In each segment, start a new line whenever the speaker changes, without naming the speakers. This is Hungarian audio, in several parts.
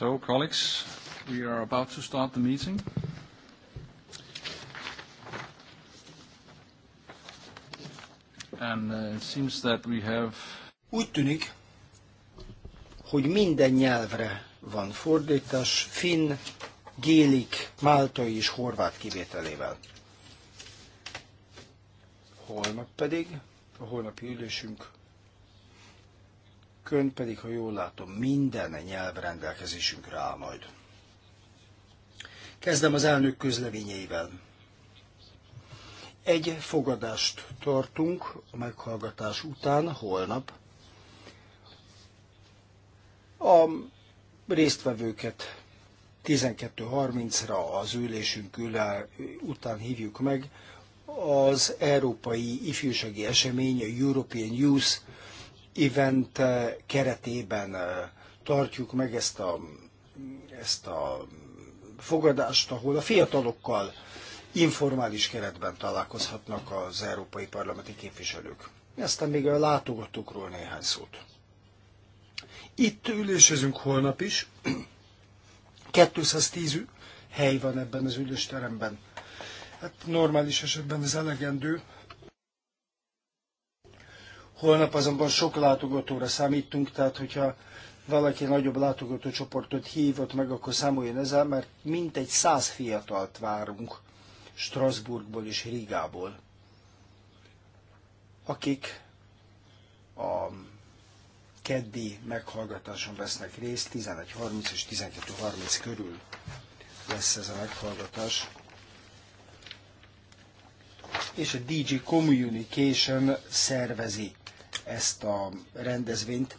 So, colleagues, we are about to start the meeting. And uh, it seems that we have... Úgy tűnik, hogy minden nyelvre van fordítás, finn, gélik, máltai és horvát kivételével. Holnap pedig a holnapi ülésünk Ön pedig, ha jól látom, minden nyelv rendelkezésünkre áll majd. Kezdem az elnök közleményeivel. Egy fogadást tartunk a meghallgatás után, holnap. A résztvevőket 12.30-ra az ülésünk után hívjuk meg az Európai Ifjúsági Esemény, a European Youth event eh, keretében eh, tartjuk meg ezt a, ezt a fogadást, ahol a fiatalokkal informális keretben találkozhatnak az európai parlamenti képviselők. Aztán még a látogatókról néhány szót. Itt ülésezünk holnap is. 210 hely van ebben az ülésteremben. Hát normális esetben ez elegendő, Holnap azonban sok látogatóra számítunk, tehát hogyha valaki nagyobb látogatócsoportot hívott meg, akkor számoljon ezzel, mert mintegy száz fiatalt várunk Strasbourgból és Rigából, akik a keddi meghallgatáson vesznek részt, 11.30 és 12.30 körül lesz ez a meghallgatás. És a DJ Communication szervezi ezt a rendezvényt.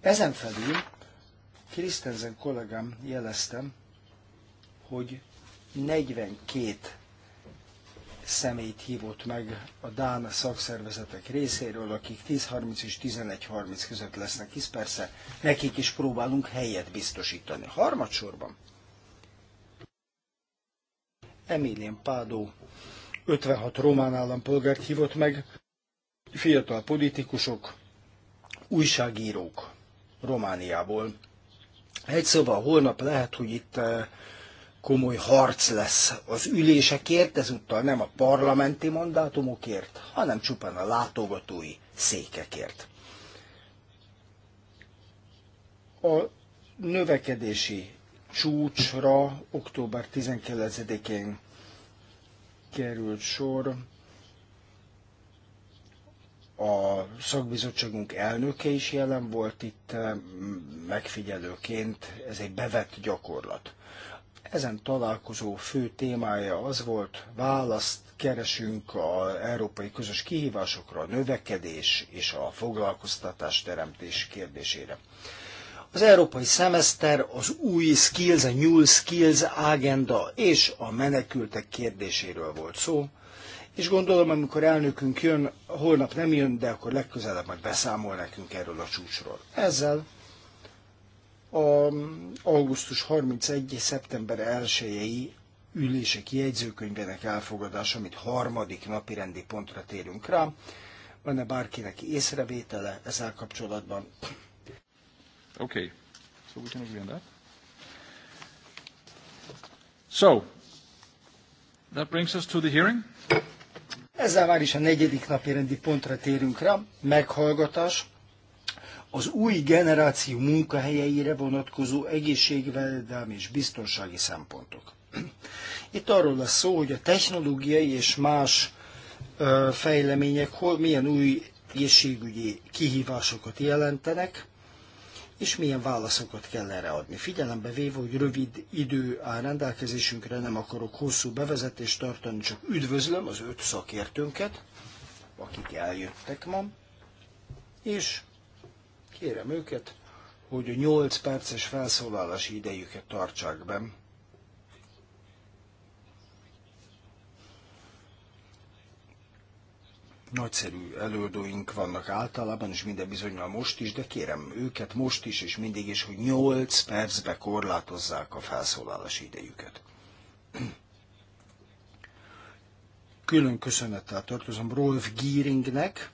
Ezen felül Krisztenzen kollégám jeleztem, hogy 42 személyt hívott meg a Dán szakszervezetek részéről, akik 10.30 és 11.30 között lesznek, hisz persze nekik is próbálunk helyet biztosítani. Harmadsorban Emilien Pádó 56 román állampolgárt hívott meg, fiatal politikusok, újságírók Romániából. Egy szóval holnap lehet, hogy itt eh, komoly harc lesz az ülésekért, ezúttal nem a parlamenti mandátumokért, hanem csupán a látogatói székekért. A növekedési csúcsra október 19-én került sor a szakbizottságunk elnöke is jelen volt itt megfigyelőként, ez egy bevett gyakorlat. Ezen találkozó fő témája az volt, választ keresünk az európai közös kihívásokra, a növekedés és a foglalkoztatás teremtés kérdésére. Az európai szemeszter, az új skills, a new skills agenda és a menekültek kérdéséről volt szó, és gondolom, amikor elnökünk jön, holnap nem jön, de akkor legközelebb majd beszámol nekünk erről a csúcsról. Ezzel a mm, augusztus 31. szeptember 1-i ülések jegyzőkönyvének elfogadása, amit harmadik napi rendi pontra térünk rá. Van-e bárkinek észrevétele ezzel kapcsolatban? Okay, so we can agree on that. So,
that brings us to the hearing.
Ezzel már is a negyedik napi rendi pontra térünk rá, meghallgatás, az új generáció munkahelyeire vonatkozó egészségvédelmi és biztonsági szempontok. Itt arról lesz szó, hogy a technológiai és más fejlemények hol milyen új egészségügyi kihívásokat jelentenek, és milyen válaszokat kell erre adni. Figyelembe véve, hogy rövid idő áll rendelkezésünkre, nem akarok hosszú bevezetést tartani, csak üdvözlöm az öt szakértőnket, akik eljöttek ma, és kérem őket, hogy a 8 perces felszólalási idejüket tartsák be, Nagyszerű előadóink vannak általában, és minden bizonyal most is, de kérem őket most is, és mindig is, hogy 8 percbe korlátozzák a felszólalási idejüket. Külön köszönettel tartozom Rolf Gieringnek,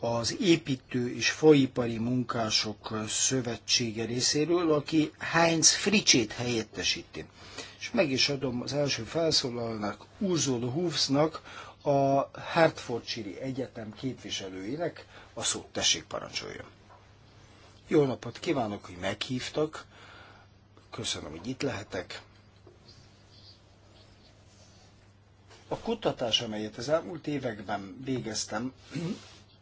az építő és faipari munkások szövetsége részéről, aki Heinz Fricsét helyettesíti. És meg is adom az első felszólalnak, Urzula Hufsnak, a Hertfordshire Egyetem képviselőinek a szót tessék parancsoljon. Jó napot kívánok, hogy meghívtak. Köszönöm, hogy itt lehetek. A kutatás, amelyet az elmúlt években végeztem,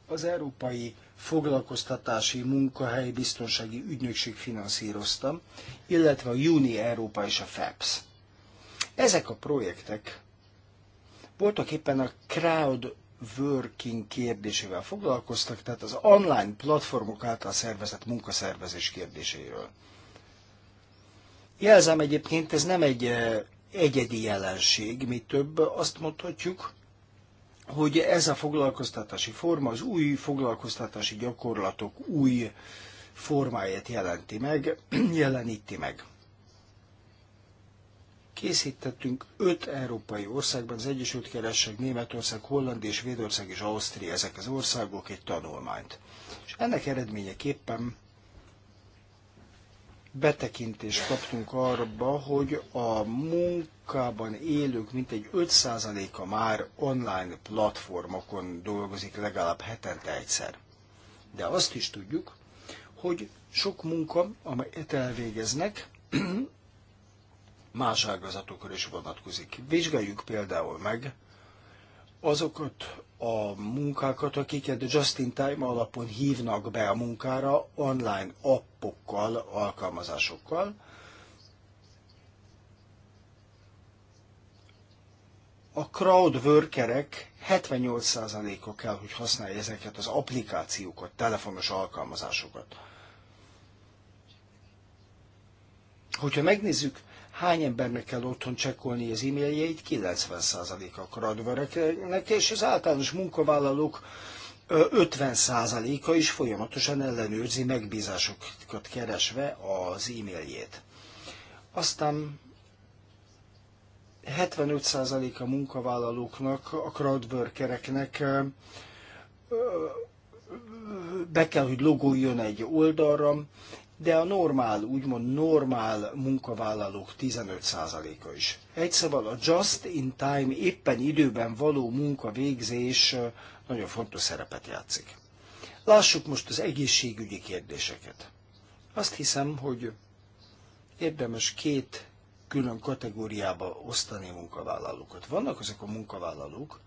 az Európai Foglalkoztatási Munkahelyi Biztonsági Ügynökség finanszíroztam, illetve a Júni Európa és a FEPS. Ezek a projektek voltak éppen a crowd working kérdésével foglalkoztak, tehát az online platformok által szervezett munkaszervezés kérdéséről. Jelzem egyébként, ez nem egy eh, egyedi jelenség, mi több azt mondhatjuk, hogy ez a foglalkoztatási forma az új foglalkoztatási gyakorlatok új formáját jelenti meg, jeleníti meg. Készítettünk öt európai országban, az Egyesült Királyság, Németország, Holland és Védország és Ausztria, ezek az országok egy tanulmányt. És ennek eredményeképpen betekintést kaptunk arra, hogy a munkában élők mintegy 5%-a már online platformokon dolgozik legalább hetente egyszer. De azt is tudjuk, hogy sok munka, amelyet elvégeznek, más ágazatokra is vonatkozik. Vizsgáljuk például meg azokat a munkákat, akiket just in time alapon hívnak be a munkára online appokkal, alkalmazásokkal. A crowd workerek 78%-a kell, hogy használja ezeket az applikációkat, telefonos alkalmazásokat. Hogyha megnézzük, hány embernek kell otthon csekkolni az e-mailjeit? 90%-a kradvereknek, és az általános munkavállalók 50%-a is folyamatosan ellenőrzi megbízásokat keresve az e-mailjét. Aztán 75% a munkavállalóknak, a crowdworkereknek be kell, hogy logoljon egy oldalra, de a normál, úgymond normál munkavállalók 15%-a is. Egyszerűen szóval a just in time, éppen időben való munkavégzés nagyon fontos szerepet játszik. Lássuk most az egészségügyi kérdéseket. Azt hiszem, hogy érdemes két külön kategóriába osztani a munkavállalókat. Vannak azok a munkavállalók,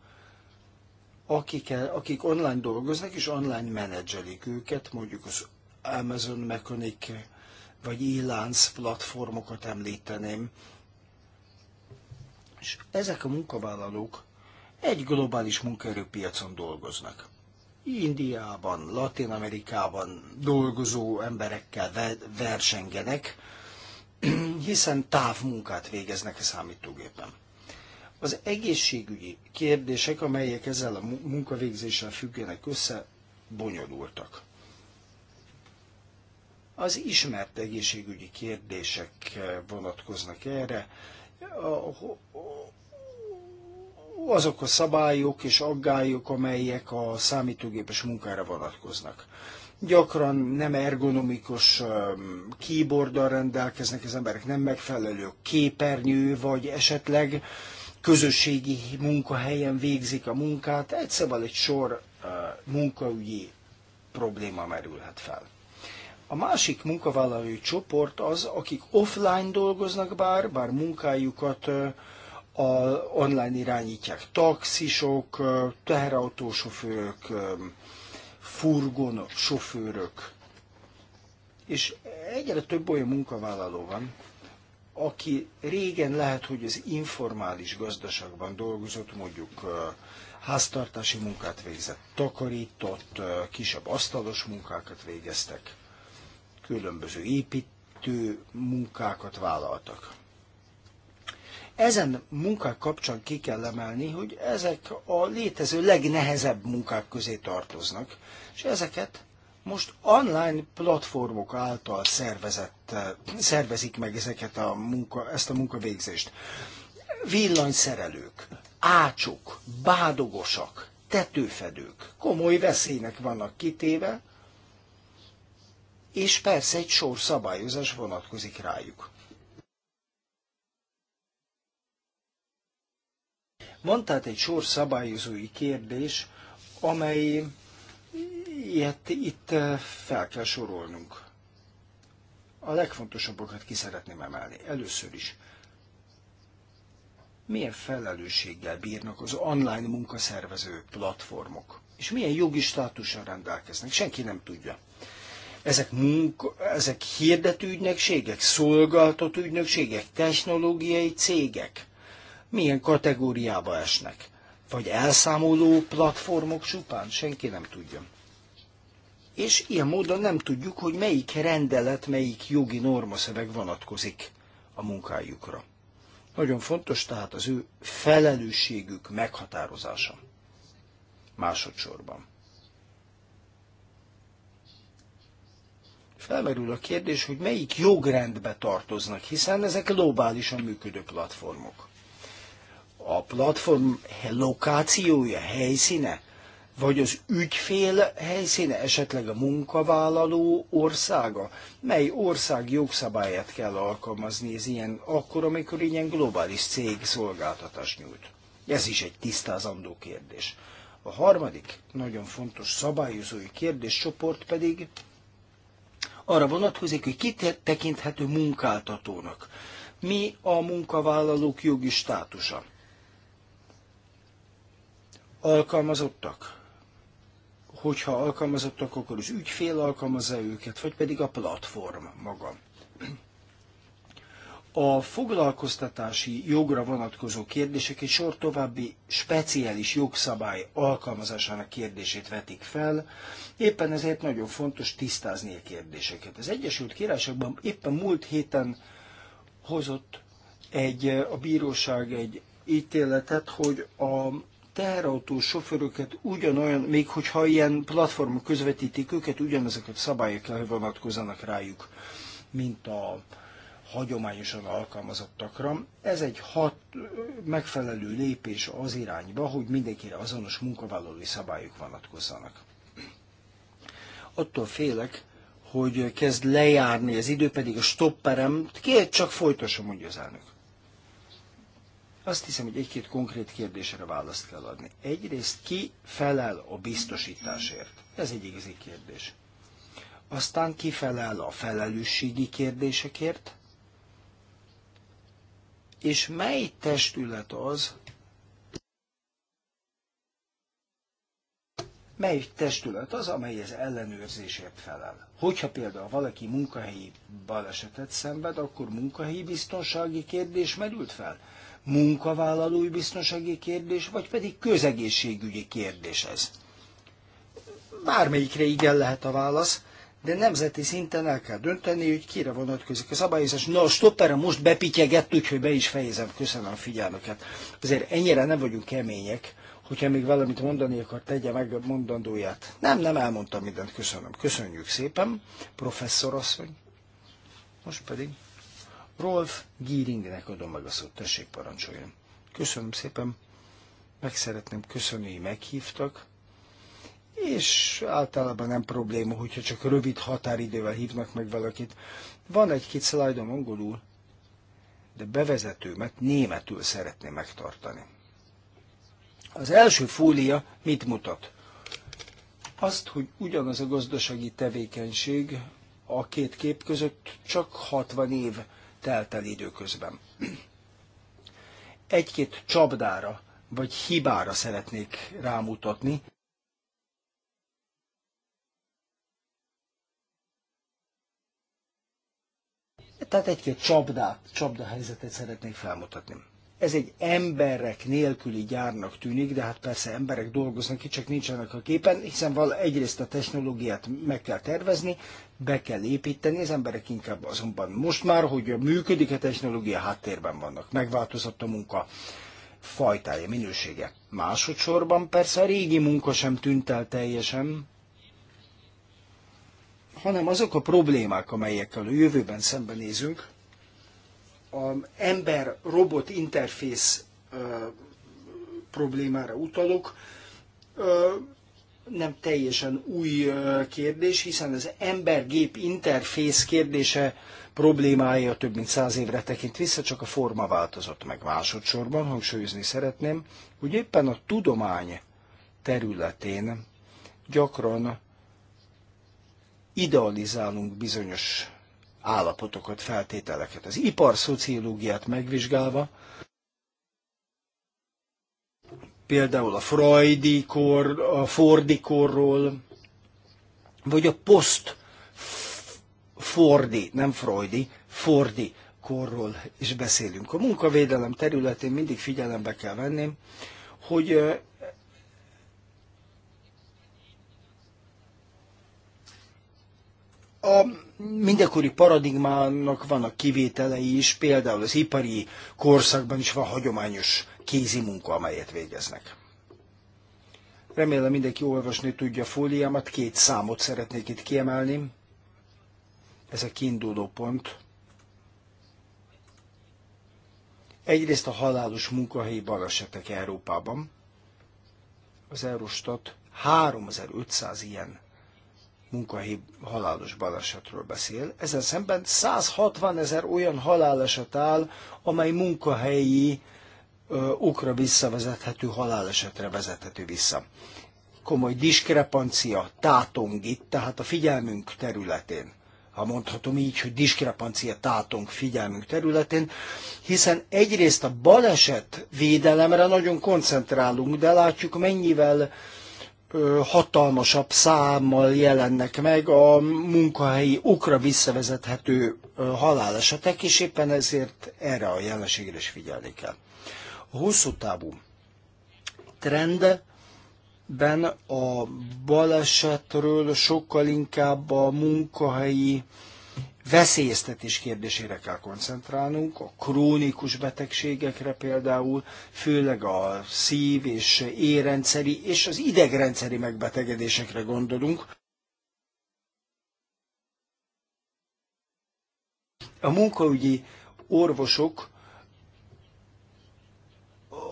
akik, akik online dolgoznak, és online menedzselik őket, mondjuk az Amazon Mechanic vagy e platformokat említeném. És ezek a munkavállalók egy globális munkaerőpiacon dolgoznak. Indiában, Latin Amerikában dolgozó emberekkel versengenek, hiszen távmunkát végeznek a számítógépen. Az egészségügyi kérdések, amelyek ezzel a munkavégzéssel függenek össze, bonyolultak. Az ismert egészségügyi kérdések eh, vonatkoznak erre. Azok a szabályok és aggályok, amelyek a számítógépes munkára vonatkoznak gyakran nem ergonomikus ehm, keyboarddal rendelkeznek az emberek, nem megfelelő képernyő, vagy esetleg közösségi munkahelyen végzik a munkát, egyszerűen szóval egy sor eh, munkaügyi probléma merülhet fel. A másik munkavállalói csoport az, akik offline dolgoznak bár, bár munkájukat a online irányítják. Taxisok, teherautósofőrök, furgon sofőrök. És egyre több olyan munkavállaló van, aki régen lehet, hogy az informális gazdaságban dolgozott, mondjuk háztartási munkát végzett, takarított, kisebb asztalos munkákat végeztek különböző építő munkákat vállaltak. Ezen munkák kapcsán ki kell emelni, hogy ezek a létező legnehezebb munkák közé tartoznak, és ezeket most online platformok által szervezett, szervezik meg ezeket a munka, ezt a munkavégzést. Villanyszerelők, ácsok, bádogosak, tetőfedők komoly veszélynek vannak kitéve, és persze egy sor szabályozás vonatkozik rájuk. Van tehát egy sor szabályozói kérdés, amely ilyet itt eh, fel kell sorolnunk. A legfontosabbakat ki szeretném emelni. Először is, milyen felelősséggel bírnak az online munkaszervező platformok, és milyen jogi státussal rendelkeznek, senki nem tudja. Ezek, munka, ezek hirdető ügynökségek, szolgáltató ügynökségek, technológiai cégek. Milyen kategóriába esnek? Vagy elszámoló platformok csupán? Senki nem tudja. És ilyen módon nem tudjuk, hogy melyik rendelet, melyik jogi normaszöveg vonatkozik a munkájukra. Nagyon fontos tehát az ő felelősségük meghatározása. Másodszorban. felmerül a kérdés, hogy melyik jogrendbe tartoznak, hiszen ezek globálisan működő platformok. A platform lokációja, helyszíne, vagy az ügyfél helyszíne, esetleg a munkavállaló országa, mely ország jogszabályát kell alkalmazni ez ilyen, akkor, amikor ilyen globális cég szolgáltatást nyújt. Ez is egy tisztázandó kérdés. A harmadik nagyon fontos szabályozói kérdéscsoport pedig arra vonatkozik, hogy kit tekinthető munkáltatónak. Mi a munkavállalók jogi státusa? Alkalmazottak? Hogyha alkalmazottak, akkor az ügyfél alkalmazza őket, vagy pedig a platform maga. A foglalkoztatási jogra vonatkozó kérdések egy sor további speciális jogszabály alkalmazásának kérdését vetik fel, éppen ezért nagyon fontos tisztázni a kérdéseket. Az Egyesült Királyságban éppen múlt héten hozott egy, a bíróság egy ítéletet, hogy a teherautó sofőröket ugyanolyan, még hogyha ilyen platformok közvetítik őket, ugyanezeket szabályok vonatkozanak rájuk, mint a hagyományosan alkalmazottakra. Ez egy hat, megfelelő lépés az irányba, hogy mindenkire azonos munkavállalói szabályok vonatkozzanak. Attól félek, hogy kezd lejárni az idő, pedig a stopperem, két csak folytassa, mondja az elnök. Azt hiszem, hogy egy-két konkrét kérdésre választ kell adni. Egyrészt ki felel a biztosításért? Ez egy igazi kérdés. Aztán ki felel a felelősségi kérdésekért? és mely testület az, mely testület az, amely az ellenőrzésért felel. Hogyha például valaki munkahelyi balesetet szenved, akkor munkahelyi biztonsági kérdés merült fel, munkavállalói biztonsági kérdés, vagy pedig közegészségügyi kérdés ez. Bármelyikre igen lehet a válasz, de nemzeti szinten el kell dönteni, hogy kire vonatkozik a szabályozás. Na, a stopperre most bepityegett, úgyhogy be is fejezem. Köszönöm a figyelmüket. Azért ennyire nem vagyunk kemények, hogyha még valamit mondani akar, tegye meg a mondandóját. Nem, nem elmondtam mindent, köszönöm. Köszönjük szépen, professzor asszony. Most pedig Rolf Gieringnek adom meg a szót, tessék parancsoljon. Köszönöm szépen, meg szeretném köszönni, hogy meghívtak és általában nem probléma, hogyha csak rövid határidővel hívnak meg valakit. Van egy-két szlájdom angolul, de bevezetőmet németül szeretném megtartani. Az első fólia mit mutat? Azt, hogy ugyanaz a gazdasági tevékenység a két kép között csak 60 év telt el időközben. Egy-két csapdára vagy hibára szeretnék rámutatni, Tehát egy-két csapda helyzetet szeretnék felmutatni. Ez egy emberek nélküli gyárnak tűnik, de hát persze emberek dolgoznak ki, csak nincsenek a képen, hiszen val egyrészt a technológiát meg kell tervezni, be kell építeni, az emberek inkább azonban most már, hogy működik a technológia, háttérben vannak. Megváltozott a munka fajtája, minősége. Másodszorban persze a régi munka sem tűnt el teljesen, hanem azok a problémák, amelyekkel a jövőben szembenézünk, az ember-robot interfész problémára utalok, nem teljesen új kérdés, hiszen az ember-gép interfész kérdése problémája több mint száz évre tekint vissza, csak a forma változott meg másodszorban. Hangsúlyozni szeretném, hogy éppen a tudomány területén gyakran idealizálunk bizonyos állapotokat, feltételeket. Az ipar megvizsgálva, például a Freudi kor, a Fordi korról, vagy a post Fordi, nem Freudi, Fordi korról is beszélünk. A munkavédelem területén mindig figyelembe kell venni, hogy A mindenkori paradigmának vannak kivételei is, például az ipari korszakban is van hagyományos kézi munka, amelyet végeznek. Remélem mindenki olvasni tudja a fóliámat, két számot szeretnék itt kiemelni. Ez a kiinduló pont. Egyrészt a halálos munkahelyi balesetek Európában. Az Eurostat 3500 ilyen munkahely halálos balesetről beszél. Ezen szemben 160 ezer olyan haláleset áll, amely munkahelyi ö, okra visszavezethető halálesetre vezethető vissza. Komoly diskrepancia tátong itt, tehát a figyelmünk területén ha mondhatom így, hogy diskrepancia tátunk figyelmünk területén, hiszen egyrészt a baleset védelemre nagyon koncentrálunk, de látjuk mennyivel hatalmasabb számmal jelennek meg a munkahelyi okra visszavezethető halálesetek, és éppen ezért erre a jelenségre is figyelni kell. A hosszú távú trendben a balesetről sokkal inkább a munkahelyi veszélyeztetés kérdésére kell koncentrálnunk, a krónikus betegségekre például, főleg a szív- és érrendszeri és az idegrendszeri megbetegedésekre gondolunk. A munkaügyi orvosok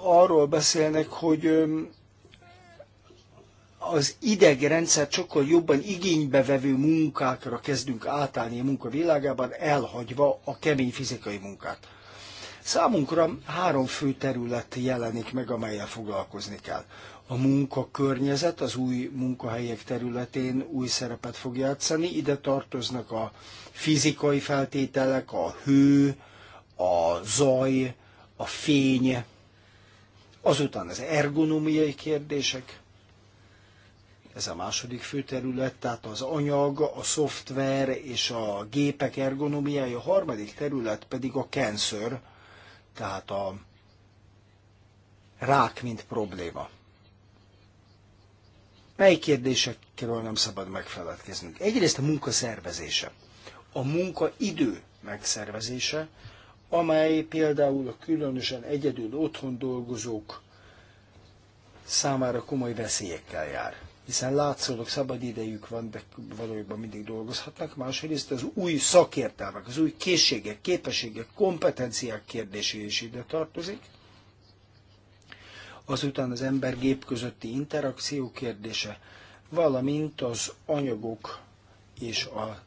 arról beszélnek, hogy az idegrendszer sokkal jobban vevő munkákra kezdünk átállni a munka világában, elhagyva a kemény fizikai munkát. Számunkra három fő terület jelenik meg, amelyel foglalkozni kell. A munkakörnyezet az új munkahelyek területén új szerepet fog játszani. Ide tartoznak a fizikai feltételek, a hő, a zaj, a fény, azután az ergonómiai kérdések, ez a második fő terület, tehát az anyag, a szoftver és a gépek ergonomiája, a harmadik terület pedig a cancer, tehát a rák, mint probléma. Mely kérdésekről nem szabad megfeledkeznünk? Egyrészt a munka szervezése, a munka idő megszervezése, amely például a különösen egyedül otthon dolgozók számára komoly veszélyekkel jár hiszen látszólag szabad idejük van, de valójában mindig dolgozhatnak. Másrészt az új szakértelmek, az új készségek, képességek, kompetenciák kérdésé is ide tartozik. Azután az ember-gép közötti interakció kérdése, valamint az anyagok és a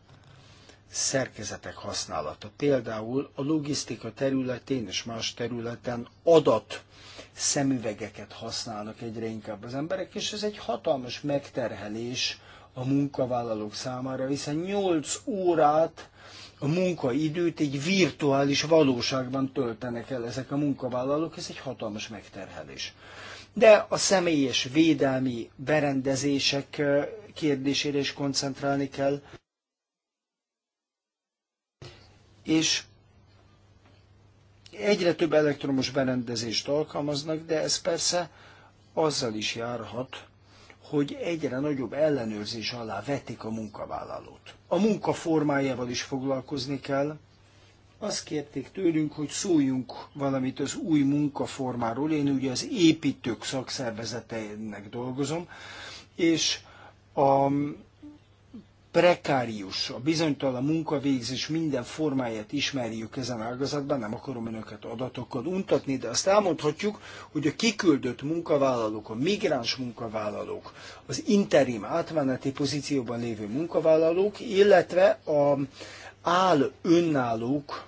szerkezetek használata. Például a logisztika területén és más területen adat szemüvegeket használnak egyre inkább az emberek, és ez egy hatalmas megterhelés a munkavállalók számára, hiszen 8 órát a munkaidőt egy virtuális valóságban töltenek el ezek a munkavállalók, ez egy hatalmas megterhelés. De a személyes védelmi berendezések eh, kérdésére is koncentrálni kell és egyre több elektromos berendezést alkalmaznak, de ez persze azzal is járhat, hogy egyre nagyobb ellenőrzés alá vetik a munkavállalót. A munka formájával is foglalkozni kell. Azt kérték tőlünk, hogy szóljunk valamit az új munkaformáról. Én ugye az építők szakszervezeteinek dolgozom, és a prekárius, a bizonytalan munkavégzés minden formáját ismerjük ezen ágazatban, nem akarom önöket adatokkal untatni, de azt elmondhatjuk, hogy a kiküldött munkavállalók, a migráns munkavállalók, az interim átmeneti pozícióban lévő munkavállalók, illetve a áll önállók,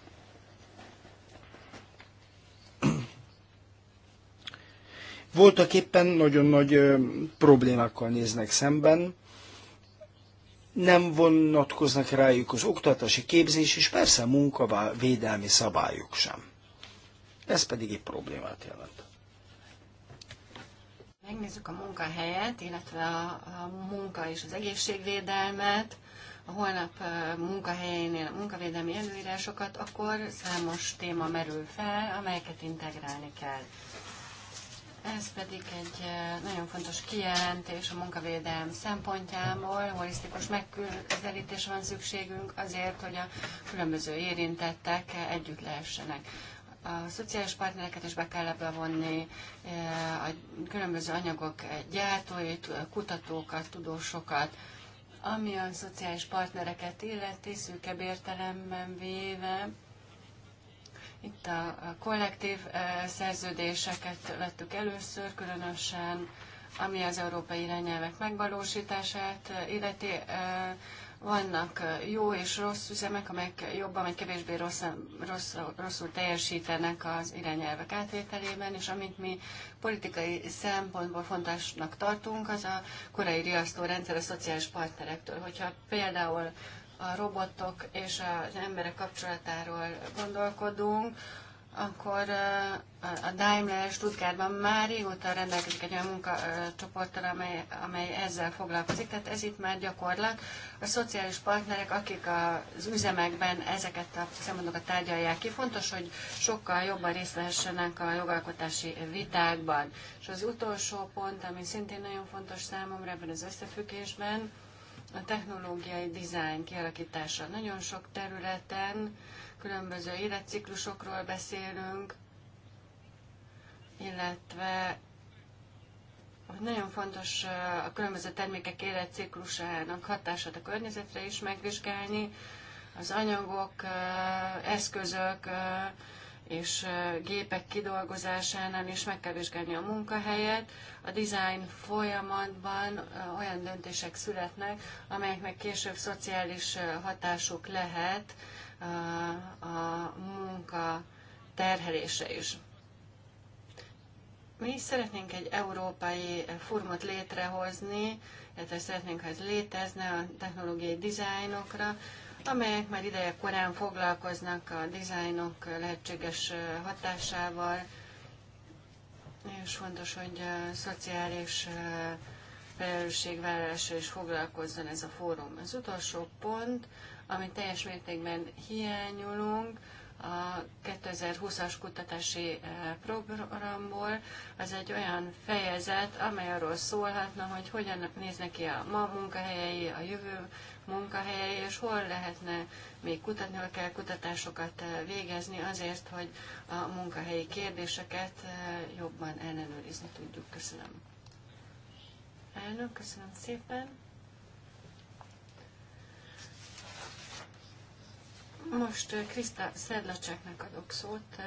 voltak éppen nagyon nagy problémákkal néznek szemben, nem vonatkoznak rájuk az oktatási képzés, és persze a munkavédelmi szabályok sem. Ez pedig egy problémát jelent.
Megnézzük a munkahelyet, illetve a, a munka és az egészségvédelmet, a holnap munkahelyénél a munkavédelmi előírásokat, akkor számos téma merül fel, amelyeket integrálni kell. Ez pedig egy eh, nagyon fontos kijelentés a munkavédelem szempontjából, holisztikus megközelítés van szükségünk azért, hogy a különböző érintettek együtt lehessenek. A szociális partnereket is be kell ebbe vonni, eh, a különböző anyagok gyártóit, kutatókat, tudósokat, ami a szociális partnereket illeti, szűkebb értelemben véve, itt a, kollektív szerződéseket vettük először, különösen ami az európai irányelvek megvalósítását illeti. Vannak jó és rossz üzemek, amelyek jobban vagy kevésbé rossz, rossz, rosszul teljesítenek az irányelvek átvételében, és amit mi politikai szempontból fontosnak tartunk, az a korai riasztó rendszer a szociális partnerektől. Hogyha például a robotok és az emberek kapcsolatáról gondolkodunk, akkor eh, a Daimler Stuttgartban már régóta rendelkezik egy olyan munkacsoporttal, amely, amely ezzel foglalkozik, tehát ez itt már gyakorlat. A szociális partnerek, akik az üzemekben ezeket a szemmondokat tárgyalják ki, fontos, hogy sokkal jobban részt vehessenek a jogalkotási vitákban. És az utolsó pont, ami szintén nagyon fontos számomra ebben az összefüggésben, a technológiai dizájn kialakítása nagyon sok területen, különböző életciklusokról beszélünk, illetve nagyon fontos a különböző termékek életciklusának hatását a környezetre is megvizsgálni, az anyagok, eszközök, és gépek kidolgozásánál is meg kell vizsgálni a munkahelyet. A design folyamatban olyan döntések születnek, amelyeknek később szociális hatásuk lehet a munka terhelése is. Mi is szeretnénk egy európai formot létrehozni, illetve szeretnénk, ha ez létezne a technológiai dizájnokra, amelyek már ideje korán foglalkoznak a dizájnok lehetséges hatásával, és fontos, hogy a szociális felelősségvállalásra is foglalkozzon ez a fórum. Az utolsó pont, amit teljes mértékben hiányolunk, a 2020-as kutatási eh, programból. Az egy olyan fejezet, amely arról szólhatna, hogy hogyan néznek ki a ma munkahelyei, a jövő munkahelyei, és hol lehetne még kutatni, hol kell kutatásokat eh, végezni azért, hogy a munkahelyi kérdéseket eh, jobban ellenőrizni tudjuk. Köszönöm. Elnök, köszönöm szépen. Most eh, Krista Szedlacseknek adok szót, eh,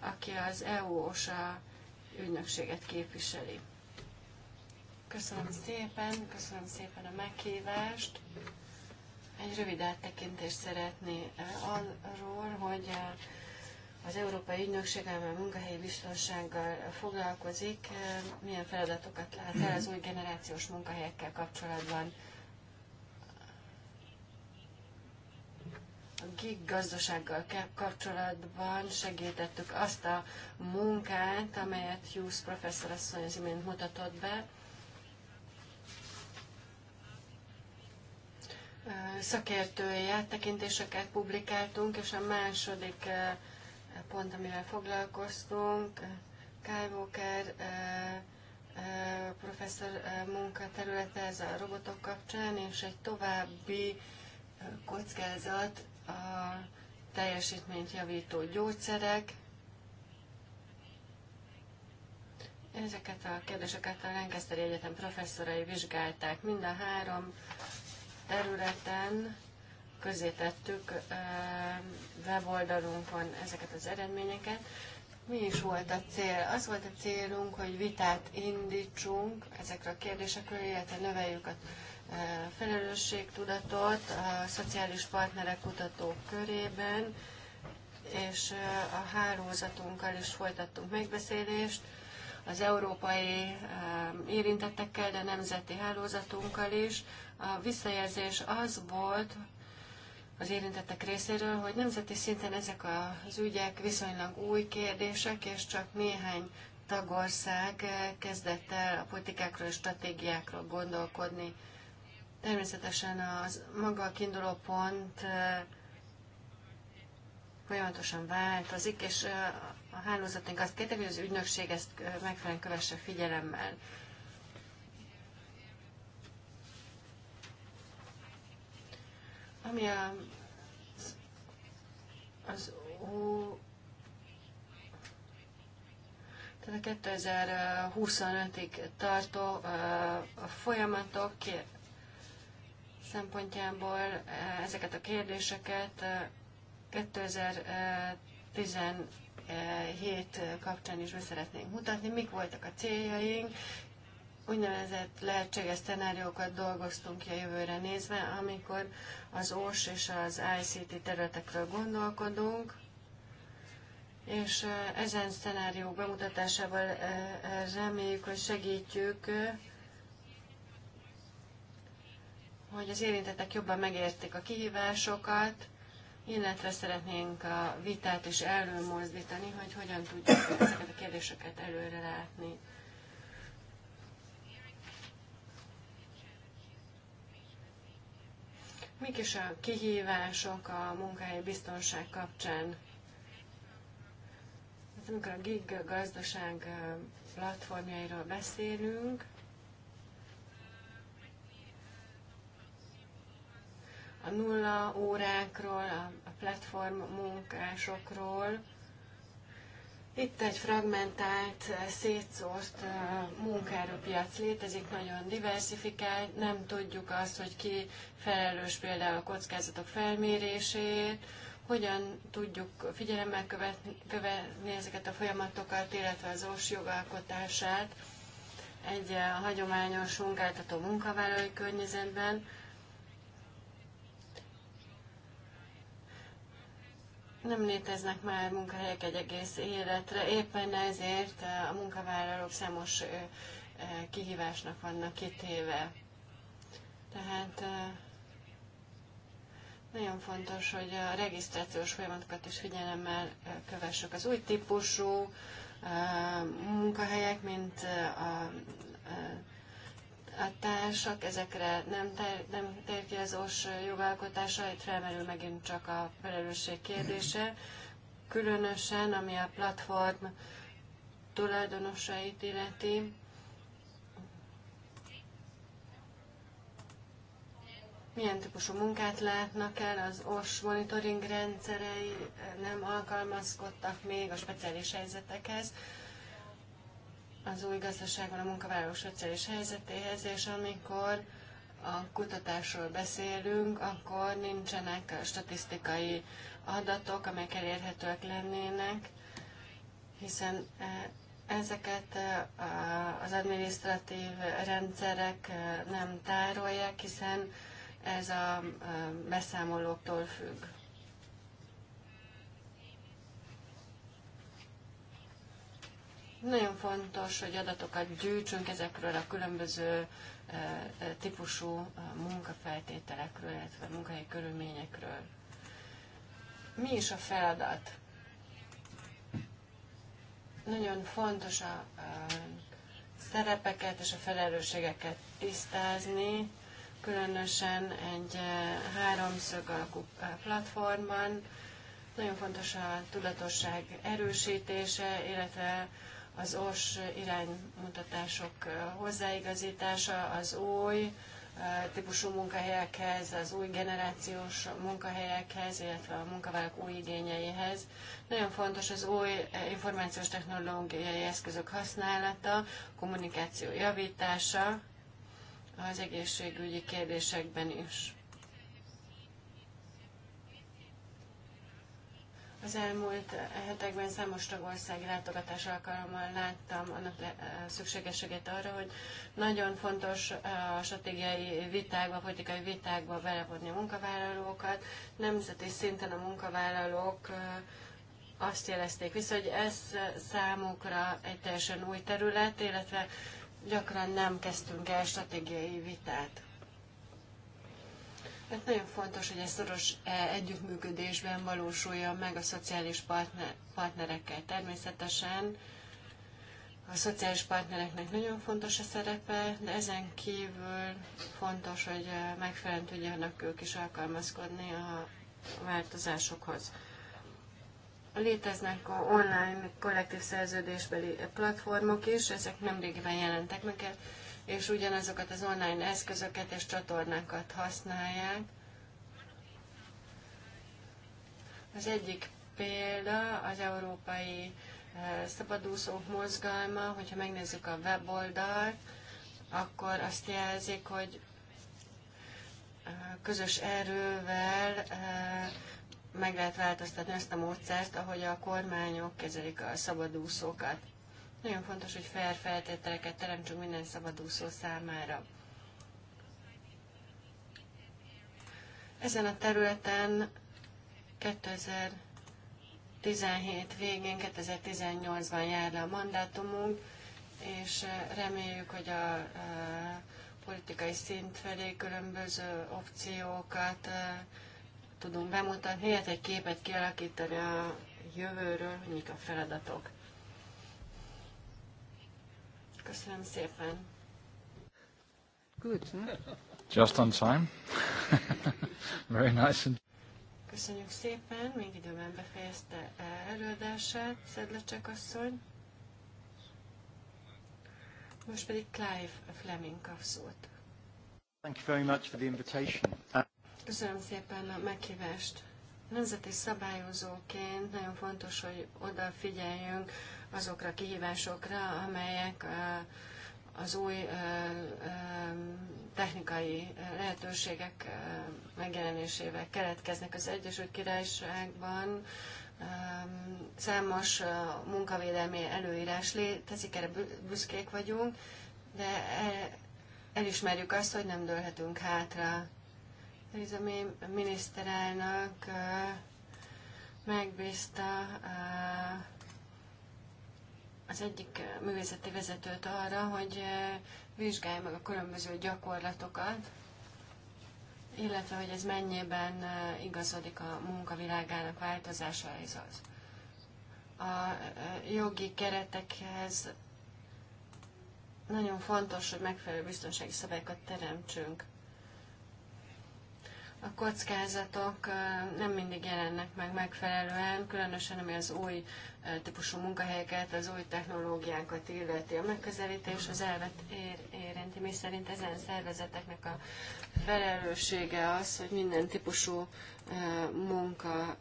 aki az EU-OSA ügynökséget képviseli. Köszönöm szépen, köszönöm szépen a meghívást. Egy rövid áttekintést szeretné eh, arról, hogy az Európai Ügynökség, amely a munkahelyi biztonsággal foglalkozik, milyen feladatokat lát el az új generációs munkahelyekkel kapcsolatban. akik gazdasággal kapcsolatban segítettük azt a munkát, amelyet Hughes professzor asszony az imént mutatott be. Szakértői tekintéseket publikáltunk, és a második pont, amivel foglalkoztunk, Kyle Walker professzor munkaterülete ez a robotok kapcsán, és egy további kockázat a teljesítményt javító gyógyszerek. Ezeket a kérdéseket a Lancasteri Egyetem professzorai vizsgálták mind a három területen, közé tettük weboldalunkon ezeket az eredményeket. Mi is volt a cél? Az volt a célunk, hogy vitát indítsunk Ezekre a kérdésekről, illetve növeljük a felelősségtudatot a szociális partnerek kutatók körében, és a hálózatunkkal is folytattunk megbeszélést, az európai érintettekkel, de nemzeti hálózatunkkal is. A visszajelzés az volt az érintettek részéről, hogy nemzeti szinten ezek az ügyek viszonylag új kérdések, és csak néhány tagország kezdett el a politikákról és stratégiákról gondolkodni. Természetesen az maga a kiinduló pont folyamatosan változik, és a hálózatunk azt kérte, hogy az ügynökség ezt megfelelően kövesse figyelemmel. Ami a, az, az ó, tehát a 2025-ig tartó a folyamatok szempontjából eh, ezeket a kérdéseket 2017 eh, eh, kapcsán is be szeretnénk mutatni, mik voltak a céljaink, úgynevezett lehetséges szenáriókat dolgoztunk ki a jövőre nézve, amikor az OS és az ICT területekről gondolkodunk, és ezen szenáriók bemutatásával reméljük, hogy segítjük hogy az érintettek jobban megértik a kihívásokat, illetve szeretnénk a vitát is előmozdítani, hogy hogyan tudjuk ezeket a kérdéseket előre látni. Mik is a kihívások a munkahelyi biztonság kapcsán? Hát amikor a gig gazdaság platformjairól beszélünk, a nulla órákról, a platform munkásokról. Itt egy fragmentált, eh, szétszórt eh, munkaerőpiac létezik, nagyon diversifikált, nem tudjuk azt, hogy ki felelős például a kockázatok felmérését, hogyan tudjuk figyelemmel követni, követni ezeket a folyamatokat, illetve az OS jogalkotását egy eh, hagyományos munkáltató munkavállalói környezetben. nem léteznek már munkahelyek egy egész életre, éppen ezért eh, a munkavállalók számos eh, eh, kihívásnak vannak kitéve. Tehát nagyon fontos, hogy a regisztrációs folyamatokat is figyelemmel kövessük. Az új típusú munkahelyek, mint a a társak ezekre nem, ter, nem tér ki az OS jogalkotása, itt felmerül megint csak a felelősség kérdése, különösen ami a platform tulajdonosait illeti. Milyen típusú munkát látnak el, az osz monitoring rendszerei nem alkalmazkodtak még a speciális helyzetekhez, az új gazdaságban a munkavállalók szociális helyzetéhez, és amikor a kutatásról beszélünk, akkor nincsenek statisztikai adatok, amelyek elérhetőek lennének, hiszen e, ezeket e, az administratív rendszerek e, nem tárolják, hiszen ez a beszámolóktól függ. Nagyon fontos, hogy adatokat gyűjtsünk ezekről a különböző eh, eh, típusú eh, munkafeltételekről, illetve munkahelyi körülményekről. Mi is a feladat? Nagyon fontos a szerepeket és a felelősségeket tisztázni, különösen egy háromszög alakú platformon. Nagyon fontos a tudatosság erősítése, illetve az ORS iránymutatások hozzáigazítása, az új típusú munkahelyekhez, az új generációs munkahelyekhez, illetve a munkavállalók új igényeihez. Nagyon fontos az új információs technológiai eszközök használata, kommunikáció javítása az egészségügyi kérdésekben is. Az elmúlt eh, hetekben számos tagország látogatás alkalommal láttam annak eh, szükségességét arra, hogy nagyon fontos eh, a stratégiai vitákba, a politikai vitákba belevonni a munkavállalókat. Nemzeti szinten a munkavállalók azt jelezték vissza, hogy ez számukra egy teljesen új terület, illetve gyakran nem kezdtünk el stratégiai vitát. Hát nagyon fontos, hogy egy szoros e, együttműködésben valósulja meg a szociális partner, partnerekkel. Természetesen a szociális partnereknek nagyon fontos a szerepe, de ezen kívül fontos, hogy e, megfelelően tudjanak ők is alkalmazkodni a változásokhoz. Léteznek online kollektív szerződésbeli platformok is, ezek nemrégiben jelentek meg, és ugyanazokat az online eszközöket és csatornákat használják. Az egyik példa az európai eh, szabadúszók mozgalma, hogyha megnézzük a weboldalt, akkor azt jelzik, hogy eh, közös erővel eh, meg lehet változtatni ezt a módszert, ahogy a kormányok kezelik a szabadúszókat. Nagyon fontos, hogy fair feltételeket teremtsünk minden szabadúszó számára. Ezen a területen 2017 végén, 2018-ban jár le a mandátumunk, és reméljük, hogy a, a politikai szint felé különböző opciókat a, tudunk bemutatni, illetve egy képet kialakítani a jövőről, mik a feladatok. Köszönöm szépen. Good. Huh?
Just on time. Very nice. and.
Köszönjük szépen, még időben befejezte előadását Szedlecsek asszony. Most pedig Clive Fleming kap szót.
Thank you very much for the invitation.
Uh, Köszönöm szépen a meghívást. Nemzeti szabályozóként nagyon fontos, hogy odafigyeljünk azokra a kihívásokra, amelyek az új technikai lehetőségek megjelenésével keletkeznek az Egyesült Királyságban. Számos munkavédelmi előírás létezik, erre büszkék vagyunk, de e, elismerjük azt, hogy nem dőlhetünk hátra. Ez a miniszterelnök megbízta az egyik művészeti vezetőt arra, hogy vizsgálja meg a különböző gyakorlatokat, illetve hogy ez mennyiben igazodik a munkavilágának változásaihoz. A jogi keretekhez nagyon fontos, hogy megfelelő biztonsági szabályokat teremtsünk a kockázatok nem mindig jelennek meg megfelelően, különösen ami az új típusú munkahelyeket, az új technológiákat illeti. A megközelítés az elvet ér, érinti, mi szerint ezen szervezeteknek a felelőssége az, hogy minden típusú munka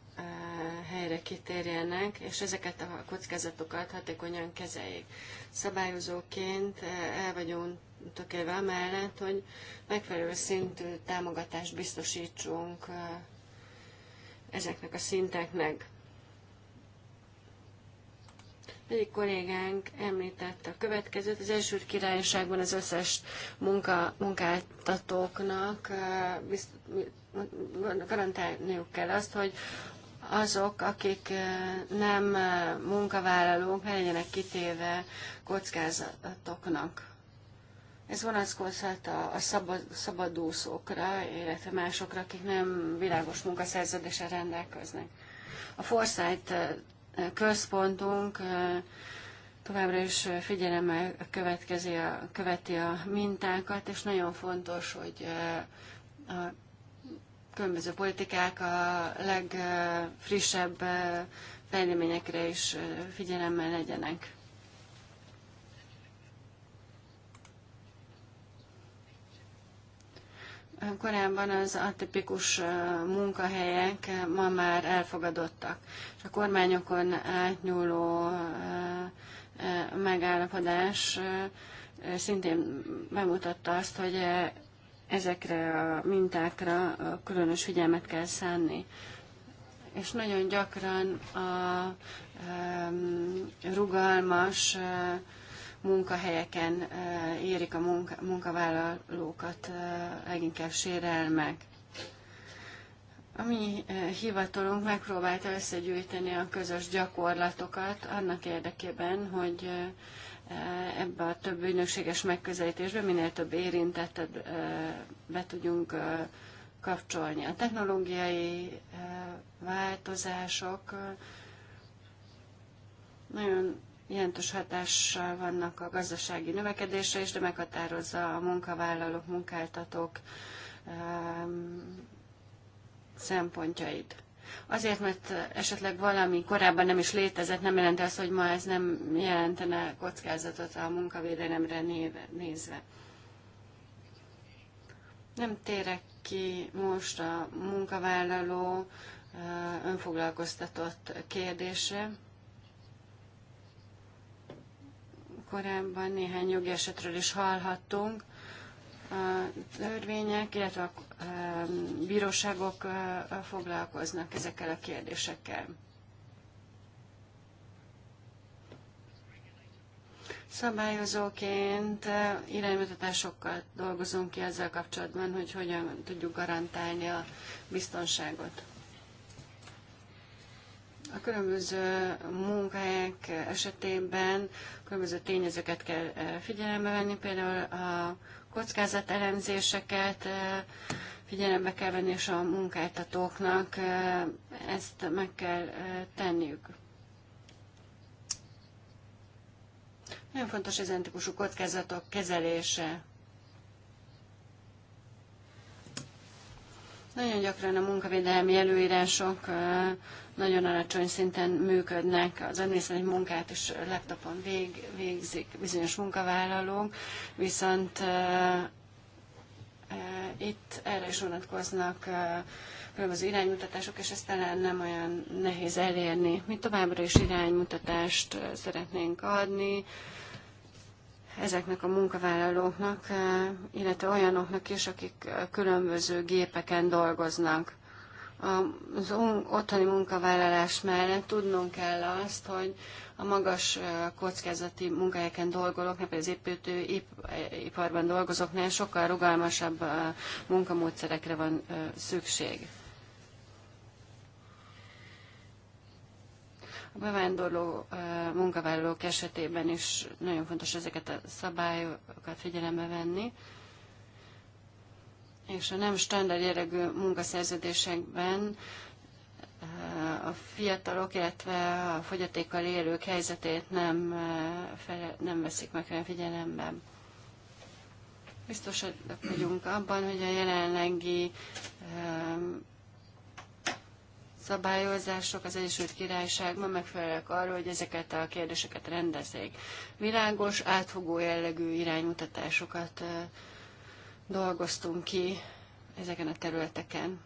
helyre kitérjenek, és ezeket a kockázatokat hatékonyan kezeljék. Szabályozóként el vagyunk tökélve emellett, hogy megfelelő szintű támogatást biztosítsunk ezeknek a szinteknek. Egyik kollégánk említette a következőt. Az első királyságban az összes munka, munkáltatóknak garantálniuk kell azt, hogy azok, akik nem munkavállalók, ne legyenek kitéve kockázatoknak. Ez vonatkozhat a, a szabad, szabadúszókra, illetve másokra, akik nem világos munkaszerződéssel rendelkeznek. A Foresight központunk eh, továbbra is figyelemmel következi a, követi a mintákat, és nagyon fontos, hogy eh, a különböző politikák a legfrissebb eh, fejleményekre is figyelemmel legyenek. Korábban az atipikus munkahelyek ma már elfogadottak, és a kormányokon átnyúló megállapodás szintén bemutatta azt, hogy ezekre a mintákra különös figyelmet kell szánni. És nagyon gyakran a rugalmas munkahelyeken érik a munka, munkavállalókat leginkább sérelmek. A mi hivatalunk megpróbálta összegyűjteni a közös gyakorlatokat annak érdekében, hogy ebbe a több ügynökséges megközelítésbe minél több érintettet be tudjunk kapcsolni. A technológiai változások nagyon jelentős hatással vannak a gazdasági növekedésre is, de meghatározza a munkavállalók, munkáltatók ehm, szempontjait. Azért, mert esetleg valami korábban nem is létezett, nem jelenti azt, hogy ma ez nem jelentene kockázatot a munkavédelemre nézve. Nem térek ki most a munkavállaló eh, önfoglalkoztatott kérdésre. korábban néhány jogi esetről is hallhattunk. A törvények, illetve a bíróságok foglalkoznak ezekkel a kérdésekkel. Szabályozóként iránymutatásokkal dolgozunk ki ezzel kapcsolatban, hogy hogyan tudjuk garantálni a biztonságot. A különböző munkahelyek esetében különböző tényezőket kell eh, figyelembe venni, például a elemzéseket eh, figyelembe kell venni, és a munkáltatóknak eh, ezt meg kell tenniük. Nagyon fontos ezen típusú kockázatok kezelése. Nagyon gyakran a munkavédelmi előírások nagyon alacsony szinten működnek, az adminisztratív munkát is laptopon vég, végzik bizonyos munkavállalók, viszont itt erre is vonatkoznak különböző iránymutatások, és ezt talán nem olyan nehéz elérni. Mi továbbra is iránymutatást szeretnénk adni ezeknek a munkavállalóknak, illetve olyanoknak is, akik különböző gépeken dolgoznak az otthoni munkavállalás mellett tudnunk kell azt, hogy a magas kockázati munkahelyeken dolgozóknak, például az építőiparban dolgozóknál sokkal rugalmasabb munkamódszerekre van szükség. A bevándorló munkavállalók esetében is nagyon fontos ezeket a szabályokat figyelembe venni és a nem standard jellegű munkaszerződésekben eh, a fiatalok, illetve a fogyatékkal élők helyzetét nem, eh, nem veszik meg figyelembe. Biztosak vagyunk abban, hogy a jelenlegi eh, szabályozások az Egyesült Királyságban megfelelnek arra, hogy ezeket a kérdéseket rendezzék. Világos, átfogó jellegű iránymutatásokat dolgoztunk ki ezeken a területeken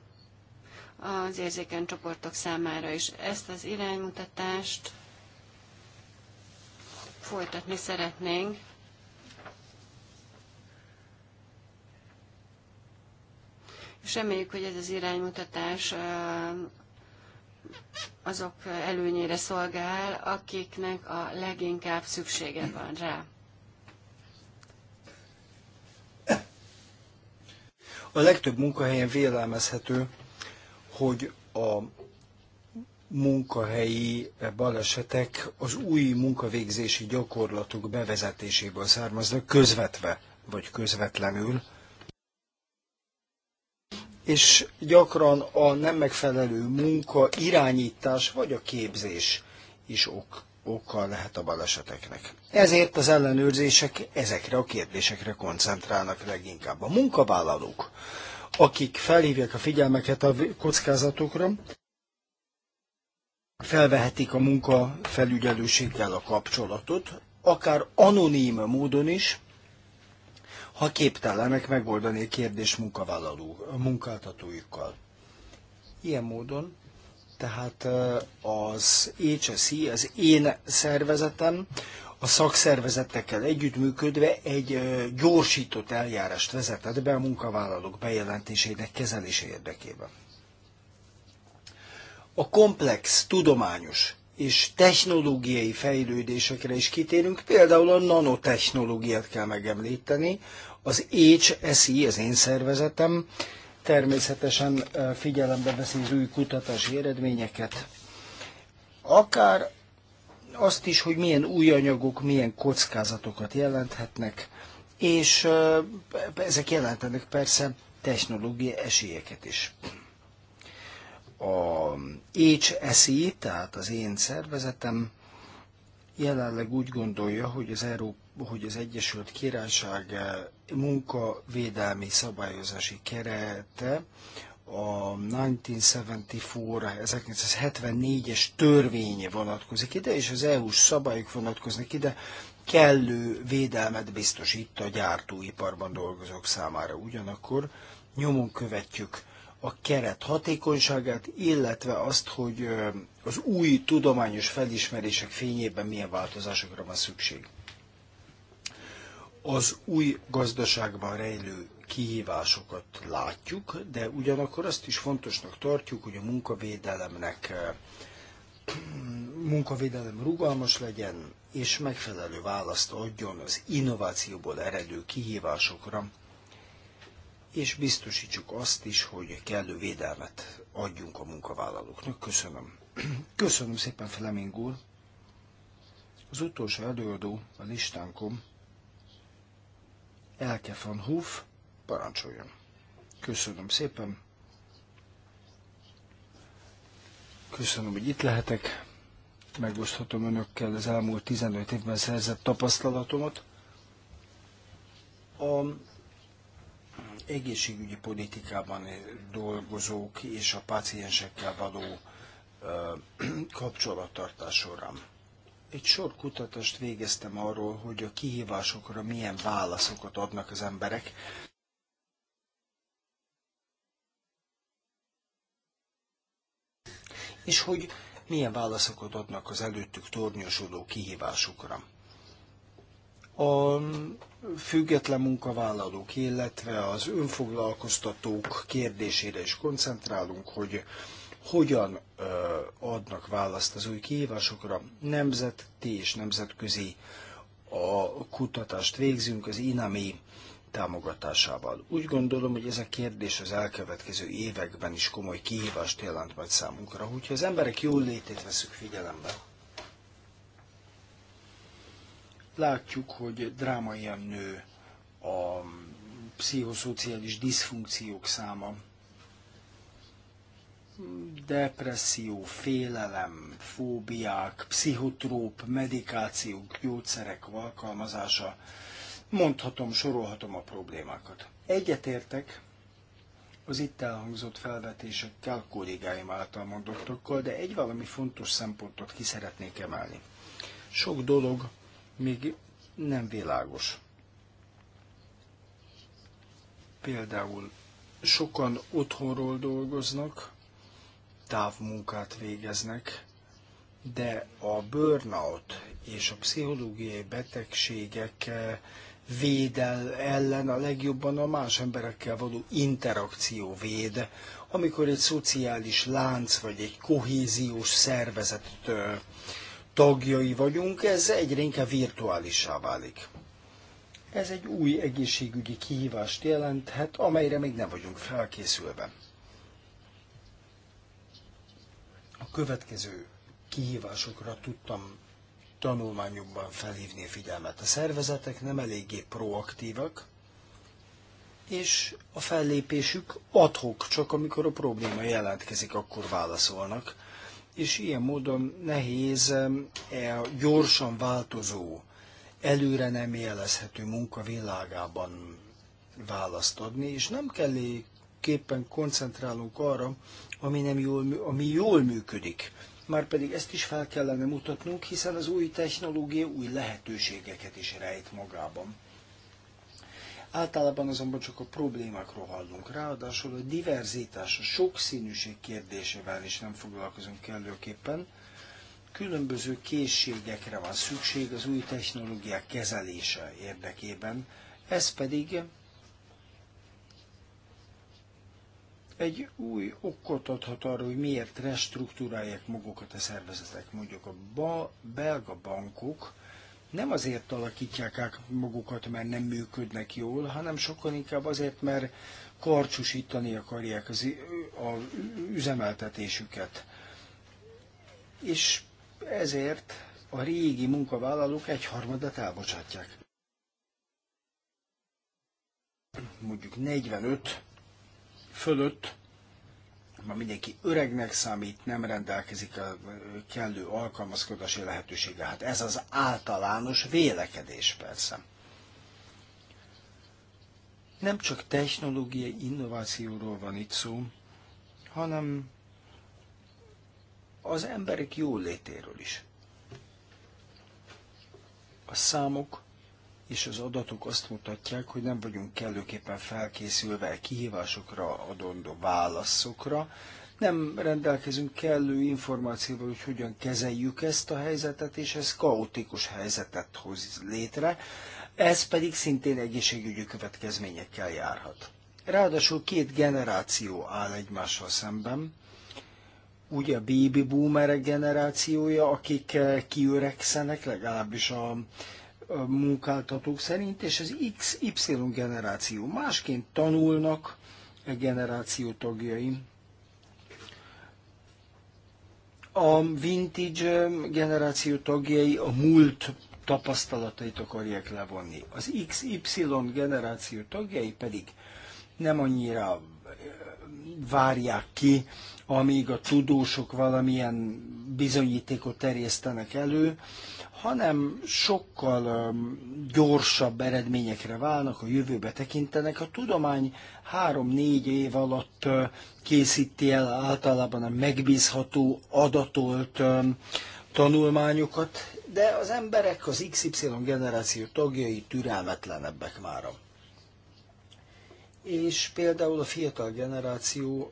az érzékeny csoportok számára is. Ezt az iránymutatást folytatni szeretnénk. És reméljük, hogy ez az iránymutatás azok előnyére szolgál, akiknek a leginkább szüksége van rá.
A legtöbb munkahelyen vélelmezhető, hogy a munkahelyi balesetek az új munkavégzési gyakorlatok bevezetéséből származnak, közvetve vagy közvetlenül, és gyakran a nem megfelelő munka irányítás vagy a képzés is ok oka lehet a baleseteknek. Ezért az ellenőrzések ezekre a kérdésekre koncentrálnak leginkább. A munkavállalók, akik felhívják a figyelmeket a kockázatokra, felvehetik a munkafelügyelőséggel a kapcsolatot, akár anonim módon is, ha képtelenek megoldani a kérdés munkavállaló, munkáltatóikkal. Ilyen módon tehát az HSI, az én szervezetem, a szakszervezetekkel együttműködve egy gyorsított eljárást vezetett be a munkavállalók bejelentésének kezelése érdekében. A komplex, tudományos és technológiai fejlődésekre is kitérünk, például a nanotechnológiát kell megemlíteni, az HSI, az én szervezetem, természetesen figyelembe veszi az új kutatási eredményeket, akár azt is, hogy milyen új anyagok milyen kockázatokat jelenthetnek, és ezek jelentenek persze technológiai esélyeket is. A HSI, tehát az én szervezetem jelenleg úgy gondolja, hogy az, Euró- hogy az Egyesült Királyság munkavédelmi szabályozási kerete a 1974, 1974-es törvénye vonatkozik ide, és az EU-s szabályok vonatkoznak ide, kellő védelmet biztosít a gyártóiparban dolgozók számára. Ugyanakkor nyomon követjük a keret hatékonyságát, illetve azt, hogy az új tudományos felismerések fényében milyen változásokra van szükség az új gazdaságban rejlő kihívásokat látjuk, de ugyanakkor azt is fontosnak tartjuk, hogy a munkavédelemnek eh, munkavédelem rugalmas legyen, és megfelelő választ adjon az innovációból eredő kihívásokra, és biztosítsuk azt is, hogy kellő védelmet adjunk a munkavállalóknak. Köszönöm. Köszönöm szépen, Fleming úr. Az utolsó előadó a listánkon Elke van Hoof, parancsoljon. Köszönöm szépen. Köszönöm, hogy itt lehetek. Megoszthatom önökkel az elmúlt 15 évben szerzett tapasztalatomat. A egészségügyi politikában dolgozók és a páciensekkel való kapcsolattartás során. Egy sor kutatást végeztem arról, hogy a kihívásokra milyen válaszokat adnak az emberek. És hogy milyen válaszokat adnak az előttük tornyosodó kihívásokra. A független munkavállalók, illetve az önfoglalkoztatók kérdésére is koncentrálunk, hogy hogyan adnak választ az új kihívásokra. Nemzeti és nemzetközi a kutatást végzünk az INAMI támogatásával. Úgy gondolom, hogy ez a kérdés az elkövetkező években is komoly kihívást jelent majd számunkra, Úgyhogy az emberek jól létét veszük figyelembe. Látjuk, hogy drámaian nő a pszichoszociális diszfunkciók száma depresszió, félelem, fóbiák, pszichotróp, medikációk, gyógyszerek alkalmazása. Mondhatom, sorolhatom a problémákat. Egyetértek az itt elhangzott felvetésekkel, kollégáim által mondottakkal, de egy valami fontos szempontot ki szeretnék emelni. Sok dolog még nem világos. Például sokan otthonról dolgoznak, távmunkát végeznek, de a burnout és a pszichológiai betegségek eh, védel ellen a legjobban a más emberekkel való interakció véd, amikor egy szociális lánc vagy egy kohéziós szervezet eh, tagjai vagyunk, ez egyre inkább virtuálisá válik. Ez egy új egészségügyi kihívást jelenthet, amelyre még nem vagyunk felkészülve. következő kihívásokra tudtam tanulmányokban felhívni a figyelmet. A szervezetek nem eléggé proaktívak, és a fellépésük adhok, csak amikor a probléma jelentkezik, akkor válaszolnak. És ilyen módon nehéz e a gyorsan változó, előre nem jelezhető munkavilágában választ adni, és nem kell képpen koncentrálunk arra, ami, nem jól, ami jól működik. Márpedig ezt is fel kellene mutatnunk, hiszen az új technológia új lehetőségeket is rejt magában. Általában azonban csak a problémákról hallunk. Ráadásul a diverzitás, a sokszínűség kérdésével is nem foglalkozunk kellőképpen. Különböző készségekre van szükség az új technológiák kezelése érdekében, ez pedig egy új okot adhat arra, hogy miért restruktúrálják magukat a szervezetek. Mondjuk a ba, belga bankok nem azért alakítják át magukat, mert nem működnek jól, hanem sokkal inkább azért, mert karcsúsítani akarják az, a üzemeltetésüket. És ezért a régi munkavállalók egyharmadát elbocsátják. Mondjuk 45 fölött, ma mindenki öregnek számít, nem rendelkezik a kellő alkalmazkodási lehetősége. Hát ez az általános vélekedés persze. Nem csak technológiai innovációról van itt szó, hanem az emberek jólétéről is. A számok és az adatok azt mutatják, hogy nem vagyunk kellőképpen felkészülve kihívásokra adondó válaszokra, nem rendelkezünk kellő információval, hogy hogyan kezeljük ezt a helyzetet, és ez kaotikus helyzetet hoz létre, ez pedig szintén egészségügyi következményekkel járhat. Ráadásul két generáció áll egymással szemben, ugye a baby boomerek generációja, akik kiöregszenek, legalábbis a munkáltatók szerint, és az XY generáció másként tanulnak a e generáció tagjaim. A vintage generáció tagjai a múlt tapasztalatait akarják levonni. Az XY generáció tagjai pedig nem annyira várják ki, amíg a tudósok valamilyen bizonyítékot terjesztenek elő, hanem sokkal gyorsabb eredményekre válnak, a jövőbe tekintenek. A tudomány három-négy év alatt készíti el általában a megbízható, adatolt tanulmányokat, de az emberek, az XY generáció tagjai türelmetlenebbek már, És például a fiatal generáció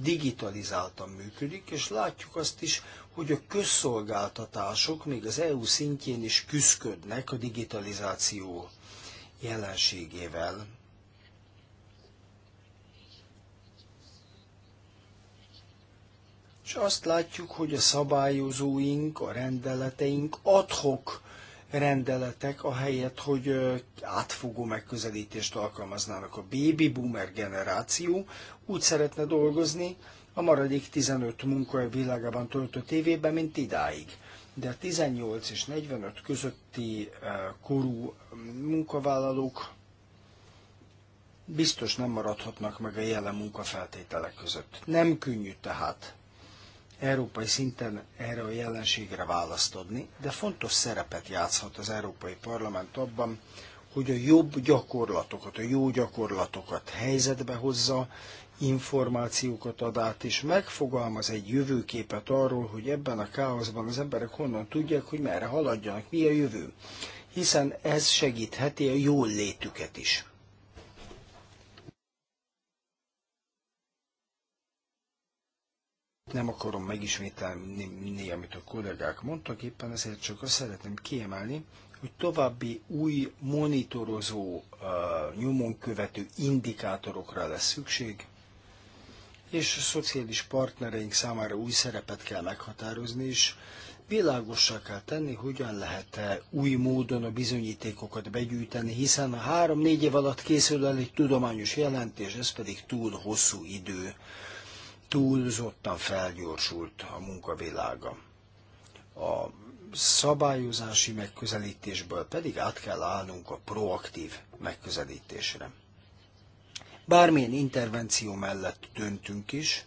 digitalizáltan működik, és látjuk azt is, hogy a közszolgáltatások még az EU szintjén is küzdködnek a digitalizáció jelenségével. És azt látjuk, hogy a szabályozóink, a rendeleteink adhok rendeletek, ahelyett, hogy átfogó megközelítést alkalmaznának. A baby boomer generáció úgy szeretne dolgozni a maradék 15 munkahely világában töltött évében, mint idáig. De a 18 és 45 közötti korú munkavállalók biztos nem maradhatnak meg a jelen munkafeltételek között. Nem könnyű tehát európai szinten erre a jelenségre választ adni, de fontos szerepet játszhat az Európai Parlament abban, hogy a jobb gyakorlatokat, a jó gyakorlatokat helyzetbe hozza, információkat ad át, és megfogalmaz egy jövőképet arról, hogy ebben a káoszban az emberek honnan tudják, hogy merre haladjanak, mi a jövő. Hiszen ez segítheti a jól létüket is. Nem akarom megismételni, amit a kollégák mondtak, éppen ezért csak azt szeretném kiemelni, hogy további új monitorozó, uh, nyomon követő indikátorokra lesz szükség, és a szociális partnereink számára új szerepet kell meghatározni, és világossá kell tenni, hogyan lehet -e új módon a bizonyítékokat begyűjteni, hiszen a három-négy év alatt készül el egy tudományos jelentés, ez pedig túl hosszú idő túlzottan felgyorsult a munkavilága. A szabályozási megközelítésből pedig át kell állnunk a proaktív megközelítésre. Bármilyen intervenció mellett döntünk is,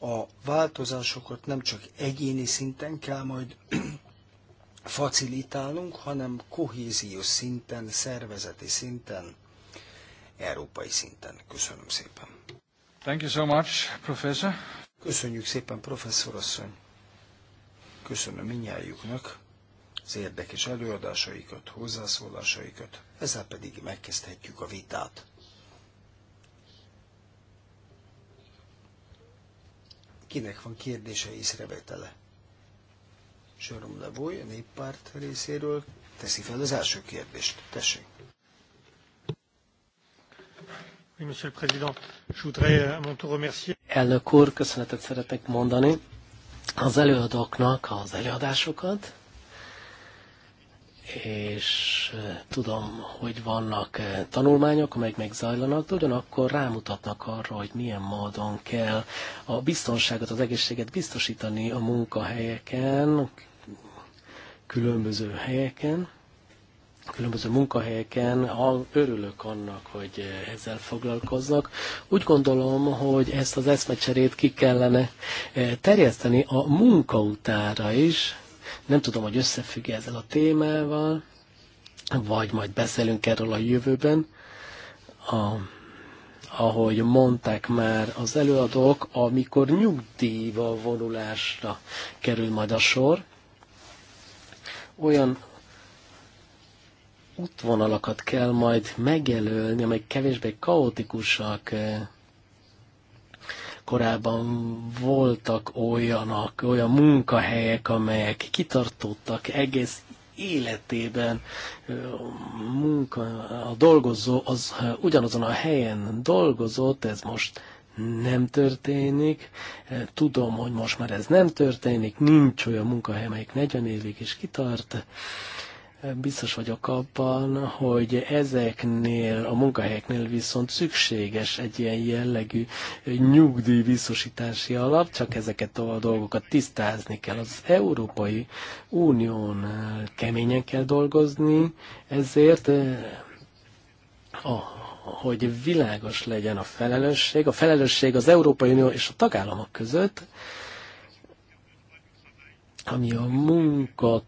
a változásokat nem csak egyéni szinten kell majd facilitálnunk, hanem kohéziós szinten, szervezeti szinten, európai szinten. Köszönöm szépen! Thank you so much, professor. Köszönjük szépen, professzor asszony. Köszönöm minnyájuknak az érdekes előadásaikat, hozzászólásaikat, ezzel pedig megkezdhetjük a vitát. Kinek van kérdése, észrevetele? Sörom Levoy, a néppárt részéről teszi fel az első
kérdést. Tessék!
Euh,
Elnök úr, köszönetet szeretek mondani az előadóknak az előadásokat, és tudom, hogy vannak tanulmányok, amelyek megzajlanak, de ugyanakkor rámutatnak arra, hogy milyen módon kell a biztonságot, az egészséget biztosítani a munkahelyeken, különböző helyeken különböző munkahelyeken örülök annak, hogy ezzel foglalkoznak. Úgy gondolom, hogy ezt az eszmecserét ki kellene eh, terjeszteni a munka utára is. Nem tudom, hogy összefügg -e ezzel a témával, vagy majd beszélünk erről a jövőben. A, ahogy mondták már az előadók, amikor nyugdíjba vonulásra kerül majd a sor, olyan útvonalakat kell majd megjelölni, amelyek kevésbé kaotikusak. Korábban voltak olyanak, olyan munkahelyek, amelyek kitartottak egész életében munka, a dolgozó az ugyanazon a helyen dolgozott, ez most nem történik. Tudom, hogy most már ez nem történik, nincs olyan munkahely, amelyik 40 évig is kitart. Biztos vagyok abban, hogy ezeknél a munkahelyeknél viszont szükséges egy ilyen jellegű nyugdíjbiztosítási alap, csak ezeket a dolgokat tisztázni kell. Az Európai Unión eh, keményen kell dolgozni, ezért eh, a hogy világos legyen a felelősség. A felelősség az Európai Unió és a tagállamok között, ami a munka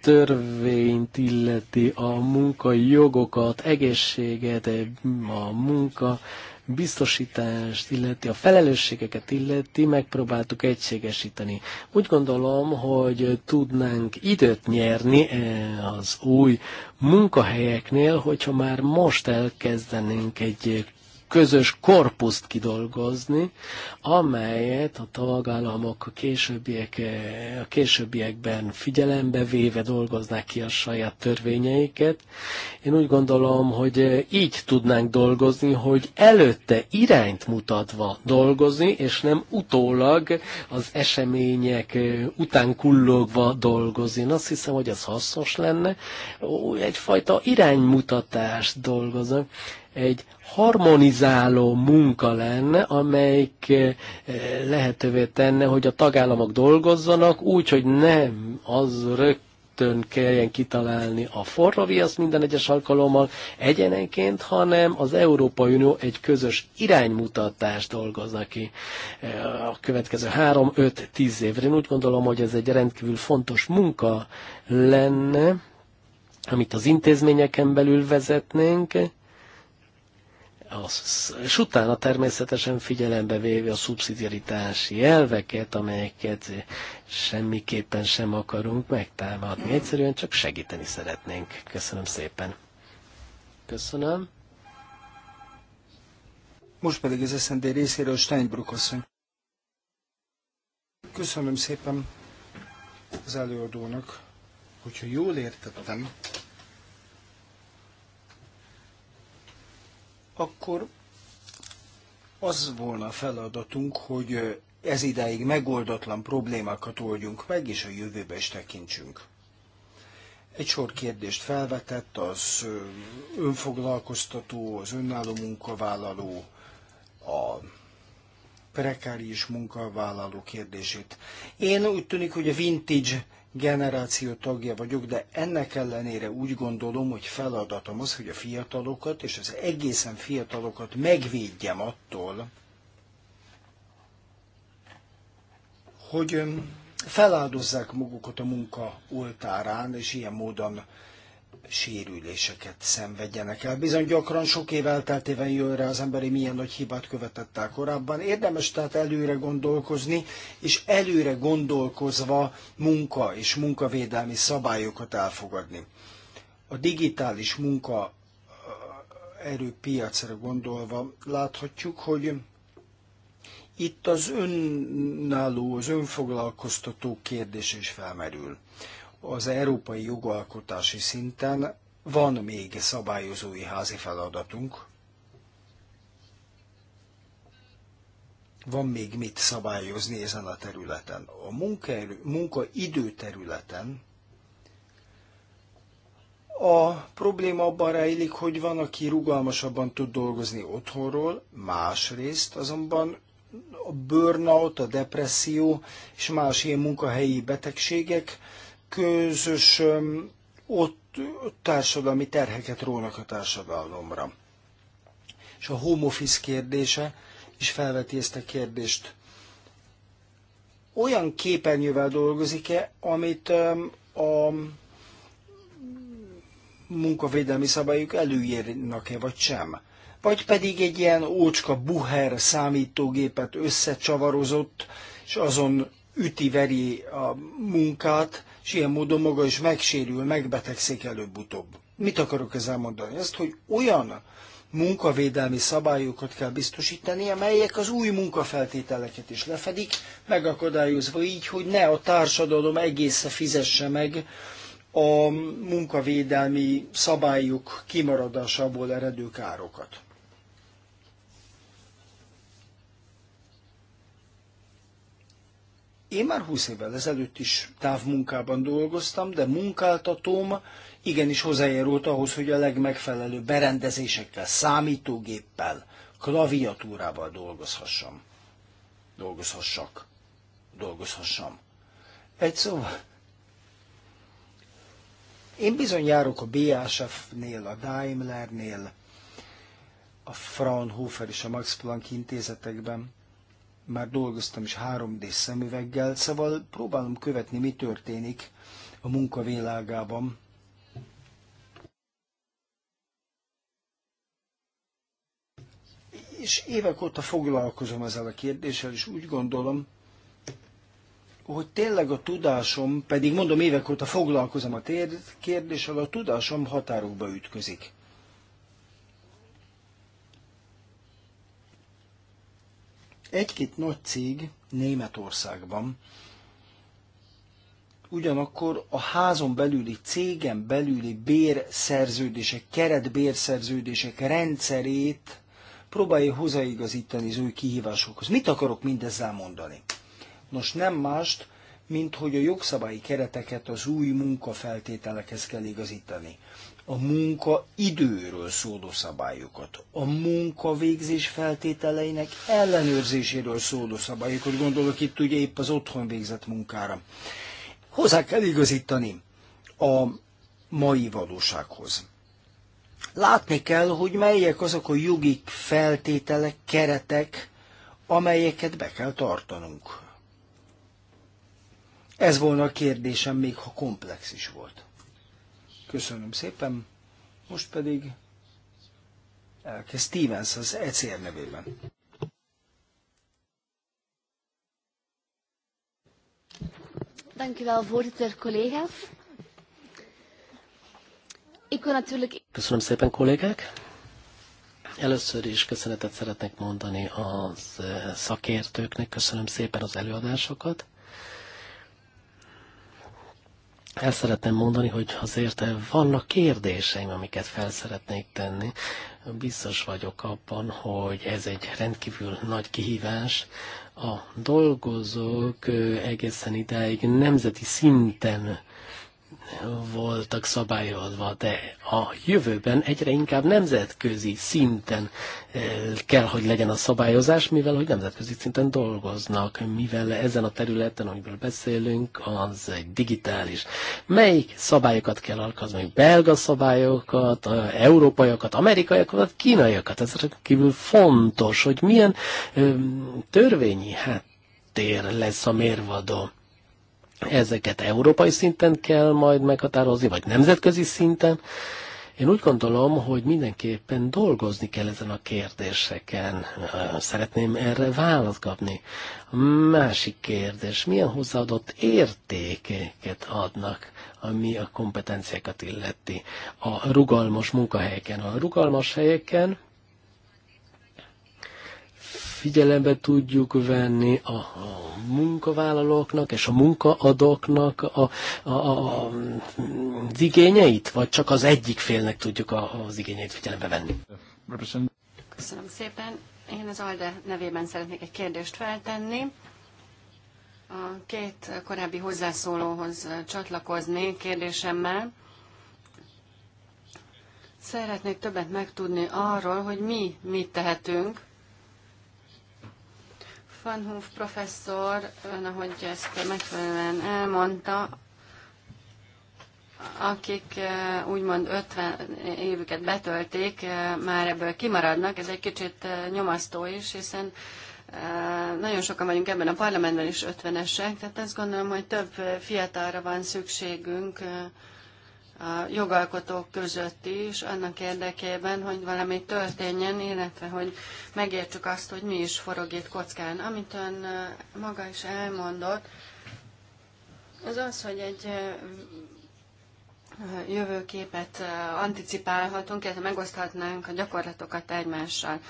törvényt illeti a munkajogokat, egészséget, a munka biztosítást illeti, a felelősségeket illeti, megpróbáltuk egységesíteni. Úgy gondolom, hogy tudnánk időt nyerni eh, az új munkahelyeknél, hogyha már most elkezdenénk egy közös korpuszt kidolgozni, amelyet a tagállamok a, későbbiek, eh, a későbbiekben figyelembe véve dolgoznák ki a saját törvényeiket. Én úgy gondolom, hogy eh, így tudnánk dolgozni, hogy előtte irányt mutatva dolgozni, és nem utólag az események eh, után kullogva dolgozni. Én azt hiszem, hogy ez hasznos lenne. Egyfajta iránymutatást dolgozni egy harmonizáló munka lenne, amelyik eh, lehetővé tenne, hogy a tagállamok dolgozzanak úgy, hogy nem az rögtön kelljen kitalálni a forró minden egyes alkalommal egyenenként, hanem az Európai Unió egy közös iránymutatást dolgozza ki eh, a következő három, öt, tíz évre. Én úgy gondolom, hogy ez egy rendkívül fontos munka lenne, amit az intézményeken belül vezetnénk, és utána természetesen figyelembe véve a szubszidiaritási elveket, amelyeket semmiképpen sem akarunk megtámadni. Egyszerűen csak segíteni szeretnénk. Köszönöm szépen. Köszönöm. Most
pedig az SZND részéről Steinbrück asszony. Köszönöm szépen az előadónak, hogyha jól értettem, akkor az volna a feladatunk, hogy ez idáig megoldatlan problémákat oldjunk meg, és a jövőbe is tekintsünk. Egy sor kérdést felvetett az önfoglalkoztató, az önálló munkavállaló, a prekárius munkavállaló kérdését. Én úgy tűnik, hogy a vintage generáció tagja vagyok, de ennek ellenére úgy gondolom, hogy feladatom az, hogy a fiatalokat és az egészen fiatalokat megvédjem attól, hogy feláldozzák magukat a munka oltárán, és ilyen módon sérüléseket szenvedjenek el. Bizony gyakran sok év elteltével jön rá az emberi milyen nagy hibát követett el korábban. Érdemes tehát előre gondolkozni, és előre gondolkozva munka és munkavédelmi szabályokat elfogadni. A digitális munka erőpiacra gondolva láthatjuk, hogy itt az önálló, az önfoglalkoztató kérdés is felmerül az európai jogalkotási szinten van még szabályozói házi feladatunk, van még mit szabályozni ezen a területen. A munkaidő munka területen a probléma abban rejlik, hogy van, aki rugalmasabban tud dolgozni otthonról, másrészt azonban a burnout, a depresszió és más ilyen munkahelyi betegségek közös ott társadalmi terheket rónak a társadalomra. És a home office kérdése is felveti ezt a kérdést. Olyan képernyővel dolgozik-e, amit a munkavédelmi szabályok előírnak-e, vagy sem? Vagy pedig egy ilyen ócska buher számítógépet összecsavarozott, és azon üti-veri a munkát, és ilyen módon maga is megsérül, megbetegszik előbb-utóbb. Mit akarok ezzel mondani? Ezt, hogy olyan munkavédelmi szabályokat kell biztosítani, amelyek az új munkafeltételeket is lefedik, megakadályozva így, hogy ne a társadalom egésze fizesse meg a munkavédelmi szabályok kimaradásából eredő károkat. Én már 20 évvel ezelőtt is távmunkában dolgoztam, de munkáltatóm igenis hozzájárult ahhoz, hogy a legmegfelelőbb berendezésekkel, számítógéppel, klaviatúrával dolgozhassam. Dolgozhassak. Dolgozhassam. Egy szóval. Én bizony járok a BASF-nél, a Daimler-nél, a Fraunhofer és a Max Planck intézetekben, már dolgoztam is 3D szemüveggel, szóval próbálom követni, mi történik a munkavilágában. És évek óta foglalkozom ezzel a kérdéssel, és úgy gondolom, hogy tényleg a tudásom, pedig mondom évek óta foglalkozom a kérdéssel, a tudásom határokba ütközik. Egy-két nagy cég Németországban ugyanakkor a házon belüli, cégen belüli bérszerződések, keretbérszerződések rendszerét próbálja hozzáigazítani az új kihívásokhoz. Mit akarok mindezzel mondani? Nos, nem mást, mint hogy a jogszabályi kereteket az új munkafeltételekhez kell igazítani a munka időről szóló szabályokat, a munka végzés feltételeinek ellenőrzéséről szóló szabályokat, gondolok itt ugye épp az otthon végzett munkára. Hozzá kell igazítani a mai valósághoz. Látni kell, hogy melyek azok a jogi feltételek, keretek, amelyeket be kell tartanunk. Ez volna a kérdésem, még ha komplex is volt. Köszönöm szépen. Most pedig elkezd Stevens az ECR nevében.
Dankjewel, voorzitter, collega's. Ik wil natuurlijk... Köszönöm szépen, kollégák! Először is köszönetet szeretnék mondani az eh, szakértőknek, köszönöm szépen az előadásokat. el szeretném mondani, hogy azért vannak kérdéseim, amiket fel szeretnék tenni. Biztos vagyok abban, hogy ez egy rendkívül nagy kihívás. A dolgozók egészen ideig nemzeti szinten voltak szabályozva, de a jövőben egyre inkább nemzetközi szinten eh, kell, hogy legyen a szabályozás, mivel hogy nemzetközi szinten dolgoznak, mivel ezen a területen, amiből beszélünk, az egy digitális. Melyik szabályokat kell alkalmazni? Belga szabályokat, eh, európaiakat, amerikaiakat, kínaiakat. Ez kívül fontos, hogy milyen eh, törvényi tér lesz a mérvadó Ezeket európai szinten kell majd meghatározni, vagy nemzetközi szinten. Én úgy gondolom, hogy mindenképpen dolgozni kell ezen a kérdéseken. Szeretném erre választ kapni. Másik kérdés, milyen hozzáadott értékeket adnak, ami a kompetenciákat illeti a rugalmas munkahelyeken. A rugalmas helyeken figyelembe tudjuk venni a, munkavállalóknak és a munkaadóknak a, a, a, az igényeit, vagy csak az egyik félnek tudjuk a, az igényeit figyelembe venni?
Köszönöm szépen. Én az ALDE nevében szeretnék egy kérdést feltenni. A két korábbi hozzászólóhoz csatlakozni kérdésemmel. Szeretnék többet megtudni arról, hogy mi mit tehetünk van Hoof professzor, ön, ahogy ezt megfelelően elmondta, akik eh, úgymond 50 évüket betölték, eh, már ebből kimaradnak. Ez egy kicsit eh, nyomasztó is, hiszen nagyon sokan vagyunk ebben a parlamentben is 50-esek, tehát azt gondolom, hogy több fiatalra van szükségünk, a jogalkotók között is, annak érdekében, hogy valami történjen, illetve hogy megértsük azt, hogy mi is forog itt kockán. Amit ön maga is elmondott, az az, hogy egy jövőképet anticipálhatunk, illetve megoszthatnánk a gyakorlatokat egymással.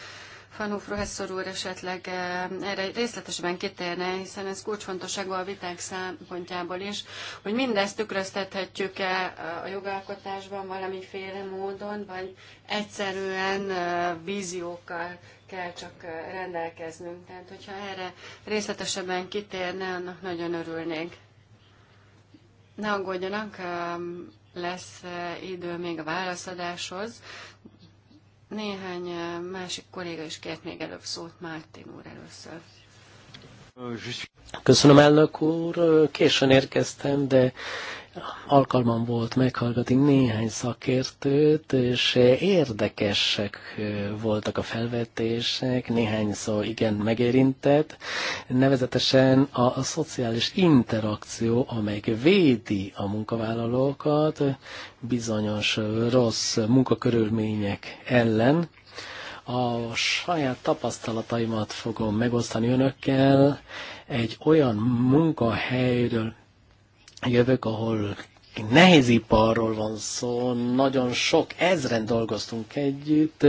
Fanó professzor úr esetleg eh, erre részletesebben kitérne, hiszen ez kulcsfontosságú a viták szempontjából is, hogy mindezt tükröztethetjük-e eh, a jogalkotásban valamiféle módon, vagy egyszerűen eh, víziókkal kell csak rendelkeznünk. Tehát, hogyha erre részletesebben kitérne, annak nagyon örülnék. Ne aggódjanak, lesz idő még a válaszadáshoz, néhány másik kolléga is kért még előbb szót, Mártin úr először.
Köszönöm, elnök úr. Későn érkeztem, de alkalmam volt meghallgatni néhány szakértőt, és érdekesek voltak a felvetések, néhány szó igen megérintett, nevezetesen a, a szociális interakció, amely védi a munkavállalókat bizonyos rossz munkakörülmények ellen. A saját tapasztalataimat fogom megosztani önökkel, egy olyan munkahelyről jövök, ahol nehéz iparról van szó, nagyon sok ezren dolgoztunk együtt,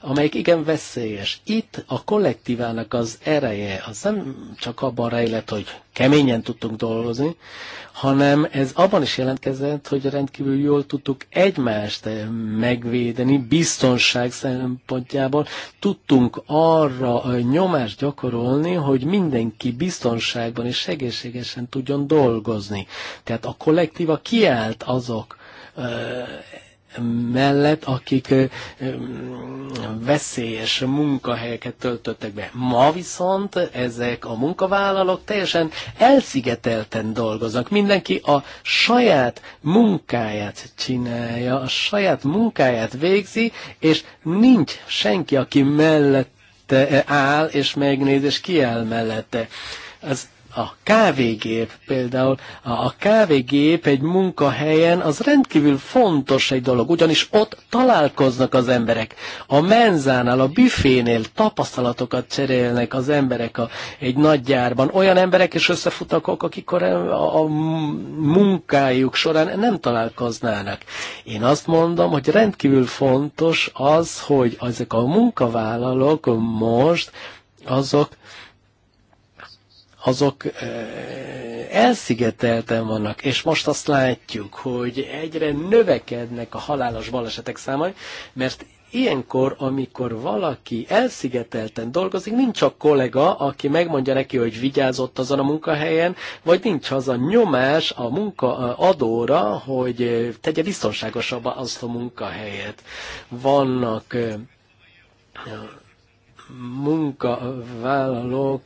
amelyik igen veszélyes. Itt a kollektívának az ereje az nem csak abban rejlett, hogy keményen tudtunk dolgozni, hanem ez abban is jelentkezett, hogy rendkívül jól tudtuk egymást megvédeni biztonság szempontjából. Tudtunk arra nyomást gyakorolni, hogy mindenki biztonságban és egészségesen tudjon dolgozni. Tehát a kollektíva kiállt azok mellett, akik veszélyes munkahelyeket töltöttek be. Ma viszont ezek a munkavállalók teljesen elszigetelten dolgoznak. Mindenki a saját munkáját csinálja, a saját munkáját végzi, és nincs senki, aki mellette áll, és megnéz, és kiáll mellette. Az a kávégép például, a kávégép egy munkahelyen az rendkívül fontos egy dolog, ugyanis ott találkoznak az emberek. A menzánál, a büfénél tapasztalatokat cserélnek az emberek a, egy nagy gyárban. Olyan emberek is összefutnak, akik a, a munkájuk során nem találkoznának. Én azt mondom, hogy rendkívül fontos az, hogy ezek a munkavállalók most azok azok eh, elszigetelten vannak, és most azt látjuk, hogy egyre növekednek a halálos balesetek számai, mert ilyenkor, amikor valaki elszigetelten dolgozik, nincs a kollega, aki megmondja neki, hogy vigyázott azon a munkahelyen, vagy nincs az a nyomás a munkaadóra, eh, hogy eh, tegye biztonságosabb azt a munkahelyet. Vannak munkavállalók,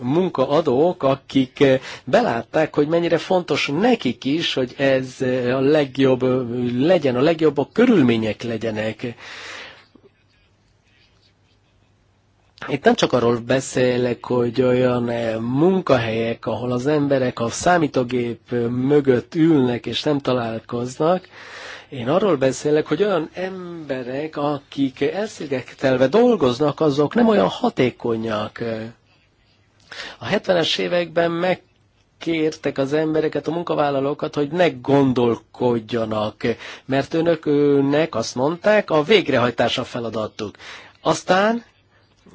munkaadók, akik eh, belátták, hogy mennyire fontos nekik is, hogy ez eh, a legjobb eh, legyen, a legjobb a körülmények legyenek. Itt nem csak arról beszélek, hogy olyan munkahelyek, ahol az emberek a számítógép mögött ülnek és nem találkoznak. Én arról beszélek, hogy olyan emberek, akik elszigetelve dolgoznak, azok nem olyan hatékonyak. A 70-es években meg kértek az embereket, a munkavállalókat, hogy ne gondolkodjanak, mert önök őnek azt mondták, a végrehajtás a feladatuk. Aztán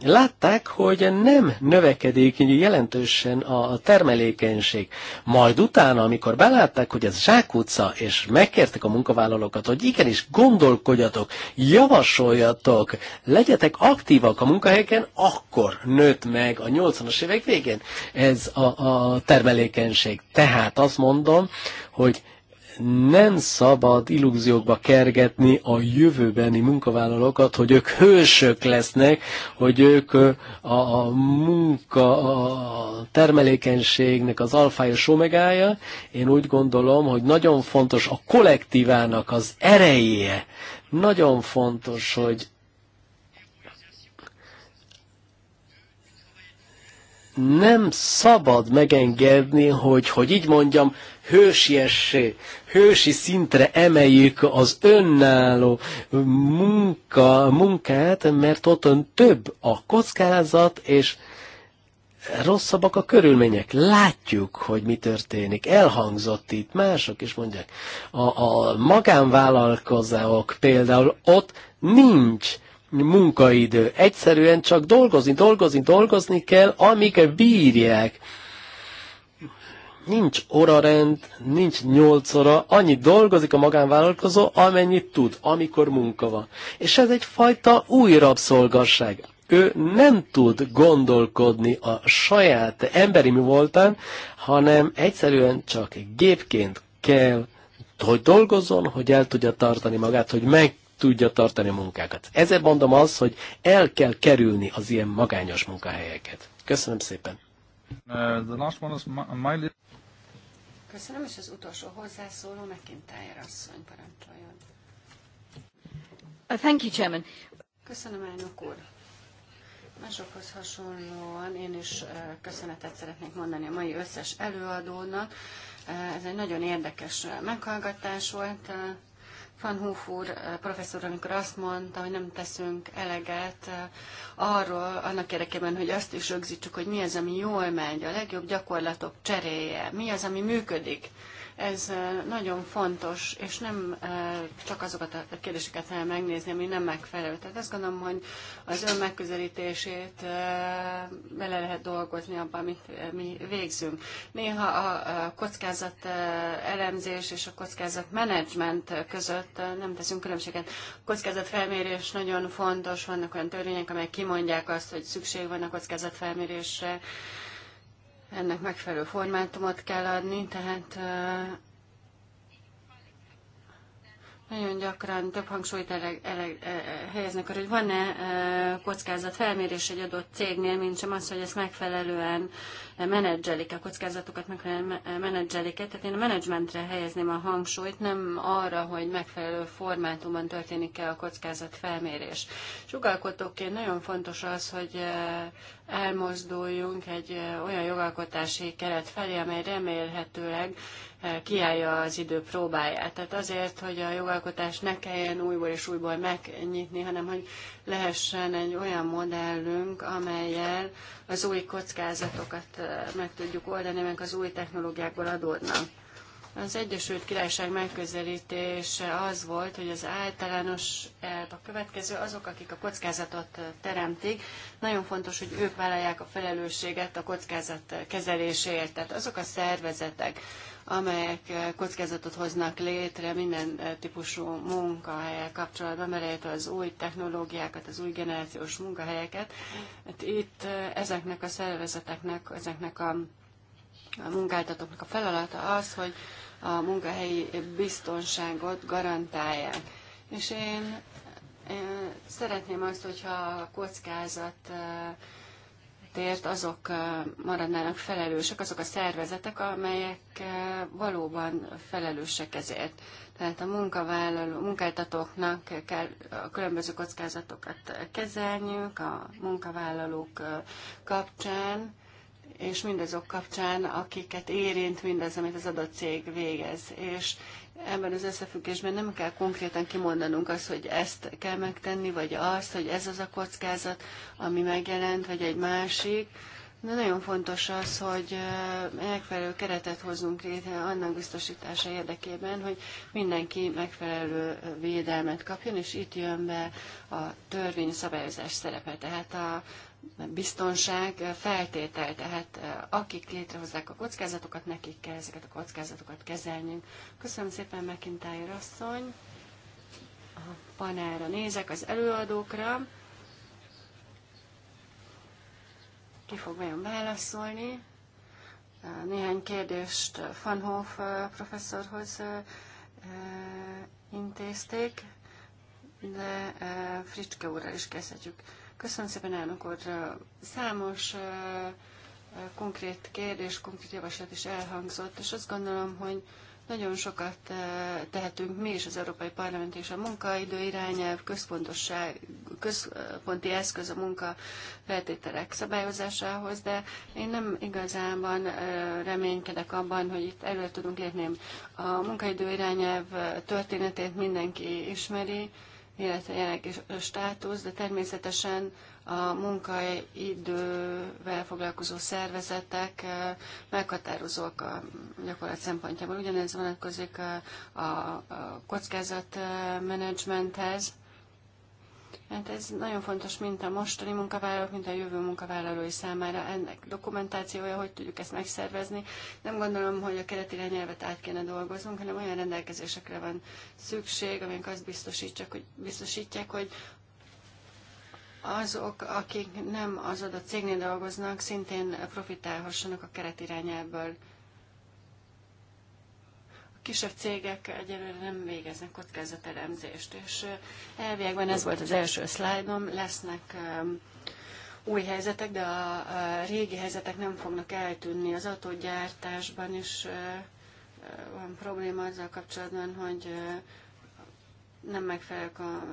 látták, hogy nem növekedik jelentősen a termelékenység. Majd utána, amikor belátták, hogy ez zsákutca, és megkértek a munkavállalókat, hogy igenis gondolkodjatok, javasoljatok, legyetek aktívak a munkahelyeken, akkor nőtt meg a 80-as évek végén ez a, a termelékenység. Tehát azt mondom, hogy nem szabad illúziókba kergetni a jövőbeni munkavállalókat, hogy ők hősök lesznek, hogy ők a, munka, a termelékenységnek az alfája somegája. Én úgy gondolom, hogy nagyon fontos a kollektívának az ereje. Nagyon fontos, hogy nem szabad megengedni, hogy, hogy így mondjam, hősiessé, hősi szintre emeljük az önálló munka, munkát, mert ott több a kockázat, és rosszabbak a körülmények. Látjuk, hogy mi történik. Elhangzott itt, mások is mondják. A, a magánvállalkozók például ott nincs munkaidő. Egyszerűen csak dolgozni, dolgozni, dolgozni kell, amiket bírják nincs órarend, nincs nyolc óra, annyi dolgozik a magánvállalkozó, amennyit tud, amikor munka van. És ez egyfajta új rabszolgasság. Ő nem tud gondolkodni a saját emberi mi voltán, hanem egyszerűen csak gépként kell, hogy dolgozzon, hogy el tudja tartani magát, hogy meg tudja tartani a munkákat. Ezért mondom az, hogy el kell kerülni az ilyen magányos munkahelyeket. Köszönöm szépen!
Uh, the last one is my, my Köszönöm, és az utolsó hozzászóló McIntyre asszony parancsoljon. Uh, thank you, Chairman. Köszönöm, elnök úr. Másokhoz hasonlóan én is uh, köszönetet szeretnék mondani a mai összes előadónak. Uh, ez egy nagyon érdekes meghallgatás volt. Van Hof úr eh, professzor, amikor azt mondta, hogy nem teszünk eleget eh, arról, annak érdekében, hogy azt is rögzítsük, hogy mi az, ami jól megy, a legjobb gyakorlatok cseréje, mi az, ami működik. Ez nagyon fontos, és nem csak azokat a kérdéseket kell megnézni, ami nem megfelelő. Tehát azt gondolom, hogy az ön megközelítését bele lehet dolgozni abban, amit mi végzünk. Néha a kockázat elemzés és a kockázat menedzsment között nem teszünk különbséget. A kockázatfelmérés nagyon fontos, vannak olyan törvények, amelyek kimondják azt, hogy szükség van a kockázatfelmérésre, ennek megfelelő formátumot kell adni, tehát nagyon gyakran több hangsúlyt eleg, ele, e, e, helyeznek arra, hogy van-e kockázat felmérés egy adott cégnél, mint sem az, hogy ezt megfelelően menedzselik a kockázatokat, meg menedzselik -e. Tehát én a menedzsmentre helyezném a hangsúlyt, nem arra, hogy megfelelő formátumban történik-e a kockázat felmérés. Sugalkotóként jogalkotóként nagyon fontos az, hogy e, elmozduljunk egy e, olyan jogalkotási keret felé, amely remélhetőleg e, kiállja az idő próbáját. Tehát azért, hogy a jogalkotás ne kelljen újból és újból megnyitni, hanem hogy lehessen egy olyan modellünk, amelyel az új kockázatokat meg tudjuk oldani, meg az új technológiákból adódnak. Az Egyesült Királyság megközelítése az volt, hogy az általános elv a következő, azok, akik a kockázatot teremtik, nagyon fontos, hogy ők vállalják a felelősséget a kockázat kezeléséért. Tehát azok a szervezetek, amelyek eh, kockázatot hoznak létre minden eh, típusú munkahelyek kapcsolatban, beleértve az új technológiákat, az új generációs munkahelyeket. Hát itt eh, ezeknek a szervezeteknek, ezeknek a, a munkáltatóknak a feladata az, hogy a munkahelyi biztonságot garantálják. És én, én szeretném azt, hogyha a kockázat Tért azok maradnának felelősek, azok a szervezetek, amelyek valóban felelősek ezért. Tehát a munkavállaló, munkáltatóknak kell a különböző kockázatokat kezelniük a munkavállalók kapcsán, és mindazok kapcsán, akiket érint mindaz, amit az adott cég végez. És ebben az összefüggésben nem kell konkrétan kimondanunk azt, hogy ezt kell megtenni, vagy azt, hogy ez az a kockázat, ami megjelent, vagy egy másik. De nagyon fontos az, hogy megfelelő keretet hozzunk létre annak biztosítása érdekében, hogy mindenki megfelelő védelmet kapjon, és itt jön be a törvény szabályozás szerepe. Tehát a biztonság feltétel, tehát eh, akik létrehozzák a kockázatokat, nekik kell ezeket a kockázatokat kezelnünk. Köszönöm szépen, McIntyre asszony. A panelra nézek, az előadókra. Ki fog vajon válaszolni? Eh, néhány kérdést Fanhof eh, professzorhoz intézték, de Fricske úrral is kezdhetjük. Köszönöm szépen, elnök úr. Számos konkrét kérdés, konkrét javaslat is elhangzott, és azt gondolom, hogy nagyon sokat tehetünk mi is az Európai Parlament és a munkaidő irányelv központi eszköz a munka feltételek szabályozásához, de én nem igazán reménykedek abban, hogy itt előre tudunk lépni. A munkaidő irányelv történetét mindenki ismeri, illetve jelenleg a státusz, de természetesen a munkaidővel foglalkozó szervezetek eh, meghatározók a gyakorlat szempontjából. Ugyanez vonatkozik eh, a, a, a kockázatmenedzsmenthez. Eh, Hát ez nagyon fontos, mint a mostani munkavállalók, mint a jövő munkavállalói számára. Ennek dokumentációja, hogy tudjuk ezt megszervezni. Nem gondolom, hogy a keretirányelvet át kéne dolgoznunk, hanem olyan rendelkezésekre van szükség, amik azt biztosítják, hogy, biztosítják, hogy azok, akik nem az adott cégnél dolgoznak, szintén profitálhassanak a keretirányelvből kisebb cégek egyelőre nem végeznek kockázatelemzést, és elvégben ez volt az első szlájdom, lesznek új helyzetek, de a régi helyzetek nem fognak eltűnni. Az autógyártásban is van probléma azzal kapcsolatban, hogy nem megfelelők a,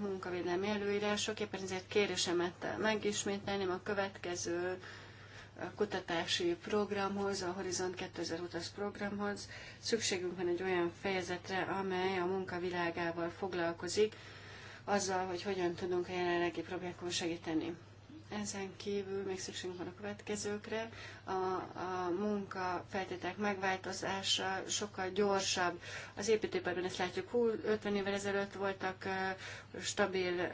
munkavédelmi előírások, éppen ezért kérésemet megismételném a következő a kutatási programhoz, a Horizont 2020 programhoz. Szükségünk van egy olyan fejezetre, amely a munkavilágával foglalkozik, azzal, hogy hogyan tudunk a jelenlegi problémákon segíteni. Ezen kívül még szükségünk van a következőkre, a, a munka feltételek megváltozása sokkal gyorsabb. Az építőiparban ezt látjuk, 50 évvel ezelőtt voltak stabil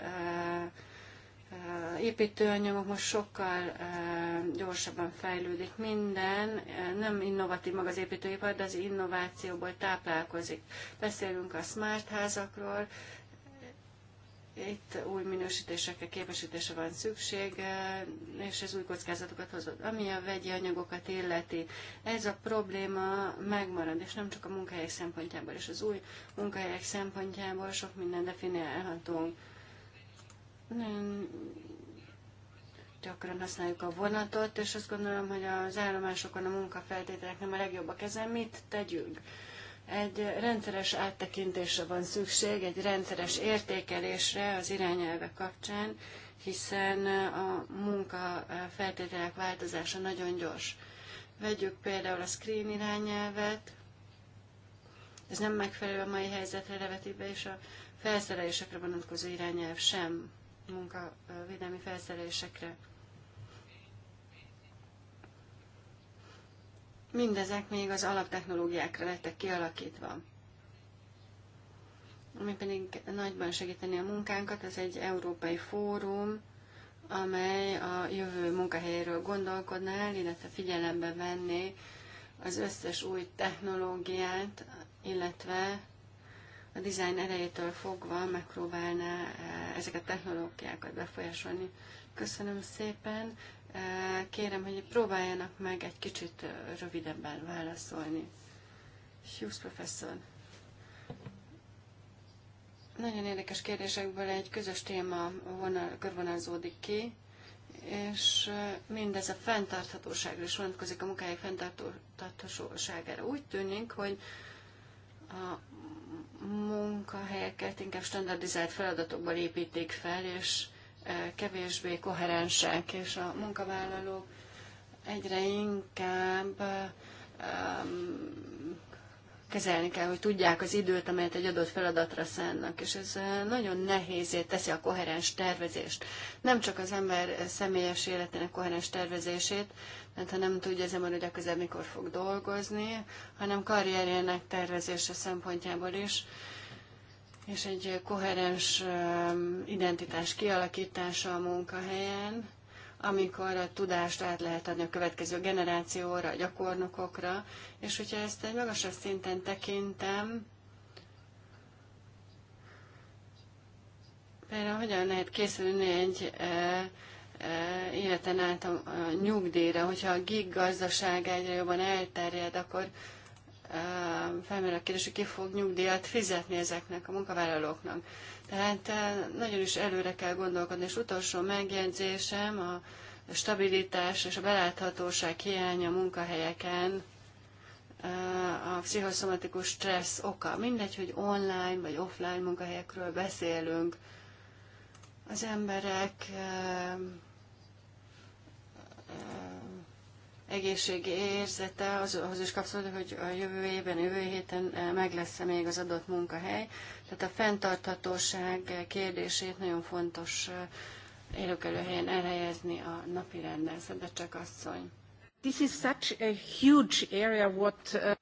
Eh, építőanyagok most sokkal eh, gyorsabban fejlődik minden, eh, nem innovatív maga az építőipar, de az innovációból táplálkozik. Beszélünk a smart házakról, itt új minősítésekre, képesítése van szükség, és ez új kockázatokat hozott. Ami a vegyi anyagokat illeti, ez a probléma megmarad, és nem csak a munkahelyek szempontjából, és az új munkahelyek szempontjából sok minden definiálhatunk nagyon gyakran használjuk a vonatot, és azt gondolom, hogy az állomásokon a munkafeltételek nem a legjobbak. kezem. mit tegyünk? Egy rendszeres áttekintésre van szükség, egy rendszeres értékelésre az irányelve kapcsán, hiszen a munkafeltételek változása nagyon gyors. Vegyük például a screen irányelvet, ez nem megfelelő a mai helyzetre levetítve, és a felszerelésekre vonatkozó irányelv sem munkavédelmi felszerelésekre. Mindezek még az alaptechnológiákra lettek kialakítva. Ami pedig nagyban segíteni a munkánkat, ez egy európai fórum, amely a jövő munkahelyéről gondolkodná el, illetve figyelembe venné az összes új technológiát, illetve a design elejétől fogva megpróbálná eh, ezeket a technológiákat befolyásolni. Köszönöm szépen. Eh, kérem, hogy próbáljanak meg egy kicsit eh, rövidebben válaszolni. Hughes professzor. Nagyon érdekes kérdésekből egy közös téma vonal, körvonalzódik ki, és mindez a fenntarthatóságra is vonatkozik a munkájuk fenntarthatóságára. Úgy tűnik, hogy a munkahelyeket inkább standardizált feladatokból építik fel, és e, kevésbé koherensek, és a munkavállalók egyre inkább e, kezelni kell, hogy tudják az időt, amelyet egy adott feladatra szánnak, és ez eh, nagyon nehézé teszi a koherens tervezést. Nem csak az ember személyes életének koherens tervezését, mert ha nem tudja az ember, hogy közel mikor fog dolgozni, hanem karrierjének tervezése szempontjából is, és egy koherens eh, identitás kialakítása a munkahelyen, amikor a tudást át lehet adni a következő generációra, a gyakornokokra, és hogyha ezt egy magasabb szinten tekintem, például hogyan lehet készülni egy e, e, életen át a, a nyugdíjra, hogyha a gig gazdaság egyre jobban elterjed, akkor e, felmerül a kérdés, hogy ki fog nyugdíjat fizetni ezeknek a munkavállalóknak tehát nagyon is előre kell gondolkodni. És utolsó megjegyzésem a stabilitás és a beláthatóság hiánya munkahelyeken eh, a pszichoszomatikus stressz oka. Mindegy, hogy online vagy offline munkahelyekről beszélünk. Az emberek eh, egészségi érzete az, az is kapcsolódik, hogy a jövő évben, jövő héten eh, meg lesz -e még az adott munkahely. Tehát a fenntarthatóság kérdését nagyon fontos eh, élőkelőhelyen elhelyezni a napi de csak asszony. This is such a huge area what... Eh,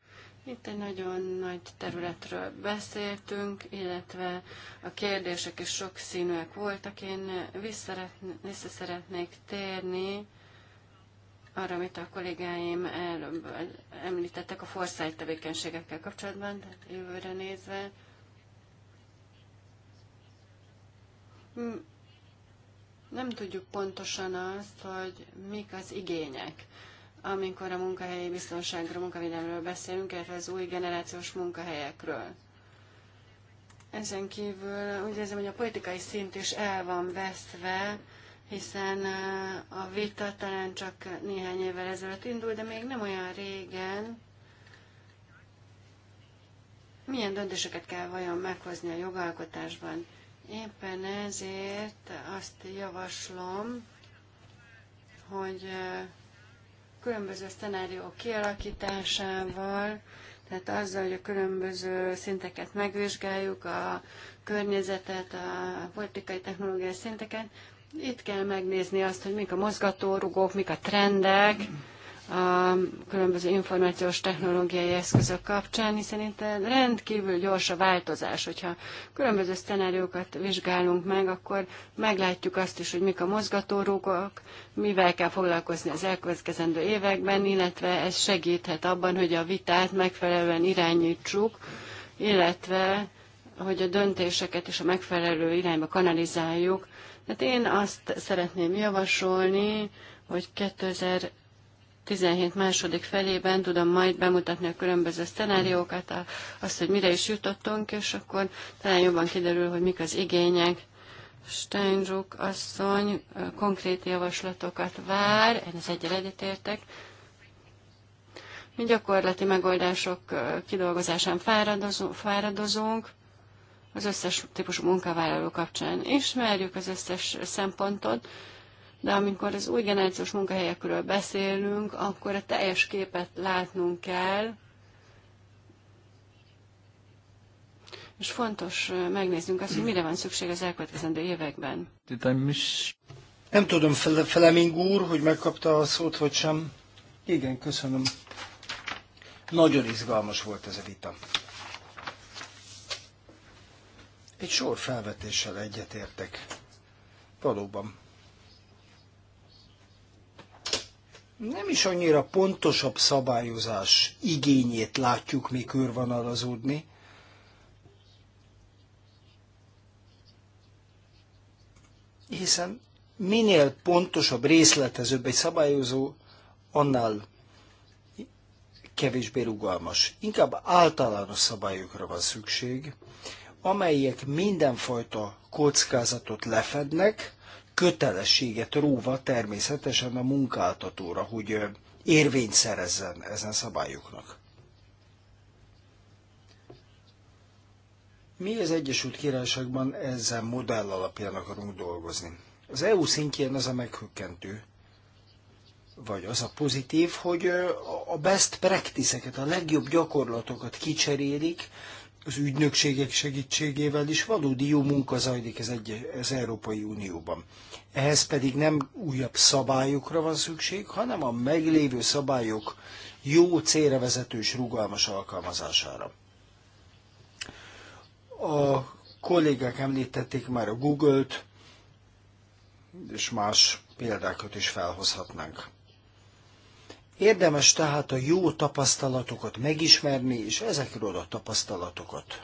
Itt egy nagyon nagy területről beszéltünk, illetve a kérdések is színűek voltak. Én vissza szeretnék térni arra, amit a kollégáim előbb említettek a forszájt tevékenységekkel kapcsolatban, tehát jövőre nézve. Hmm, nem tudjuk pontosan azt, hogy mik az igények, amikor a munkahelyi biztonságról, munkavédelmről beszélünk, illetve az új generációs munkahelyekről. Ezen kívül úgy érzem, hogy a politikai szint is el van vesztve, hiszen eh, a vita talán csak néhány évvel ezelőtt indult, de még nem olyan régen. Milyen döntéseket kell vajon meghozni a jogalkotásban? Éppen ezért azt javaslom, hogy eh, különböző szenáriók kialakításával, tehát azzal, hogy a különböző szinteket megvizsgáljuk, a környezetet, a politikai technológiai szinteket, itt kell megnézni azt, hogy mik a mozgatórugók, mik a trendek, a különböző információs technológiai eszközök kapcsán, hiszen itt rendkívül gyors a változás. Hogyha különböző szenáriókat vizsgálunk meg, akkor meglátjuk azt is, hogy mik a mozgatórugók, mivel kell foglalkozni az elkövetkezendő években, illetve ez segíthet abban, hogy a vitát megfelelően irányítsuk, illetve hogy a döntéseket is a megfelelő irányba kanalizáljuk, Hát én azt szeretném javasolni, hogy 2017 második felében tudom majd bemutatni a különböző szenáriókat, azt, hogy mire is jutottunk, és akkor talán jobban kiderül, hogy mik az igények. Steinruck asszony konkrét javaslatokat vár, én egyre egyel egyetértek. Mi gyakorlati megoldások kidolgozásán fáradozunk, az összes típusú munkavállaló kapcsán. Ismerjük az összes szempontot, de amikor az új generációs munkahelyekről beszélünk, akkor a teljes képet látnunk kell, és fontos megnéznünk azt, hogy mire van szükség az elkövetkezendő években.
Nem tudom, Fleming úr, hogy megkapta a szót, vagy sem. Igen, köszönöm. Nagyon izgalmas volt ez a vita. Egy sor felvetéssel egyetértek. Valóban. Nem is annyira pontosabb szabályozás igényét látjuk mi körvonalazódni, hiszen minél pontosabb, részletezőbb egy szabályozó, annál kevésbé rugalmas. Inkább általános szabályokra van szükség, amelyek mindenfajta kockázatot lefednek, kötelességet róva természetesen a munkáltatóra, hogy érvényt szerezzen ezen szabályoknak. Mi az Egyesült Királyságban ezzel modell alapján akarunk dolgozni? Az EU szintjén az a meghökkentő, vagy az a pozitív, hogy a best practice-eket, a legjobb gyakorlatokat kicserélik, az ügynökségek segítségével is valódi jó munka zajlik az, egy, az Európai Unióban. Ehhez pedig nem újabb szabályokra van szükség, hanem a meglévő szabályok jó célra vezető és rugalmas alkalmazására. A kollégák említették már a Google-t, és más példákat is felhozhatnánk. Érdemes tehát a jó tapasztalatokat megismerni, és ezekről a tapasztalatokat,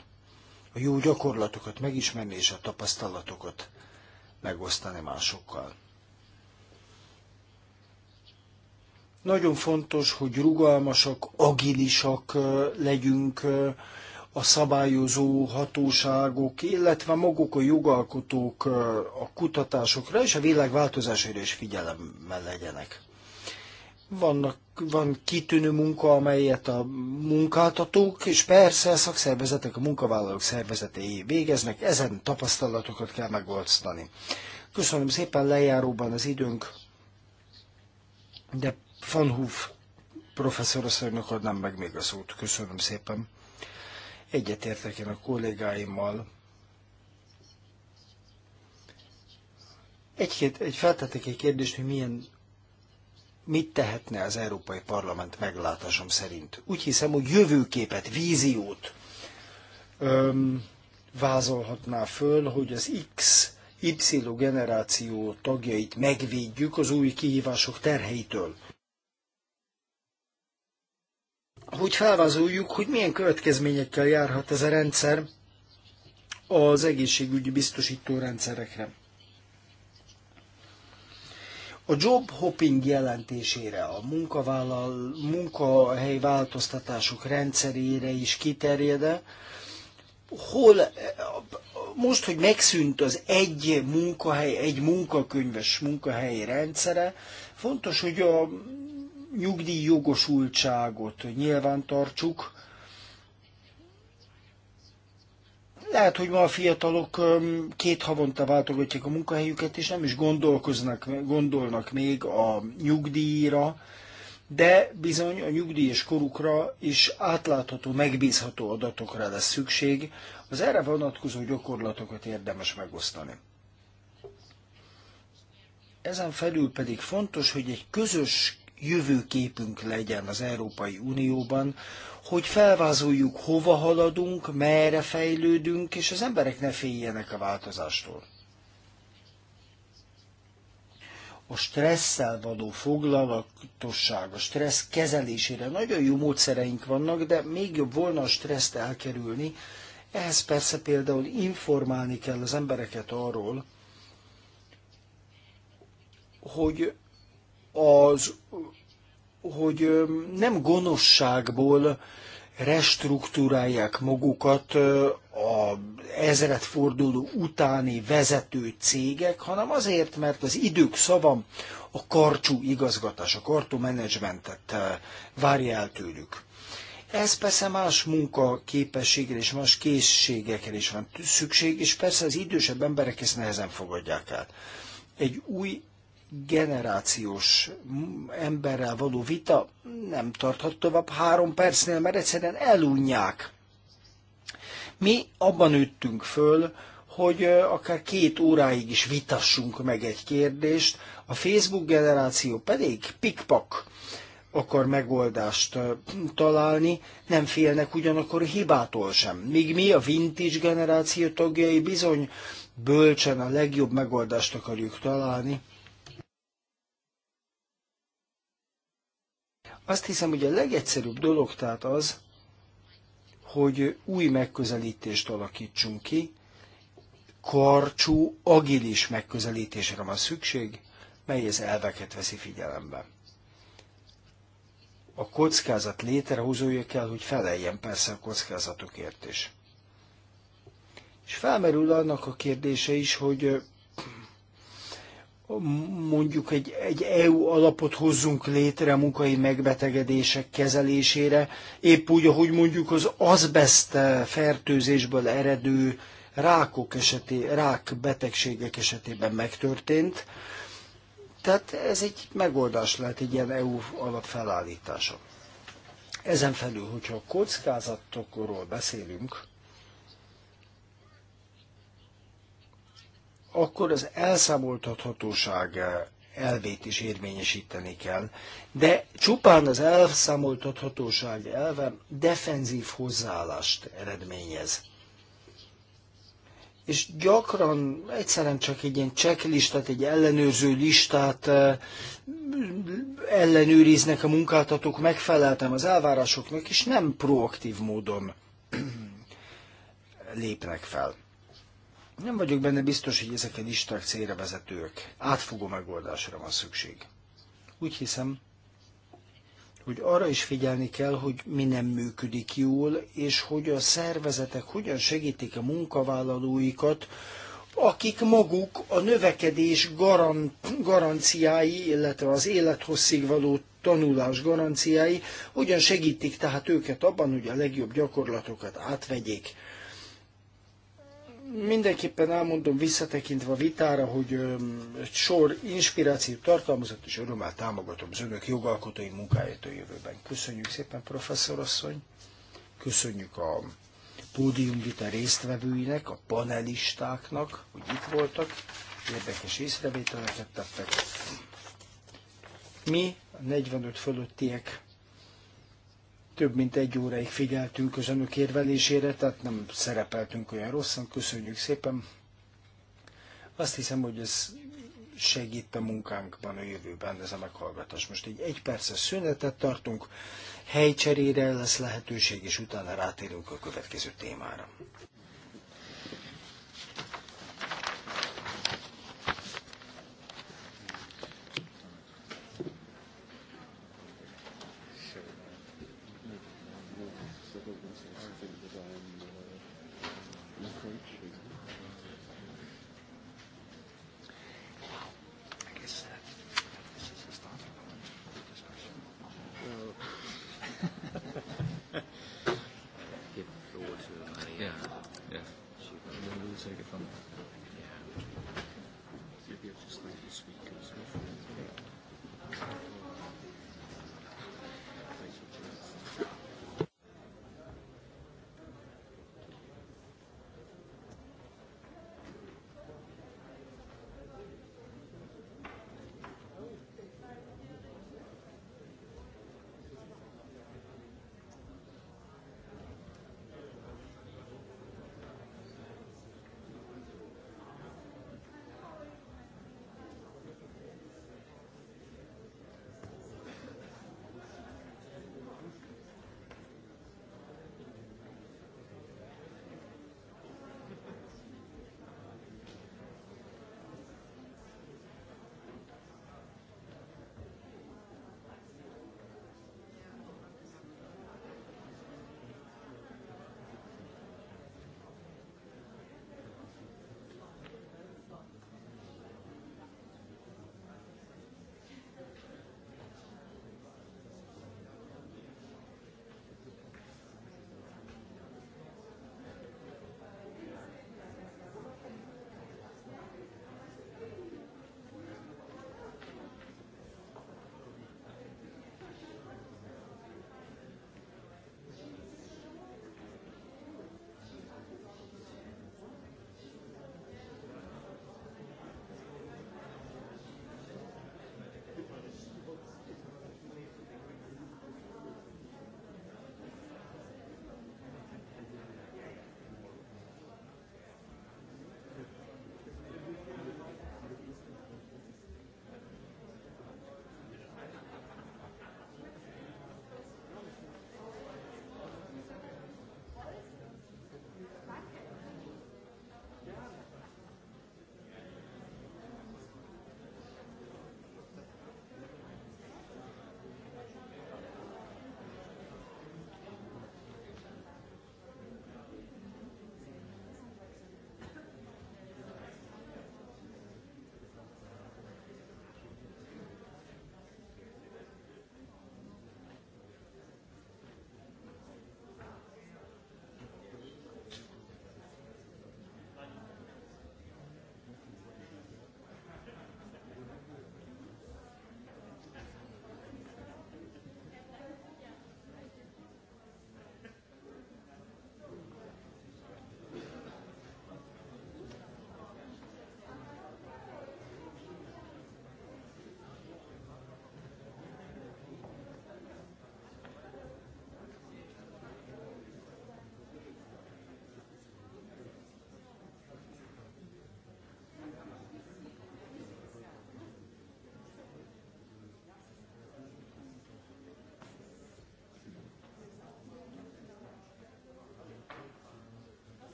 a jó gyakorlatokat megismerni, és a tapasztalatokat megosztani másokkal. Nagyon fontos, hogy rugalmasak, agilisak legyünk a szabályozó hatóságok, illetve maguk a jogalkotók a kutatásokra és a világ változásaira is figyelemmel legyenek. Vannak, van kitűnő munka, amelyet a munkáltatók, és persze a szakszervezetek, a munkavállalók szervezetei végeznek, ezen tapasztalatokat kell megosztani. Köszönöm szépen lejáróban az időnk, de Van Hoof professzorasszonynak adnám meg még a szót. Köszönöm szépen. Egyetértek én a kollégáimmal. egy egy feltettek egy kérdést, hogy milyen mit tehetne az Európai Parlament meglátásom szerint? Úgy hiszem, hogy jövőképet, víziót öm, vázolhatná föl, hogy az X, Y generáció tagjait megvédjük az új kihívások terheitől. Hogy felvázoljuk, hogy milyen következményekkel járhat ez a rendszer az egészségügyi biztosító rendszerekre. A job hopping jelentésére, a munkavállal, munkahely változtatások rendszerére is kiterjede, hol most, hogy megszűnt az egy munkahely, egy munkakönyves munkahelyi rendszere, fontos, hogy a nyugdíj jogosultságot nyilván tartsuk, Lehet, hogy ma a fiatalok két havonta váltogatják a munkahelyüket, és nem is gondolkoznak, gondolnak még a nyugdíjra, de bizony a nyugdíjas korukra is átlátható, megbízható adatokra lesz szükség. Az erre vonatkozó gyakorlatokat érdemes megosztani. Ezen felül pedig fontos, hogy egy közös jövőképünk legyen az Európai Unióban, hogy felvázoljuk, hova haladunk, merre fejlődünk, és az emberek ne féljenek a változástól. A stresszel való foglalatosság, a stressz kezelésére nagyon jó módszereink vannak, de még jobb volna a stresszt elkerülni. Ehhez persze például informálni kell az embereket arról, hogy az hogy nem gonoszságból restruktúrálják magukat a ezredforduló utáni vezető cégek, hanem azért, mert az idők szavam a karcsú igazgatás, a kartó menedzsmentet várja el tőlük. Ez persze más munkaképességre és más készségekre is van szükség, és persze az idősebb emberek ezt nehezen fogadják el. Egy új generációs emberrel való vita nem tarthat tovább három percnél, mert egyszerűen elunják. Mi abban üttünk föl, hogy akár két óráig is vitassunk meg egy kérdést, a Facebook generáció pedig pikpak akar megoldást találni, nem félnek ugyanakkor hibától sem. Míg mi a vintage generáció tagjai bizony bölcsen a legjobb megoldást akarjuk találni, Azt hiszem, hogy a legegyszerűbb dolog tehát az, hogy új megközelítést alakítsunk ki, karcsú, agilis megközelítésre van szükség, mely az elveket veszi figyelembe. A kockázat létrehozója kell, hogy feleljen persze a kockázatokért is. És felmerül annak a kérdése is, hogy mondjuk egy, egy EU alapot hozzunk létre a munkai megbetegedések kezelésére, épp úgy, ahogy mondjuk az azbest fertőzésből eredő rákok eseté, rák betegségek esetében megtörtént. Tehát ez egy megoldás lehet egy ilyen EU alap felállítása. Ezen felül, hogyha a kockázatokról beszélünk, akkor az elszámoltathatóság elvét is érvényesíteni kell. De csupán az elszámoltathatóság elve defenzív hozzáállást eredményez. És gyakran egyszerűen csak egy ilyen checklistát, egy ellenőrző listát ellenőriznek a munkáltatók, megfeleltem az elvárásoknak, és nem proaktív módon lépnek fel. Nem vagyok benne biztos, hogy ezek a listák célra vezetők. Átfogó megoldásra van szükség. Úgy hiszem, hogy arra is figyelni kell, hogy mi nem működik jól, és hogy a szervezetek hogyan segítik a munkavállalóikat, akik maguk a növekedés garant, garanciái, illetve az élethosszig való tanulás garanciái, hogyan segítik tehát őket abban, hogy a legjobb gyakorlatokat átvegyék, mindenképpen elmondom visszatekintve a vitára, hogy egy sor inspirációt tartalmazott, és örömmel támogatom az önök jogalkotói munkáját a jövőben. Köszönjük szépen, professzor asszony. Köszönjük a pódiumvita résztvevőinek, a panelistáknak, hogy itt voltak, érdekes észrevételeket tettek. Mi, a 45 fölöttiek, több mint egy óráig figyeltünk az önök érvelésére, tehát nem szerepeltünk olyan rosszan, köszönjük szépen. Azt hiszem, hogy ez segít a munkánkban a jövőben ez a meghallgatás. Most egy egy perces szünetet tartunk, helycserére lesz lehetőség, és utána rátérünk a következő témára.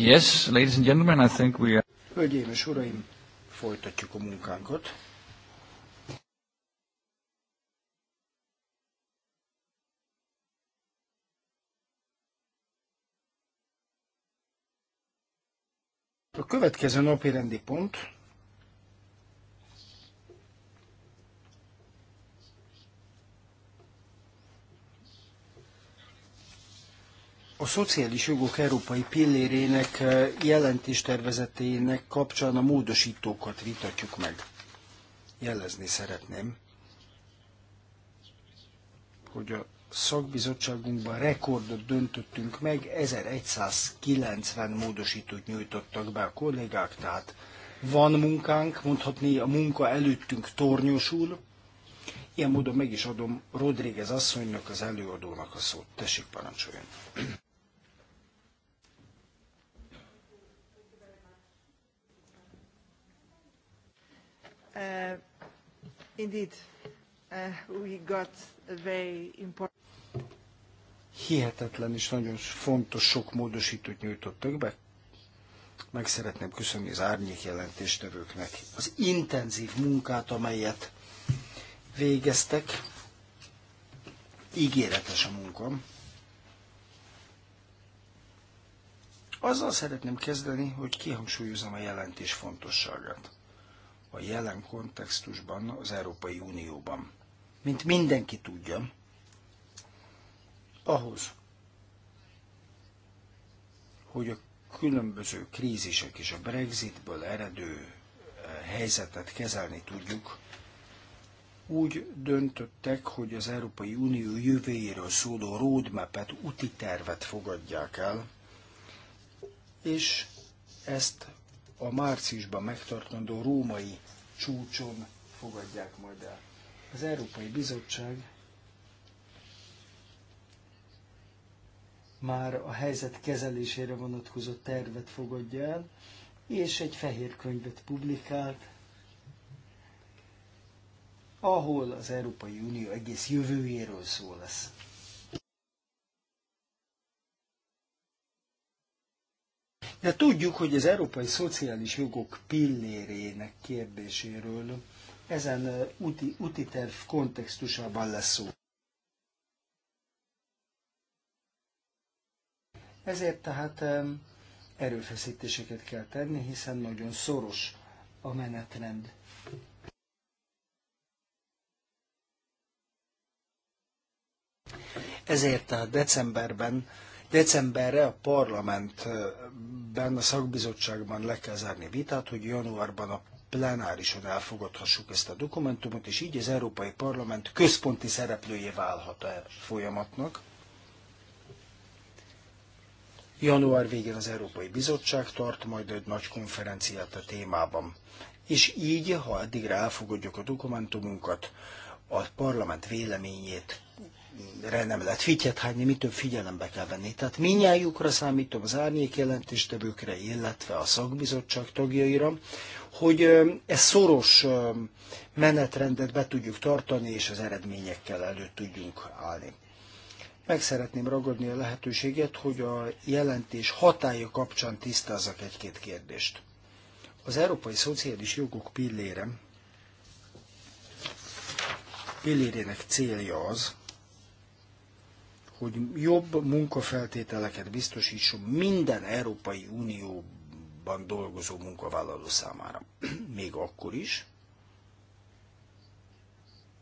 Yes, ladies and gentlemen, I think we are...
Hölgyeim és uraim, folytatjuk a munkánkat. A következő napi rendi pont szociális jogok európai pillérének eh, jelentéstervezetének kapcsán a módosítókat vitatjuk meg. Jelezni szeretném, hogy a szakbizottságunkban rekordot döntöttünk meg, 1190 módosítót nyújtottak be a kollégák, tehát van munkánk, mondhatni a munka előttünk tornyosul. Ilyen módon meg is adom Rodríguez asszonynak, az előadónak a szót. Tessék, parancsoljon! Uh, indeed, uh, we got a very important hihetetlen és nagyon fontos sok módosítót nyújtottak be. Meg szeretném köszönni az árnyék jelentéstevőknek az intenzív munkát, amelyet végeztek. Ígéretes a munka. Azzal szeretném kezdeni, hogy kihangsúlyozom a jelentés fontosságát a jelen kontextusban az Európai Unióban. Mint mindenki tudja, ahhoz, hogy a különböző krízisek és a Brexitből eredő eh, helyzetet kezelni tudjuk, úgy döntöttek, hogy az Európai Unió jövőjéről szóló roadmap-et, úti tervet fogadják el, és ezt a márciusban megtartandó római csúcson fogadják majd el. Az Európai Bizottság már a helyzet kezelésére vonatkozó tervet fogadja el, és egy fehér könyvet publikált, ahol az Európai Unió egész jövőjéről szó lesz. De tudjuk, hogy az európai szociális jogok pillérének kérdéséről ezen úti, úti terv kontextusában lesz szó. Ezért tehát erőfeszítéseket kell tenni, hiszen nagyon szoros a menetrend. Ezért tehát decemberben Decemberre a parlamentben, a szakbizottságban le kell zárni vitát, hogy januárban a plenárison elfogadhassuk ezt a dokumentumot, és így az Európai Parlament központi szereplője válhat a folyamatnak. Január végén az Európai Bizottság tart majd egy nagy konferenciát a témában. És így, ha addigra elfogadjuk a dokumentumunkat, a parlament véleményét re nem lehet fityet hányni, mitől figyelembe kell venni. Tehát minnyájukra számítom az árnyék jelentéstevőkre, illetve a szakbizottság tagjaira, hogy ezt szoros menetrendet be tudjuk tartani, és az eredményekkel előtt tudjunk állni. Meg szeretném ragadni a lehetőséget, hogy a jelentés hatája kapcsán tisztázzak egy-két kérdést. Az Európai Szociális Jogok pillére, pillérének célja az, hogy jobb munkafeltételeket biztosítson minden Európai Unióban dolgozó munkavállaló számára. Még akkor is,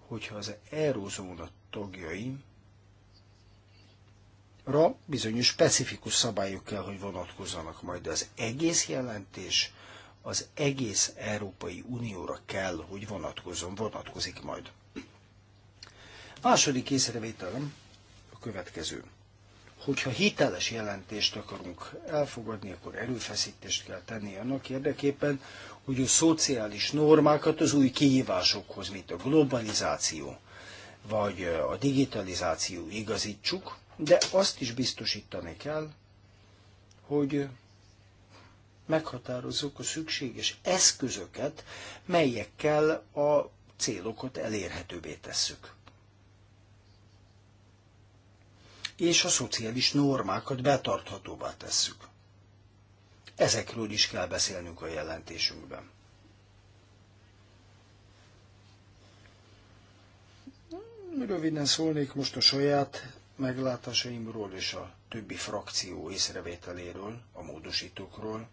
hogyha az Eurózóna tagjai ra bizonyos specifikus szabályok kell, hogy vonatkozzanak majd. De az egész jelentés az egész Európai Unióra kell, hogy vonatkozzon, vonatkozik majd. Második észrevételem, következő. Hogyha hiteles jelentést akarunk elfogadni, akkor erőfeszítést kell tenni annak érdekében, hogy a szociális normákat az új kihívásokhoz, mint a globalizáció vagy a digitalizáció igazítsuk, de azt is biztosítani kell, hogy meghatározzuk a szükséges eszközöket, melyekkel a célokat elérhetővé tesszük. és a szociális normákat betarthatóvá tesszük. Ezekről is kell beszélnünk a jelentésünkben. Röviden szólnék most a saját meglátásaimról és a többi frakció észrevételéről, a módosítókról,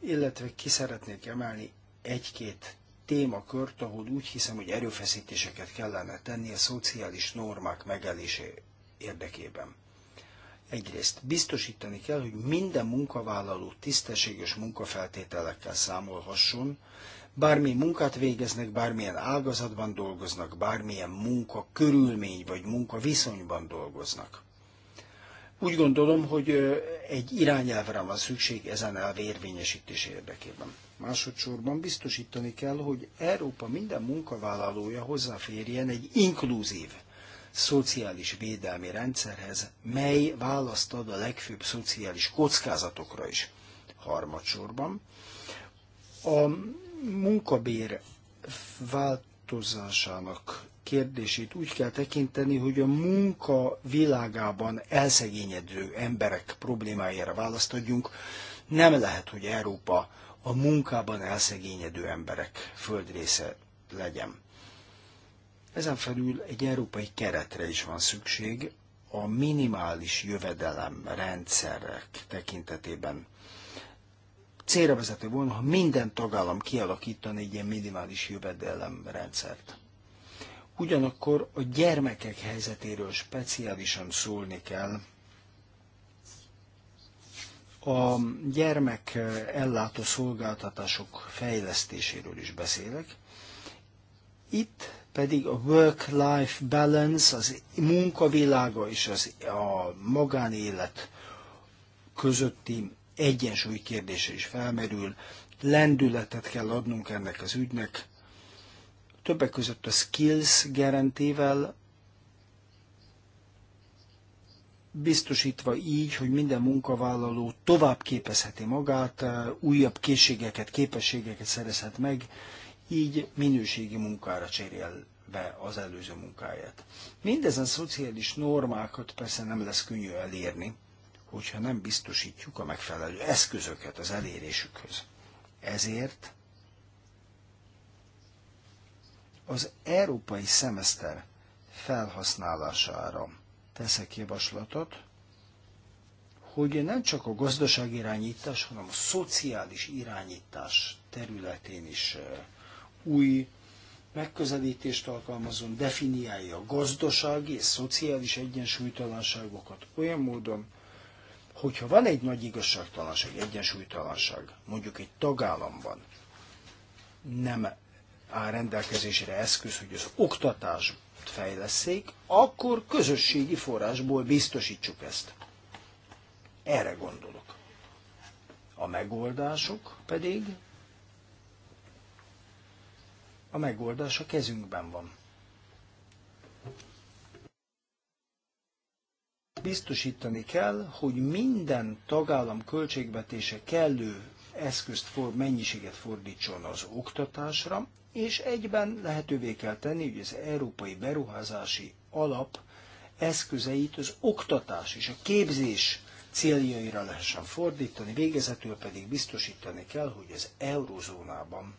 illetve ki szeretnék emelni egy-két témakört, ahol úgy hiszem, hogy erőfeszítéseket kellene tenni a szociális normák érdekében. Egyrészt biztosítani kell, hogy minden munkavállaló tisztességes munkafeltételekkel számolhasson, bármi munkát végeznek, bármilyen ágazatban dolgoznak, bármilyen munka körülmény vagy munka viszonyban dolgoznak. Úgy gondolom, hogy egy irányelvre van szükség ezen elv érvényesítés érdekében. Másodszorban biztosítani kell, hogy Európa minden munkavállalója hozzáférjen egy inkluzív szociális védelmi rendszerhez, mely választ ad a legfőbb szociális kockázatokra is. Harmadsorban a munkabér változásának kérdését úgy kell tekinteni, hogy a munka világában elszegényedő emberek problémájára választ adjunk. Nem lehet, hogy Európa a munkában elszegényedő emberek földrésze legyen. Ezen felül egy európai keretre is van szükség a minimális jövedelem rendszerek tekintetében. Célra vezető volna, ha minden tagállam kialakítana egy ilyen minimális jövedelem rendszert. Ugyanakkor a gyermekek helyzetéről speciálisan szólni kell. A gyermek ellátó szolgáltatások fejlesztéséről is beszélek. Itt pedig a work-life balance, az munkavilága és az, a magánélet közötti egyensúly kérdése is felmerül. Lendületet kell adnunk ennek az ügynek. Többek között a skills garantével biztosítva így, hogy minden munkavállaló tovább képezheti magát, újabb készségeket, képességeket szerezhet meg, így minőségi munkára cserélve az előző munkáját. Mindezen szociális normákat persze nem lesz könnyű elérni, hogyha nem biztosítjuk a megfelelő eszközöket az elérésükhöz. Ezért az európai szemeszter felhasználására teszek javaslatot, hogy nem csak a gazdaságirányítás, hanem a szociális irányítás területén is eh, új megközelítést alkalmazom, definiálja a gazdasági és szociális egyensúlytalanságokat olyan módon, hogyha van egy nagy igazságtalanság, egyensúlytalanság, mondjuk egy tagállamban nem áll rendelkezésre eszköz, hogy az oktatást fejleszék, akkor közösségi forrásból biztosítsuk ezt. Erre gondolok. A megoldások pedig a megoldás a kezünkben van. Biztosítani kell, hogy minden tagállam költségvetése kellő eszközt, for, mennyiséget fordítson az oktatásra, és egyben lehetővé kell tenni, hogy az Európai Beruházási Alap eszközeit az oktatás és a képzés céljaira lehessen fordítani, végezetül pedig biztosítani kell, hogy az eurozónában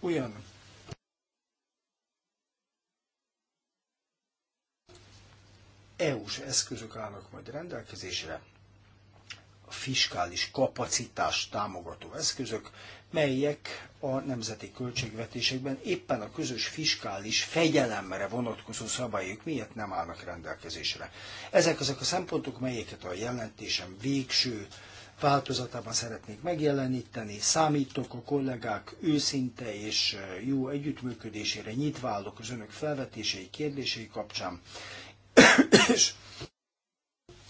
olyan EU-s eszközök állnak majd rendelkezésre, a fiskális kapacitás támogató eszközök, melyek a nemzeti költségvetésekben éppen a közös fiskális fegyelemre vonatkozó szabályok miatt nem állnak rendelkezésre. Ezek azok a szempontok, melyeket a jelentésem végső változatában szeretnék megjeleníteni. Számítok a kollégák őszinte és eh, jó együttműködésére, nyitválok az önök felvetései, kérdései kapcsán, és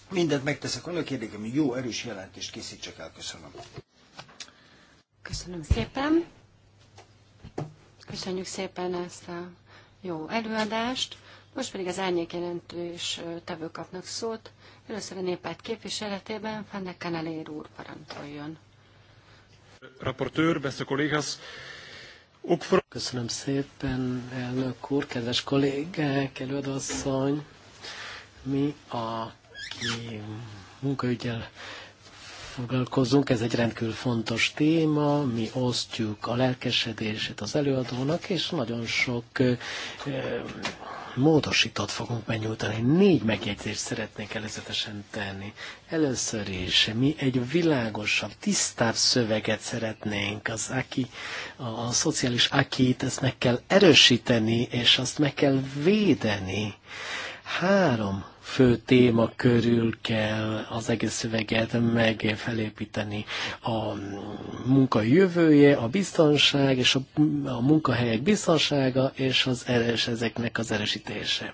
mindent megteszek önök érdekében, hogy jó, erős jelentést készítsek el. Köszönöm.
Köszönöm szépen. Köszönjük szépen ezt a jó előadást. Most pedig az árnyék jelentős eh, tevő kapnak szót. Először a néppárt képviseletében Fenne Kanalér úr parancsoljon.
Raportőr, beste kollégas, Köszönöm szépen, elnök úr, kedves kollégák, előadasszony. Mi, aki munkaügyel foglalkozunk, ez egy rendkívül fontos téma, mi osztjuk a lelkesedését az előadónak, és nagyon sok módosítót fogunk benyújtani. Négy megjegyzést szeretnék előzetesen tenni. Először is mi egy világosabb, tisztább szöveget szeretnénk. Az aki, a, a szociális akit ezt meg kell erősíteni, és azt meg kell védeni. Három fő téma körül kell az egész szöveget meg felépíteni. A munka jövője, a biztonság és a, a munkahelyek biztonsága és, az erős, ezeknek az erősítése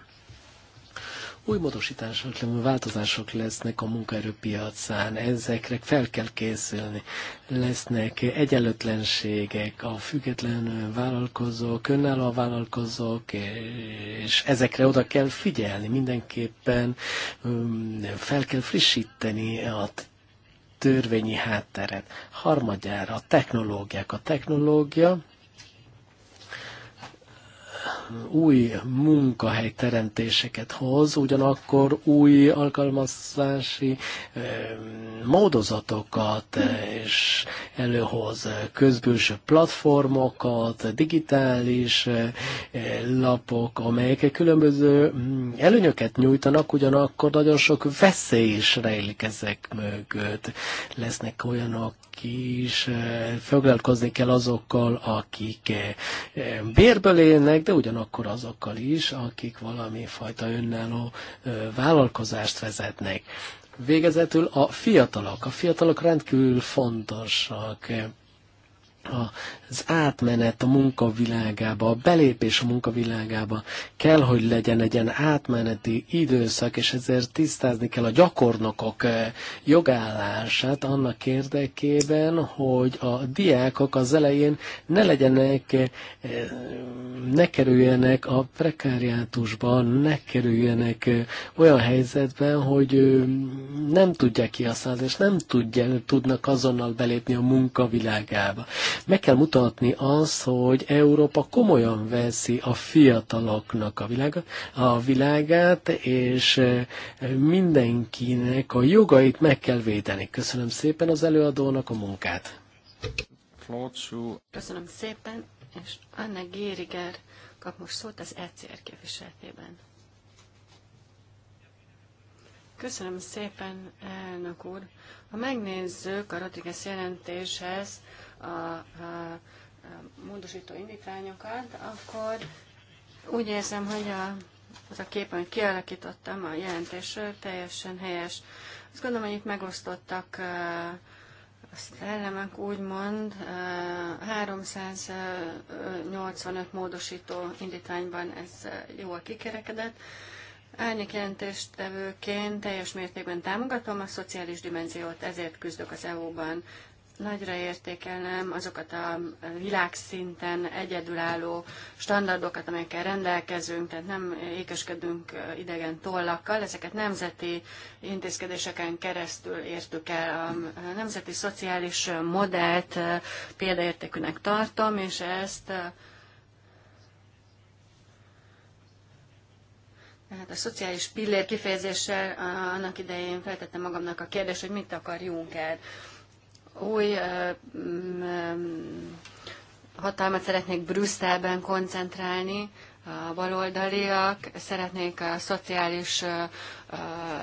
új módosítások, változások lesznek a munkaerőpiacán, ezekre fel kell készülni. Lesznek egyenlőtlenségek, a független vállalkozók, önálló vállalkozók, és ezekre oda kell figyelni. Mindenképpen um, fel kell frissíteni a törvényi hátteret. Harmadjára a technológiák. A technológia új munkahely teremtéseket hoz, ugyanakkor új alkalmazási eh, módozatokat eh, és előhoz közbülső platformokat, digitális eh, lapok, amelyek különböző mm, előnyöket nyújtanak, ugyanakkor nagyon sok veszély is rejlik ezek mögött. Lesznek olyanok, is eh, foglalkozni kell azokkal, akik eh, eh, bérből élnek, de ugyanakkor azokkal is, akik valami fajta önálló vállalkozást vezetnek. Végezetül a fiatalok. A fiatalok rendkívül fontosak a az átmenet a munkavilágába, a belépés a munkavilágába kell, hogy legyen egy ilyen átmeneti időszak, és ezért tisztázni kell a gyakornokok eh, jogállását annak érdekében, hogy a diákok az elején ne legyenek, eh, ne kerüljenek a prekáriátusba, ne kerüljenek eh, olyan helyzetben, hogy nem tudják kihasználni, és nem tudják, tudnak azonnal belépni a munkavilágába. Meg kell mutatni mutatni az, hogy Európa komolyan veszi a fiataloknak a, világ, a világát, és mindenkinek a jogait meg kell védeni. Köszönöm szépen az előadónak a munkát.
Köszönöm szépen, és Anna Gériger kap most szót az ECR képviseletében. Köszönöm szépen, elnök úr. Ha megnézzük a Rodriguez jelentéshez a, a, a módosító indítványokat, akkor úgy érzem, hogy a, az a kép, amit kialakítottam a jelentésről, teljesen helyes. Azt gondolom, hogy itt megosztottak a szellemek úgymond 385 módosító indítványban ez jól kikerekedett. Árnyék jelentéstevőként teljes mértékben támogatom a szociális dimenziót, ezért küzdök az EU-ban. Nagyra értékelnem azokat a világszinten egyedülálló standardokat, amelyekkel rendelkezünk, tehát nem ékeskedünk idegen tollakkal, ezeket nemzeti intézkedéseken keresztül értük el. A nemzeti szociális modellt példaértékűnek tartom, és ezt Hát a szociális pillér kifejezéssel annak idején feltettem magamnak a kérdést, hogy mit akar Juncker új hatalmat szeretnék Brüsszelben koncentrálni, a baloldaliak szeretnék a szociális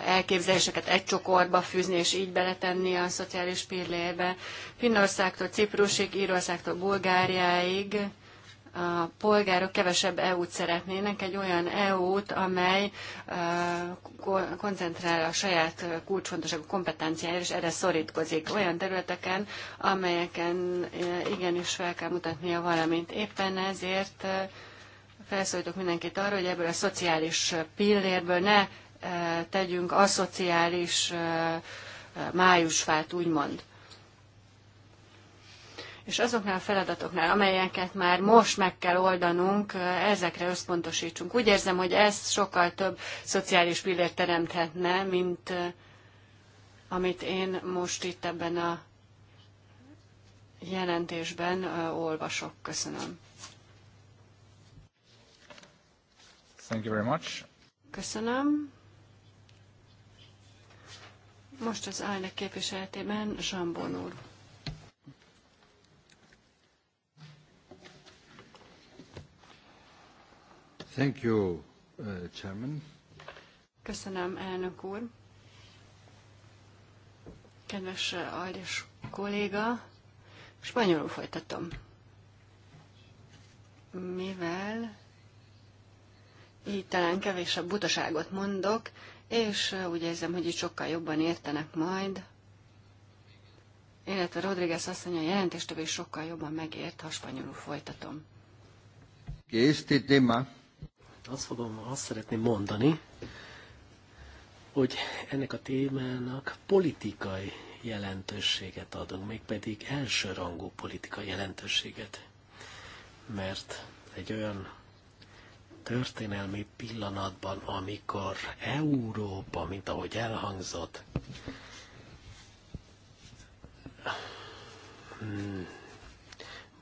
elképzeléseket egy csokorba fűzni, és így beletenni a szociális pillérbe. Finnországtól Ciprusig, Írországtól Bulgáriáig a polgárok kevesebb EU-t szeretnének, egy olyan EU-t, amely koncentrál a saját kulcsfontosságú kompetenciájára, és erre szorítkozik olyan területeken, amelyeken igenis fel kell mutatnia valamint. Éppen ezért felszólítok mindenkit arra, hogy ebből a szociális pillérből ne tegyünk a szociális májusfát, úgymond és azoknál a feladatoknál, amelyeket már most meg kell oldanunk, ezekre összpontosítsunk. Úgy érzem, hogy ez sokkal több szociális pillért teremthetne, mint eh, amit én most itt ebben a jelentésben eh, olvasok. Köszönöm. Thank you very much. Köszönöm. Most az állnak képviseletében Zsambon úr.
Thank you, uh, Chairman.
Köszönöm, elnök úr. Kedves uh, Aldes kolléga, spanyolul folytatom. Mivel így talán kevésebb butaságot mondok, és uh, úgy érzem, hogy így sokkal jobban értenek majd, illetve Rodriguez asszony a is sokkal jobban megért, ha spanyolul folytatom.
este tema Hát
azt fogom, azt szeretném mondani, hogy ennek a témának politikai jelentőséget adunk, mégpedig elsőrangú politikai jelentőséget. Mert egy olyan történelmi pillanatban, amikor Európa, mint ahogy elhangzott,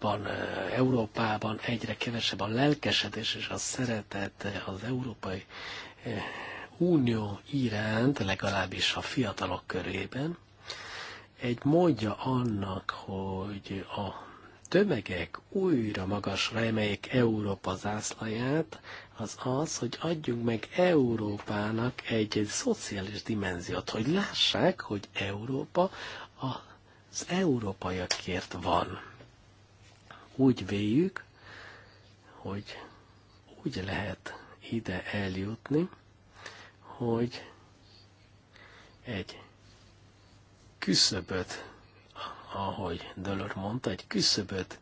Európában, Európában egyre kevesebb a lelkesedés és a szeretet az Európai Unió iránt, legalábbis a fiatalok körében. Egy módja annak, hogy a tömegek újra magasra emeljék Európa zászlaját, az az, hogy adjunk meg Európának egy, egy szociális dimenziót, hogy lássák, hogy Európa az európaiakért van. Úgy véljük, hogy úgy lehet ide eljutni, hogy egy küszöböt, ahogy Dölör mondta, egy küszöböt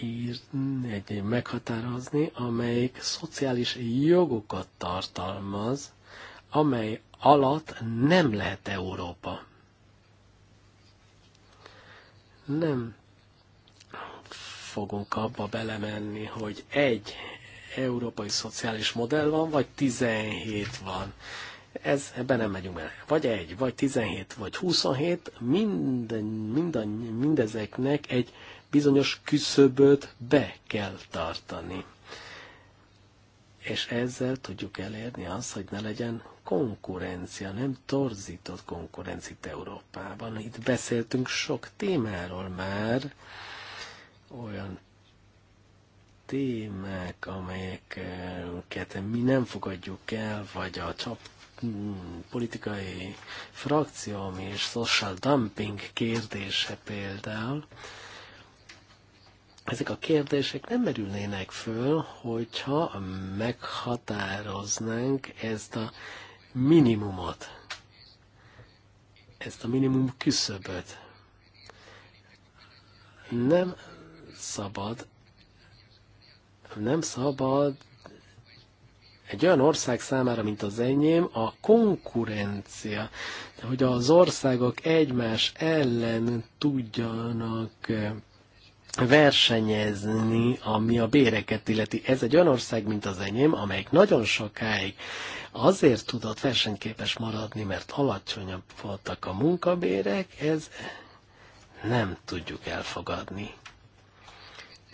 ír, egy meghatározni, amelyik szociális jogokat tartalmaz, amely alatt nem lehet Európa. Nem fogunk abba belemenni, hogy egy európai szociális modell van, vagy 17 van. Ez, ebben nem megyünk bele. Vagy egy, vagy 17, vagy 27, minden, minden, mindezeknek egy bizonyos küszöböt be kell tartani. És ezzel tudjuk elérni azt, hogy ne legyen konkurencia, nem torzított konkurencit Európában. Itt beszéltünk sok témáról már, olyan témák, amelyeket mi nem fogadjuk el, vagy a csap politikai frakció, ami és social dumping kérdése például, ezek a kérdések nem merülnének föl, hogyha meghatároznánk ezt a minimumot, ezt a minimum küszöböt. Nem szabad, nem szabad egy olyan ország számára, mint az enyém, a konkurencia, hogy az országok egymás ellen tudjanak eh, versenyezni, ami a béreket illeti. Ez egy olyan ország, mint az enyém, amelyik nagyon sokáig azért tudott versenyképes maradni, mert alacsonyabb voltak a munkabérek, ez nem tudjuk elfogadni.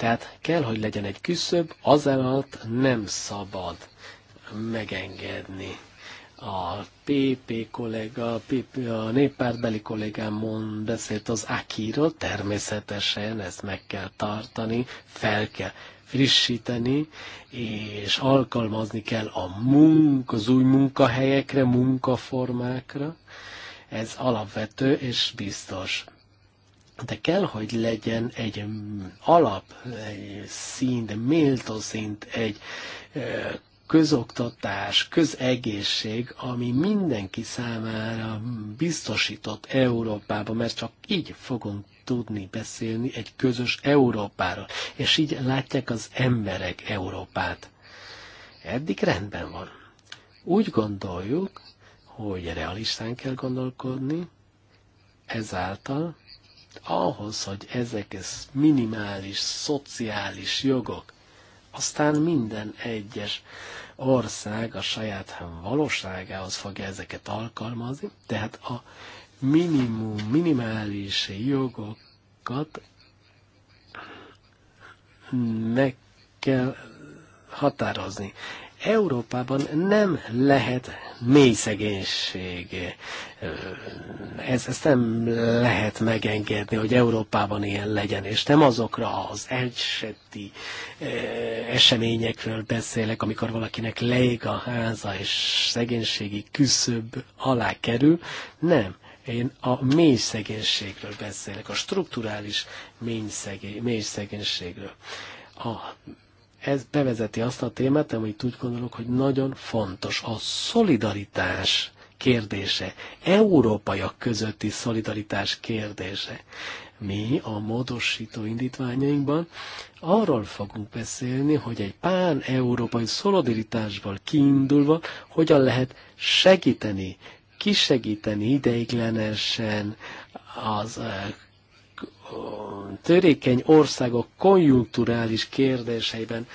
Tehát kell, hogy legyen egy küszöb, az alatt nem szabad megengedni. A PP kollega, a néppártbeli kollégám mond, beszélt az Akiról, természetesen ezt meg kell tartani, fel kell frissíteni, és alkalmazni kell a munk, az új munkahelyekre, munkaformákra. Ez alapvető és biztos de kell, hogy legyen egy mm, alap, egy szint, méltó szint, egy közoktatás, közegészség, ami mindenki számára biztosított Európában, mert csak így fogunk tudni beszélni egy közös Európáról, és így látják az emberek Európát. Eddig rendben van. Úgy gondoljuk, hogy realistán kell gondolkodni, ezáltal ahhoz, hogy ezek ez minimális, szociális jogok, aztán minden egyes ország a saját valóságához fogja ezeket alkalmazni, tehát a minimum, minimális jogokat meg kell határozni. Európában nem lehet mély szegénység. Ez, ezt nem lehet megengedni, hogy Európában ilyen legyen, és nem azokra az elseti eh, eseményekről beszélek, amikor valakinek leég a háza, és szegénységi küszöb alá kerül. Nem. Én a mély szegénységről beszélek, a strukturális mély, szegény, mély szegénységről. A ez bevezeti azt a témát, amit úgy gondolok, hogy nagyon fontos. A szolidaritás kérdése, európaiak közötti szolidaritás kérdése. Mi a módosító indítványainkban arról fogunk beszélni, hogy egy pán-európai szolidaritásból kiindulva hogyan lehet segíteni, kisegíteni ideiglenesen az eh, törékeny országok konjunkturális kérdéseiben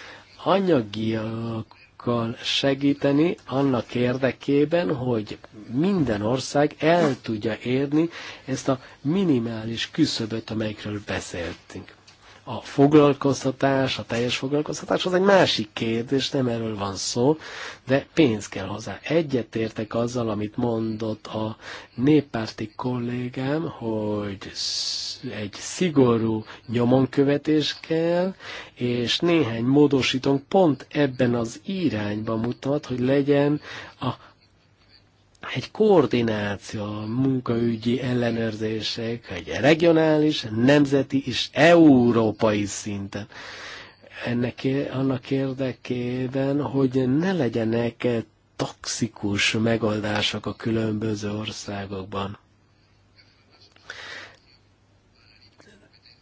anyagiakkal segíteni annak érdekében, hogy minden ország el tudja érni ezt a minimális küszöböt, amelyikről beszéltünk. A foglalkoztatás, a teljes foglalkoztatás az egy másik kérdés, nem erről van szó, de pénz kell hozzá. Egyetértek azzal, amit mondott a néppárti kollégám, hogy egy szigorú nyomonkövetés kell, és néhány módosítónk pont ebben az irányba mutat, hogy legyen a egy koordináció a munkaügyi ellenőrzések, egy regionális, nemzeti és európai szinten. Ennek, annak érdekében, hogy ne legyenek toxikus megoldások a különböző országokban.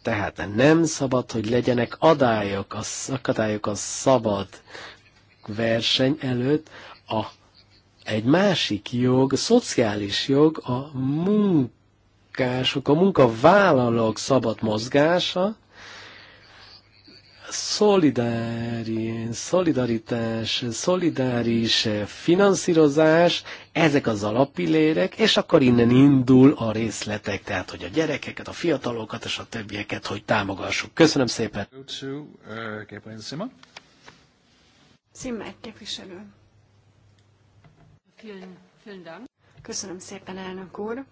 Tehát nem szabad, hogy legyenek adályok, az, akadályok a szabad verseny előtt, a egy másik jog, szociális jog a munkások, a munkavállalók szabad mozgása, szolidári, szolidaritás, szolidáris finanszírozás, ezek az alapillérek, és akkor innen indul a részletek, tehát hogy a gyerekeket, a fiatalokat és a többieket, hogy támogassuk. Köszönöm szépen!
Szimmer uh, képviselő. Köszönöm szépen, elnök úr.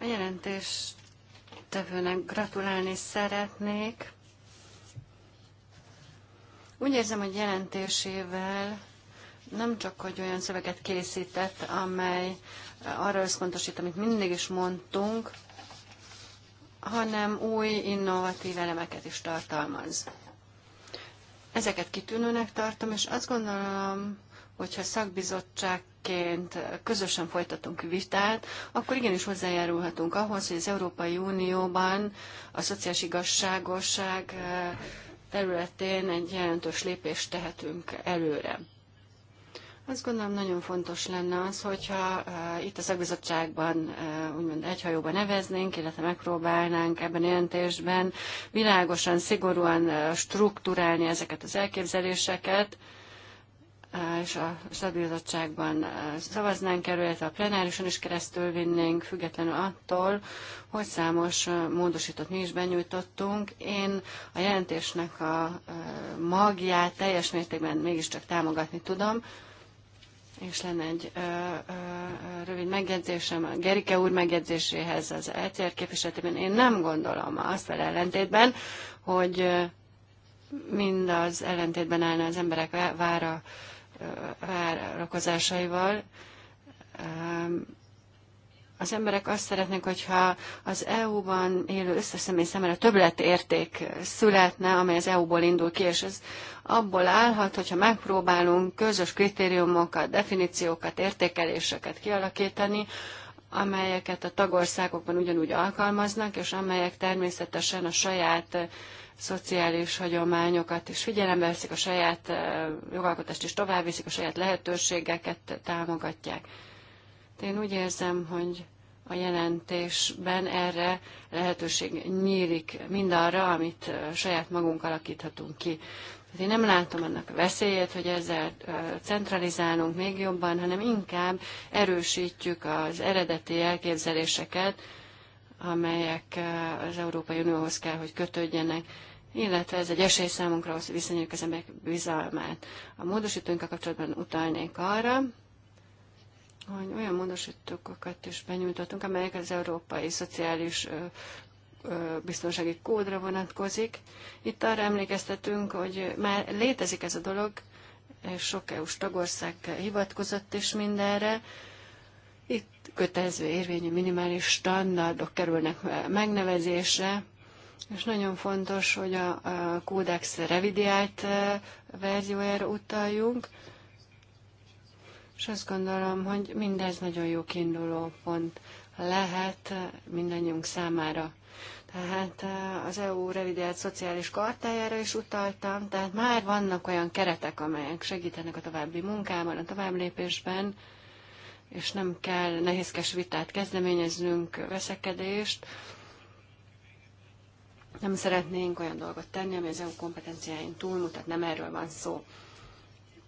A jelentés tevőnek gratulálni szeretnék. Úgy érzem, hogy jelentésével nem csak, hogy olyan szöveget készített, amely arra összpontosít, amit mindig is mondtunk, hanem új, innovatív elemeket is tartalmaz. Ezeket kitűnőnek tartom, és azt gondolom, hogyha szakbizottságként közösen folytatunk vitát, akkor igenis hozzájárulhatunk ahhoz, hogy az Európai Unióban a szociális igazságosság eh, területén egy jelentős lépést tehetünk előre. Azt gondolom nagyon fontos lenne az, hogyha uh, itt a szakbizottságban uh, úgymond egyhajóba neveznénk, illetve megpróbálnánk ebben a jelentésben világosan, szigorúan uh, strukturálni ezeket az elképzeléseket, uh, és a stabilizottságban szavaznánk erről, illetve a plenárison is keresztül vinnénk, függetlenül attól, hogy számos módosított mi is benyújtottunk. Én a jelentésnek a magját teljes mértékben mégiscsak támogatni tudom, és lenne egy ö, ö, rövid megjegyzésem a Gerike úr megjegyzéséhez az ECR képviseletében. Én nem gondolom azt vele ellentétben, hogy mindaz ellentétben állna az emberek vára várakozásaival. Az emberek azt szeretnék, hogyha az EU-ban élő összes személy lett többletérték születne, amely az EU-ból indul ki, és ez abból állhat, hogyha megpróbálunk közös kritériumokat, definíciókat, értékeléseket kialakítani, amelyeket a tagországokban ugyanúgy alkalmaznak, és amelyek természetesen a saját szociális hagyományokat is figyelembe veszik, a saját jogalkotást is továbbviszik, a saját lehetőségeket támogatják. De én úgy érzem, hogy a jelentésben erre lehetőség nyílik mindarra, amit saját magunk alakíthatunk ki. Tehát én nem látom annak a veszélyét, hogy ezzel centralizálunk még jobban, hanem inkább erősítjük az eredeti elképzeléseket, amelyek az Európai Unióhoz kell, hogy kötődjenek, illetve ez egy esély számunkra, hogy viszonyuljuk az emberek bizalmát. A módosítóinkkal kapcsolatban utalnék arra, hogy olyan módosítókokat is benyújtottunk, amelyek az európai szociális biztonsági kódra vonatkozik. Itt arra emlékeztetünk, hogy már létezik ez a dolog, és sok eu tagország hivatkozott is mindenre. Itt kötelező érvényű minimális standardok kerülnek megnevezésre, és nagyon fontos, hogy a, a kódex revidiált verziójára utaljunk, és azt gondolom, hogy mindez nagyon jó kiinduló pont lehet mindannyiunk számára tehát eh, az EU revideált szociális kartájára is utaltam, tehát már vannak olyan keretek, amelyek segítenek a további munkában, a lépésben, és nem kell nehézkes vitát kezdeményeznünk, veszekedést. Nem szeretnénk olyan dolgot tenni, ami az EU kompetenciáin túlmutat, nem erről van szó.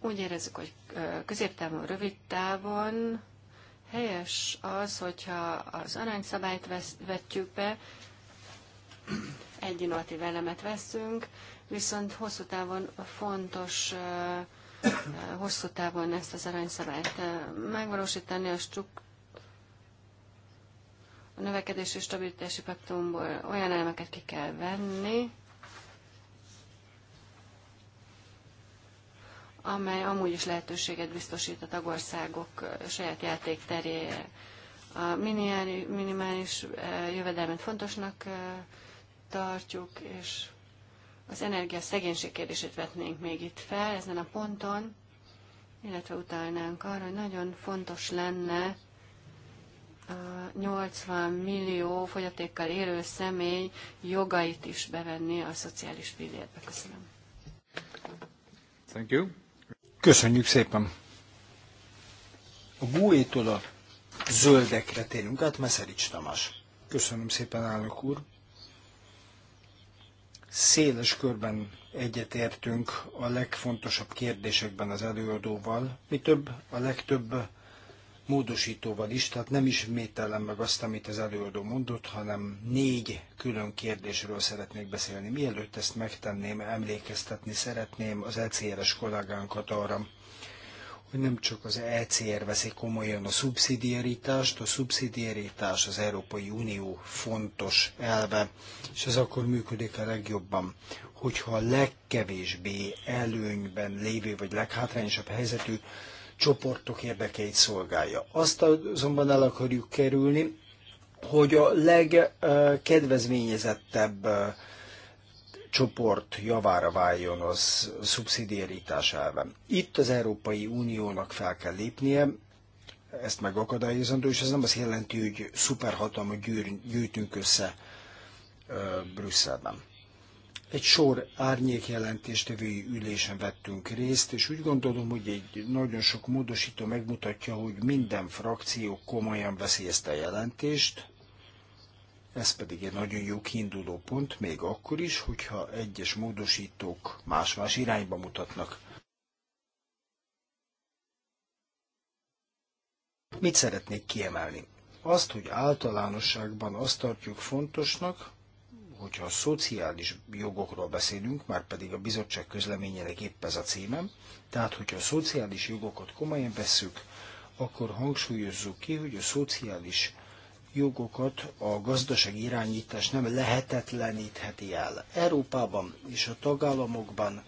Úgy érezzük, hogy eh, középtávon, rövid távon helyes az, hogyha az arányszabályt vetjük be, egy innovatív elemet veszünk, viszont hosszú távon fontos hosszú távon ezt az aranyszabályt megvalósítani a struktúrát, a növekedési és stabilitási paktumból olyan elemeket ki kell venni, amely amúgy is lehetőséget biztosít a tagországok saját játékterére. A minimális jövedelmet fontosnak tartjuk, és az energia szegénység kérdését vetnénk még itt fel ezen a ponton, illetve utalnánk arra, hogy nagyon fontos lenne a 80 millió fogyatékkal élő személy jogait is bevenni a szociális pillérbe. Köszönöm.
Thank you. Köszönjük szépen. A gúétól a zöldekre térünk át, Meszerics Tamás. Köszönöm szépen, állok úr széles körben egyetértünk a legfontosabb kérdésekben az előadóval, mi több, a legtöbb módosítóval is, tehát nem ismételem meg azt, amit az előadó mondott, hanem négy külön kérdésről szeretnék beszélni. Mielőtt ezt megtenném, emlékeztetni szeretném az ECRS kollégánkat arra, hogy nem csak az ECR veszi komolyan a szubszidiaritást, a szubszidiaritás az Európai Unió fontos elve, és ez akkor működik a legjobban, hogyha a legkevésbé előnyben lévő vagy leghátrányosabb helyzetű csoportok érdekeit szolgálja. Azt azonban el akarjuk kerülni, hogy a legkedvezményezettebb uh, csoport javára váljon az szubszidiaritás elve. Itt az Európai Uniónak fel kell lépnie, ezt megakadályozandó, és ez nem azt jelenti, hogy szuperhatalmat gyűjtünk össze ö, Brüsszelben. Egy sor árnyék jelentéstevői ülésen vettünk részt, és úgy gondolom, hogy egy nagyon sok módosító megmutatja, hogy minden frakció komolyan veszi ezt a jelentést, ez pedig egy nagyon jó kiinduló pont, még akkor is, hogyha egyes módosítók más-más irányba mutatnak. Mit szeretnék kiemelni? Azt, hogy általánosságban azt tartjuk fontosnak, hogyha a szociális jogokról beszélünk, már pedig a bizottság közleményének épp ez a címem, tehát hogyha a szociális jogokat komolyan veszük, akkor hangsúlyozzuk ki, hogy a szociális jogokat a gazdasági irányítás nem lehetetlenítheti el. Európában és a tagállamokban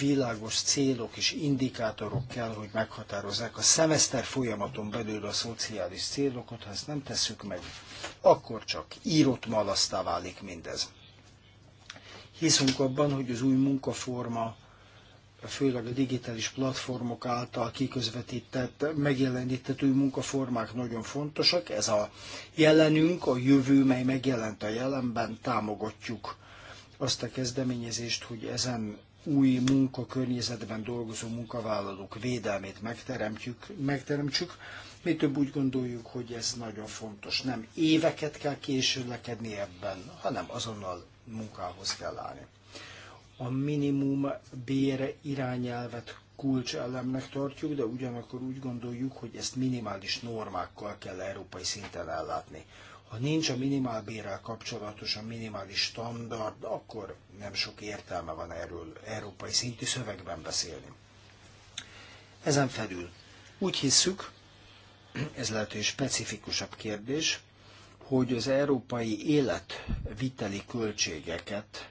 világos célok és indikátorok kell, hogy meghatározzák a szemeszter folyamaton belül a szociális célokat, ha ezt nem tesszük meg, akkor csak írott malasztá válik mindez. Hiszünk abban, hogy az új munkaforma főleg a digitális platformok által kiközvetített, megjelenítető munkaformák nagyon fontosak. Ez a jelenünk, a jövő, mely megjelent a jelenben, támogatjuk azt a kezdeményezést, hogy ezen új munkakörnyezetben dolgozó munkavállalók védelmét megteremtjük, megteremtsük. Mi több úgy gondoljuk, hogy ez nagyon fontos. Nem éveket kell későlekedni ebben, hanem azonnal munkához kell állni a minimum bére irányelvet kulcselemnek tartjuk, de ugyanakkor úgy gondoljuk, hogy ezt minimális normákkal kell európai szinten ellátni. Ha nincs a bérrel kapcsolatos a minimális standard, akkor nem sok értelme van erről európai szintű szövegben beszélni. Ezen felül úgy hisszük, ez lehet, hogy specifikusabb kérdés, hogy az európai életviteli költségeket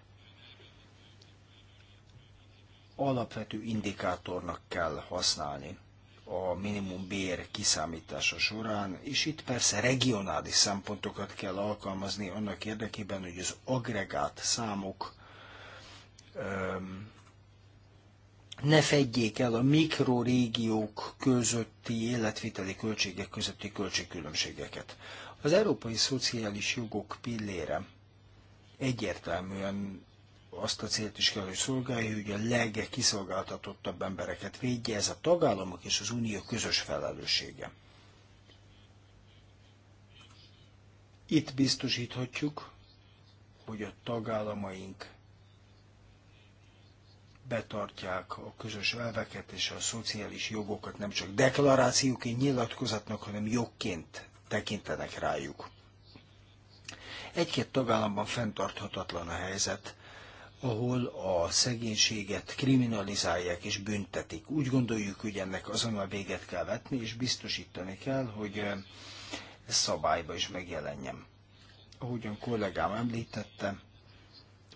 alapvető indikátornak kell használni a minimum bér kiszámítása során, és itt persze regionális szempontokat kell alkalmazni annak érdekében, hogy az agregát számok öm, ne fedjék el a mikrorégiók közötti életviteli költségek közötti költségkülönbségeket. Az európai szociális jogok pillére egyértelműen azt a célt is kell, hogy szolgálja, hogy a legkiszolgáltatottabb embereket védje, ez a tagállamok és az unió közös felelőssége. Itt biztosíthatjuk, hogy a tagállamaink betartják a közös elveket és a szociális jogokat nem csak deklarációként, nyilatkozatnak, hanem jogként tekintenek rájuk. Egy-két tagállamban fenntarthatatlan a helyzet, ahol a szegénységet kriminalizálják és büntetik. Úgy gondoljuk, hogy ennek azonnal véget kell vetni, és biztosítani kell, hogy eh, ez szabályba is megjelenjen. Ahogyan kollégám említette,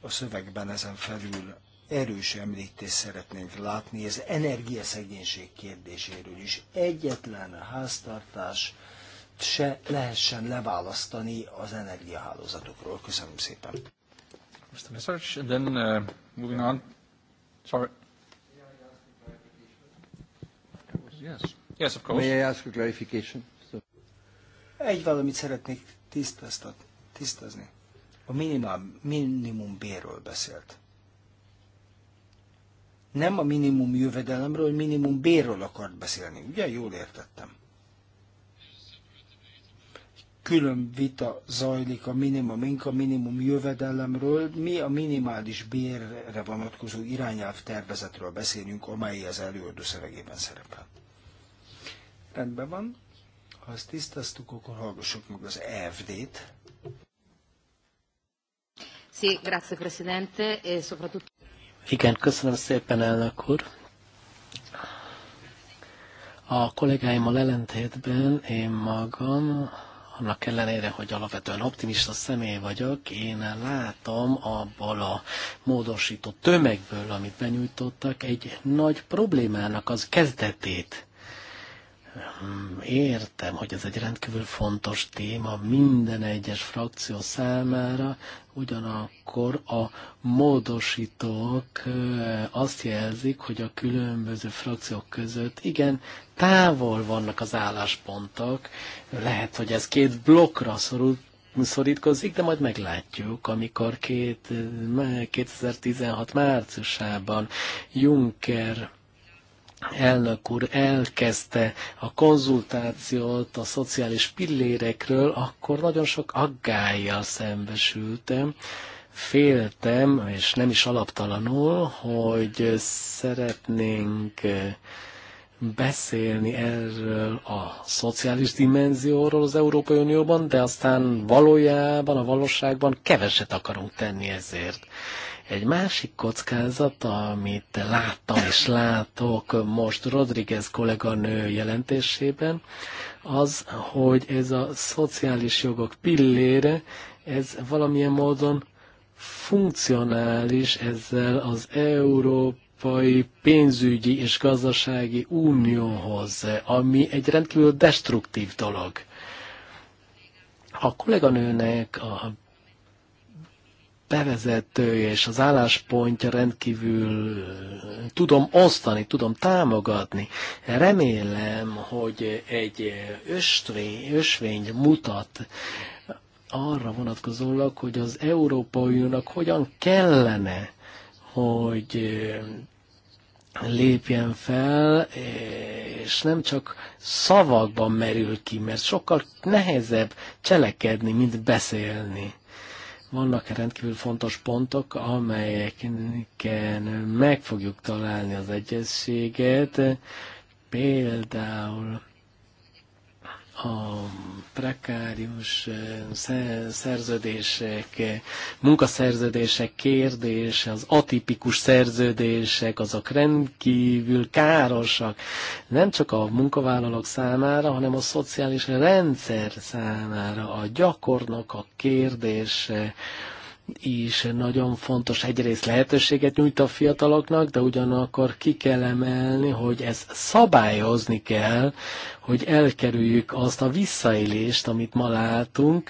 a szövegben ezen felül erős említést szeretnénk látni ez energiaszegénység kérdéséről is. Egyetlen háztartás se lehessen leválasztani az energiahálózatokról. Köszönöm szépen!
Mr. and then uh, moving on. Sorry.
Yes. Yes, of course. May I ask
clarification? Egy valamit szeretnék tisztázni. A minimum, minimum bérről beszélt. Nem a minimum jövedelemről, minimum bérről akart beszélni. Ugye? Jól értettem külön vita zajlik a minimum inka, minimum jövedelemről, mi a minimális bérre vonatkozó irányelv tervezetről beszélünk, amely az előadó szövegében szerepel. Rendben van, ha ezt tisztáztuk, akkor hallgassuk meg az EFD-t.
E Igen, köszönöm szépen, elnök úr. A kollégáimmal ellentétben én magam annak ellenére, hogy alapvetően optimista személy vagyok, én látom abból a módosított tömegből, amit benyújtottak, egy nagy problémának az kezdetét értem, hogy ez egy rendkívül fontos téma minden egyes frakció számára, ugyanakkor a módosítók azt jelzik, hogy a különböző frakciók között igen, távol vannak az álláspontok, lehet, hogy ez két blokkra szorul szorítkozik, de majd meglátjuk, amikor két, 2016 márciusában Juncker elnök úr elkezdte a konzultációt a szociális pillérekről, akkor nagyon sok aggájjal szembesültem. Féltem, és nem is alaptalanul, hogy szeretnénk eh, beszélni erről a szociális dimenzióról az Európai Unióban, de aztán valójában, a valóságban keveset akarunk tenni ezért. Egy másik kockázat, amit láttam és látok most Rodriguez kolléganő jelentésében, az, hogy ez a szociális jogok pillére, ez valamilyen módon funkcionális ezzel az Európai Pénzügyi és Gazdasági Unióhoz, ami egy rendkívül destruktív dolog. A kolléganőnek a bevezetője és az álláspontja rendkívül tudom osztani, tudom támogatni. Remélem, hogy egy ösvény, ösvény mutat arra vonatkozólag, hogy az Európai Uniónak hogyan kellene, hogy eh, lépjen fel, és nem csak szavakban merül ki, mert sokkal nehezebb cselekedni, mint beszélni. Vannak rendkívül fontos pontok, amelyeken meg fogjuk találni az egyességet, például a prekárius szerződések, munkaszerződések kérdése, az atipikus szerződések, azok rendkívül károsak, nem csak a munkavállalók számára, hanem a szociális rendszer számára, a gyakornok a kérdése, is nagyon fontos egyrészt lehetőséget nyújt a fiataloknak, de ugyanakkor ki kell emelni, hogy ez szabályozni kell, hogy elkerüljük azt a visszaélést, amit ma látunk,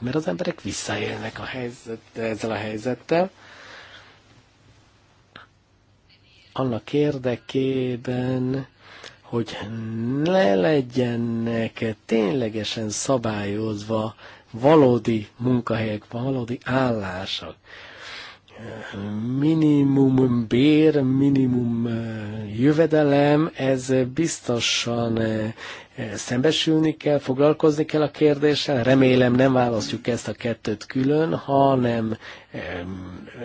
mert az emberek visszaélnek a helyzette, ezzel a helyzettel. Annak érdekében, hogy ne legyenek ténylegesen szabályozva valódi munkahelyek, valódi állások. Minimum bér, minimum eh, jövedelem, ez biztosan eh, Eh, szembesülni kell, foglalkozni kell a kérdéssel. Remélem nem választjuk ezt a kettőt külön, hanem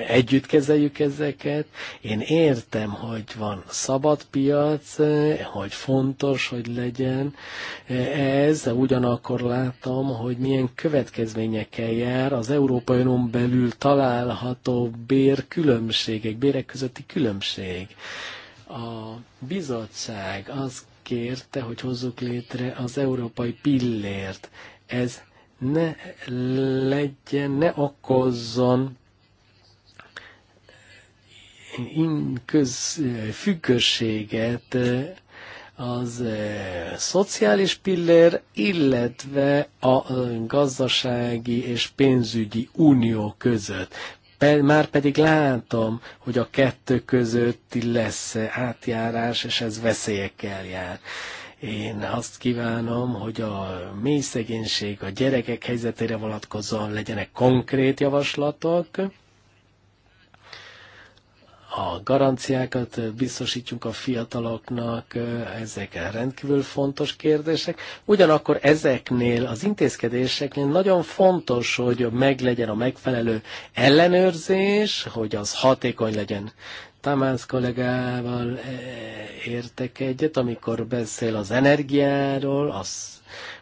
együtt kezeljük ezeket. Én értem, hogy van szabad piac, eh, hogy fontos, hogy legyen eh, ez, ugyanakkor látom, hogy milyen következményekkel jár az Európai Unión belül található bérkülönbségek, bérek közötti különbség. A bizottság az kérte, hogy hozzuk létre az európai pillért. Ez ne legyen, ne okozzon inköz, függőséget az eh, szociális pillér, illetve a eh, gazdasági és pénzügyi unió között. Pe, már pedig látom, hogy a kettő közötti lesz átjárás, és ez veszélyekkel jár. Én azt kívánom, hogy a mély szegénység a gyerekek helyzetére vonatkozóan legyenek konkrét javaslatok, a garanciákat biztosítjunk a fiataloknak, ezek rendkívül fontos kérdések. Ugyanakkor ezeknél az intézkedéseknél nagyon fontos, hogy meglegyen a megfelelő ellenőrzés, hogy az hatékony legyen. Tamás kollégával értek egyet, amikor beszél az energiáról, az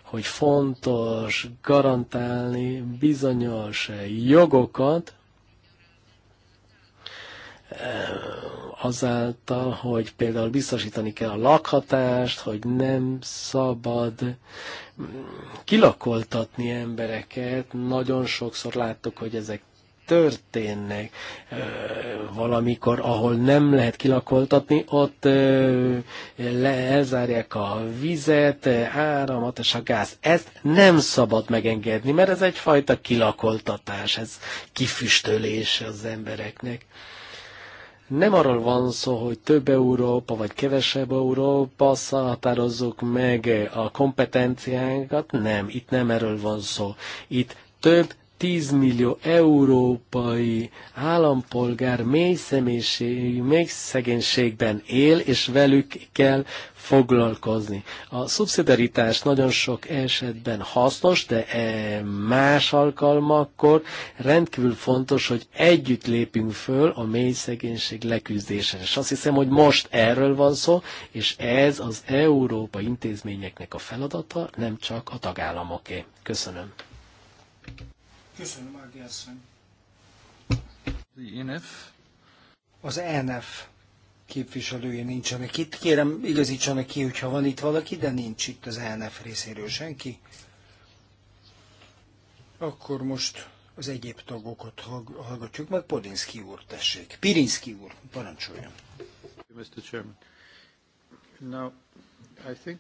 hogy fontos garantálni bizonyos jogokat, azáltal, hogy például biztosítani kell a lakhatást, hogy nem szabad mm, kilakoltatni embereket. Nagyon sokszor láttuk, hogy ezek történnek. Valamikor, ahol nem lehet kilakoltatni, ott le, elzárják a vizet, áramat és a gáz. Ezt nem szabad megengedni, mert ez egyfajta kilakoltatás, ez kifüstölés az embereknek. Nem arról van szó, hogy több Európa vagy kevesebb Európa, határozzuk meg a kompetenciánkat, nem, itt nem erről van szó. Itt több 10 millió európai állampolgár mély, mély szegénységben él, és velük kell foglalkozni. A szubszidaritás nagyon sok esetben hasznos, de e más alkalmakkor rendkívül fontos, hogy együtt lépünk föl a mély szegénység leküzdésen. És azt hiszem, hogy most erről van szó, és ez az Európa intézményeknek a feladata, nem csak a tagállamoké. Köszönöm.
Köszönöm, Ági asszony. Az ENF e képviselője nincsenek itt. Kérem, igazítsanak ki, hogyha van itt valaki, de nincs itt az ENF részéről senki. Akkor most az egyéb tagokat hallgatjuk meg. Podinski úr, tessék. Pirinski úr, parancsoljon.
Mr. Chairman.
Now, I think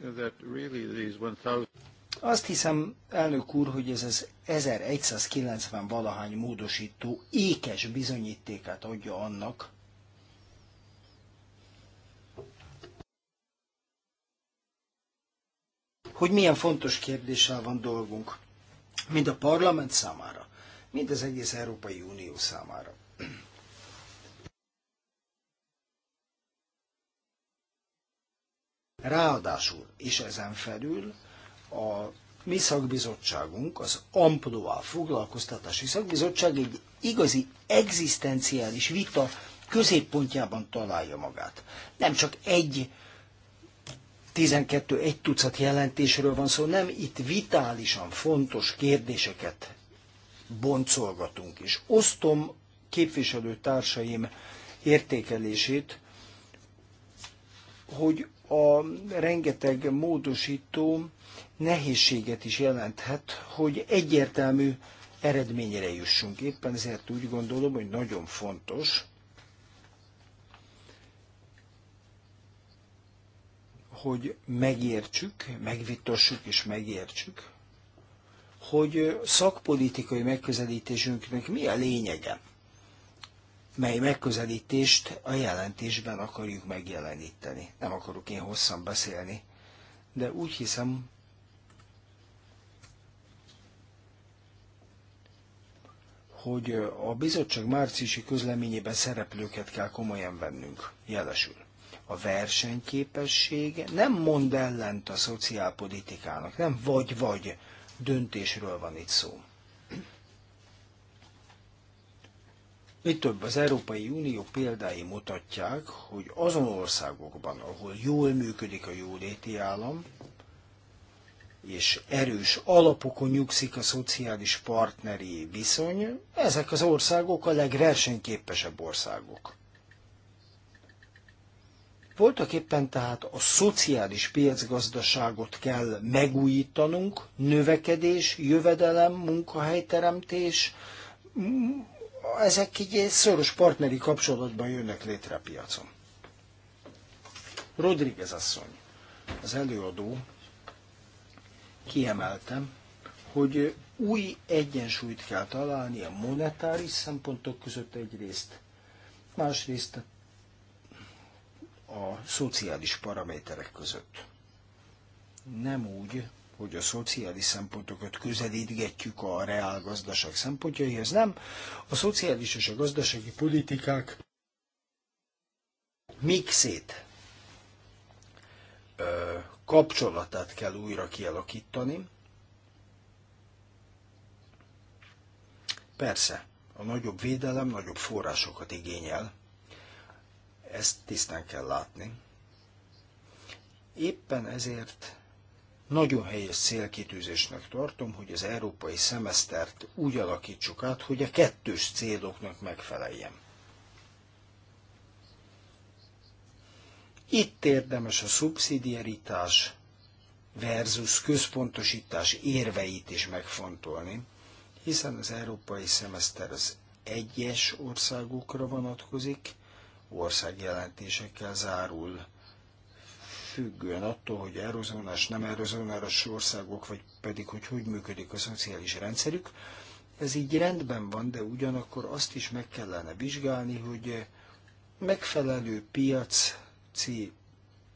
that really these 1000... Azt hiszem, elnök úr, hogy ez az 1190 valahány módosító ékes bizonyítékát adja annak, hogy milyen fontos kérdéssel van dolgunk, mind a parlament számára, mind az egész Európai Unió számára. Ráadásul, és ezen felül, a mi szakbizottságunk, az Amploa foglalkoztatási szakbizottság egy igazi egzisztenciális vita középpontjában találja magát. Nem csak egy 12 egy tucat jelentésről van szó, nem itt vitálisan fontos kérdéseket boncolgatunk, és osztom képviselőtársaim értékelését, hogy a rengeteg módosító nehézséget is jelenthet, hogy egyértelmű eredményre jussunk. Éppen ezért úgy gondolom, hogy nagyon fontos, hogy megértsük, megvitassuk és megértsük, hogy szakpolitikai megközelítésünknek mi a lényege mely megközelítést a jelentésben akarjuk megjeleníteni. Nem akarok én hosszan beszélni, de úgy hiszem, hogy a bizottság márciusi közleményében szereplőket kell komolyan vennünk, jelesül. A versenyképesség nem mond ellent a szociálpolitikának, nem vagy-vagy döntésről van itt szó. Mi több, az Európai Unió példái mutatják, hogy azon országokban, ahol jól működik a jóléti állam, és erős alapokon nyugszik a szociális partneri viszony, ezek az országok a legversenyképesebb országok. Voltak éppen tehát a szociális piacgazdaságot kell megújítanunk, növekedés, jövedelem, munkahelyteremtés, ezek így szoros partneri kapcsolatban jönnek létre a piacon. Rodriguez asszony, az előadó, kiemeltem, hogy új egyensúlyt kell találni a monetáris szempontok között egyrészt, másrészt a szociális paraméterek között. Nem úgy, hogy a szociális szempontokat közelítgetjük a reál gazdaság szempontjaihoz, nem. A szociális és a gazdasági politikák mixét, ö, kapcsolatát kell újra kialakítani. Persze, a nagyobb védelem nagyobb forrásokat igényel. Ezt tisztán kell látni. Éppen ezért nagyon helyes célkitűzésnek tartom, hogy az európai szemesztert úgy alakítsuk át, hogy a kettős céloknak megfeleljen. Itt érdemes a szubszidiaritás versus központosítás érveit is megfontolni, hiszen az európai szemeszter az egyes országokra vonatkozik, országjelentésekkel zárul, függően attól, hogy eurozónás, nem eurozónás országok, vagy pedig, hogy hogy működik a szociális rendszerük. Ez így rendben van, de ugyanakkor azt is meg kellene vizsgálni, hogy megfelelő piaci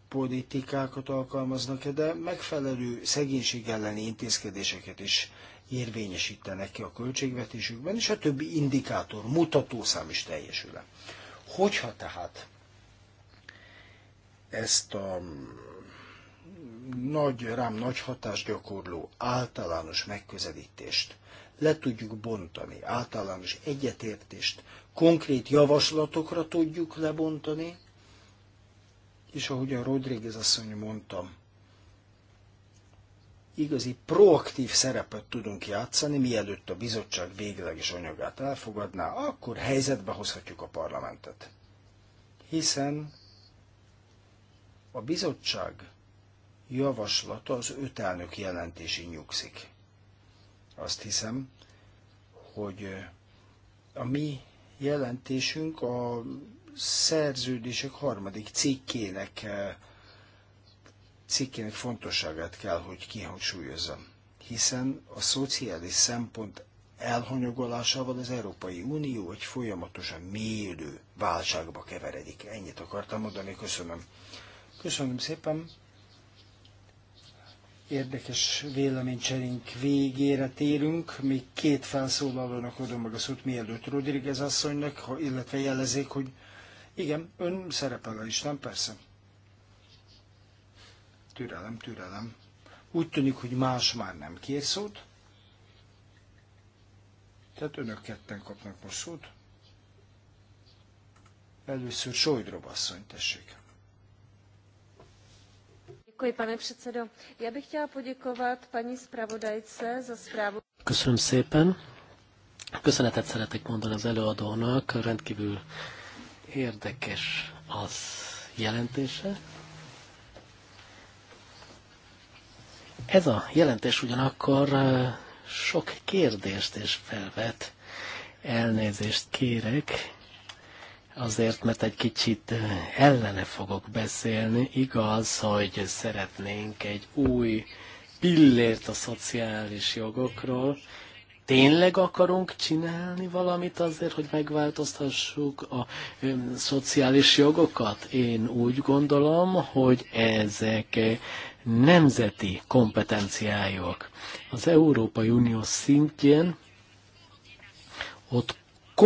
politikákat alkalmaznak -e, de megfelelő szegénység elleni intézkedéseket is érvényesítenek ki a költségvetésükben, és a többi indikátor, mutatószám is teljesül. Hogyha tehát ezt a nagy, rám nagy hatást gyakorló általános megközelítést le tudjuk bontani, általános egyetértést, konkrét javaslatokra tudjuk lebontani, és ahogy a Rodríguez asszony mondtam, igazi proaktív szerepet tudunk játszani, mielőtt a bizottság végleges anyagát elfogadná, akkor helyzetbe hozhatjuk a parlamentet. Hiszen a bizottság javaslata az öt elnök jelentésén nyugszik. Azt hiszem, hogy a mi jelentésünk a szerződések harmadik cikkének, cikkének fontosságát kell, hogy kihangsúlyozzam. Hiszen a szociális szempont elhanyagolásával az Európai Unió egy folyamatosan mélyülő válságba keveredik. Ennyit akartam mondani, köszönöm. Köszönöm szépen. Érdekes véleménycserénk végére térünk. Még két felszólalónak adom meg a szót, mielőtt Rodriguez asszonynak, ha, illetve jelezzék, hogy igen, ön szerepel a Isten persze. Türelem, türelem. Úgy tűnik, hogy más már nem kér szót. Tehát önök ketten kapnak most szót. Először Sojdrob asszony, tessék.
Děkuji, pane předsedo. Já bych chtěla poděkovat paní zpravodajce za zprávu.
Köszönöm szépen. Köszönetet szeretek mondani az előadónak, rendkívül érdekes az jelentése. Ez a jelentés ugyanakkor sok kérdést is felvet. Elnézést kérek, azért, mert egy kicsit ellene fogok beszélni. Igaz, hogy szeretnénk egy új pillért a szociális jogokról. Tényleg akarunk csinálni valamit azért, hogy megváltoztassuk a szociális jogokat? Én úgy gondolom, hogy ezek nemzeti kompetenciájuk. Az Európai Unió szintjén ott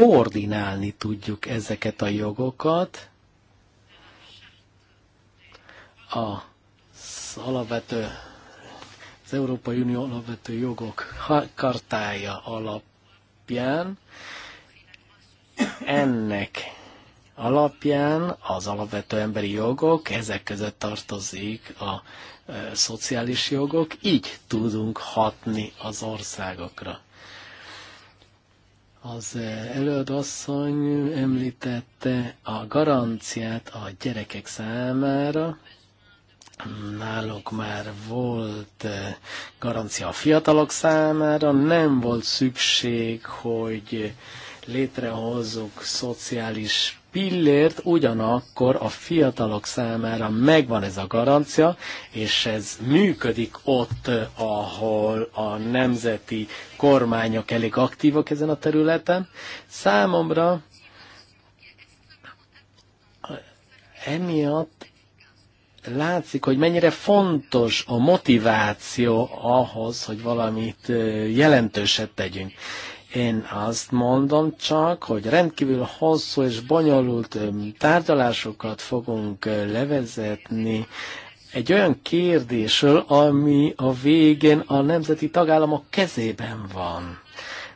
koordinálni tudjuk ezeket a jogokat az alapvető az Európai Unió alapvető jogok kartája alapján ennek alapján az alapvető emberi jogok, ezek között tartozik a e, szociális jogok, így tudunk hatni az országokra. Az előadasszony említette a garanciát a gyerekek számára. náluk már volt eh, garancia a fiatalok számára, nem volt szükség, hogy létrehozzuk szociális pillért, ugyanakkor a fiatalok számára megvan ez a garancia, és ez működik ott, ahol a nemzeti kormányok elég aktívak ezen a területen. Számomra emiatt látszik, hogy mennyire fontos a motiváció ahhoz, hogy valamit jelentőset tegyünk. Én azt mondom csak, hogy rendkívül hosszú és bonyolult um, tárgyalásokat fogunk uh, levezetni egy olyan kérdésről, ami a végén a nemzeti tagállamok kezében van.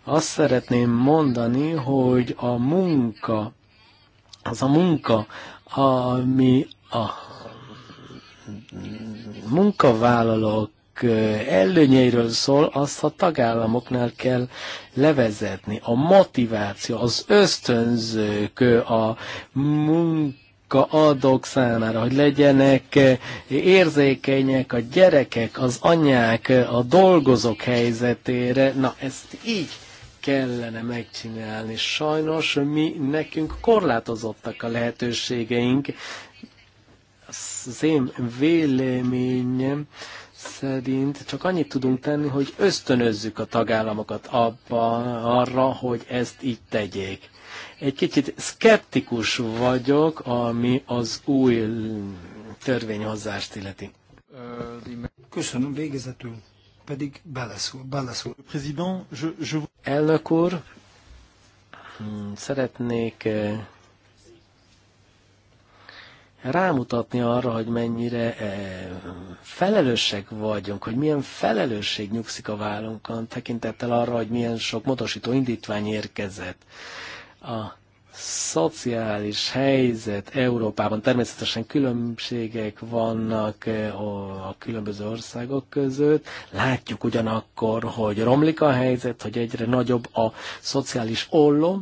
Azt szeretném mondani, hogy a munka, az a munka, ami a munkavállalók előnyeiről szól, azt a tagállamoknál kell levezetni. A motiváció, az ösztönzők, a munka, adók számára, hogy legyenek érzékenyek a gyerekek, az anyák, a dolgozók helyzetére. Na, ezt így kellene megcsinálni. Sajnos mi, nekünk korlátozottak a lehetőségeink, az én véleményem szerint csak annyit tudunk tenni, hogy ösztönözzük a tagállamokat abba, arra, hogy ezt így tegyék. Egy kicsit szkeptikus vagyok, ami az új törvényhozást illeti.
Köszönöm végezetül, pedig beleszól. beleszól.
Elnök úr, szeretnék eh, rámutatni arra, hogy mennyire eh, felelősek vagyunk, hogy milyen felelősség nyugszik a vállunkon, tekintettel arra, hogy milyen sok motosító indítvány érkezett. A szociális helyzet Európában természetesen különbségek vannak eh, a különböző országok között. Látjuk ugyanakkor, hogy romlik a helyzet, hogy egyre nagyobb a szociális olló,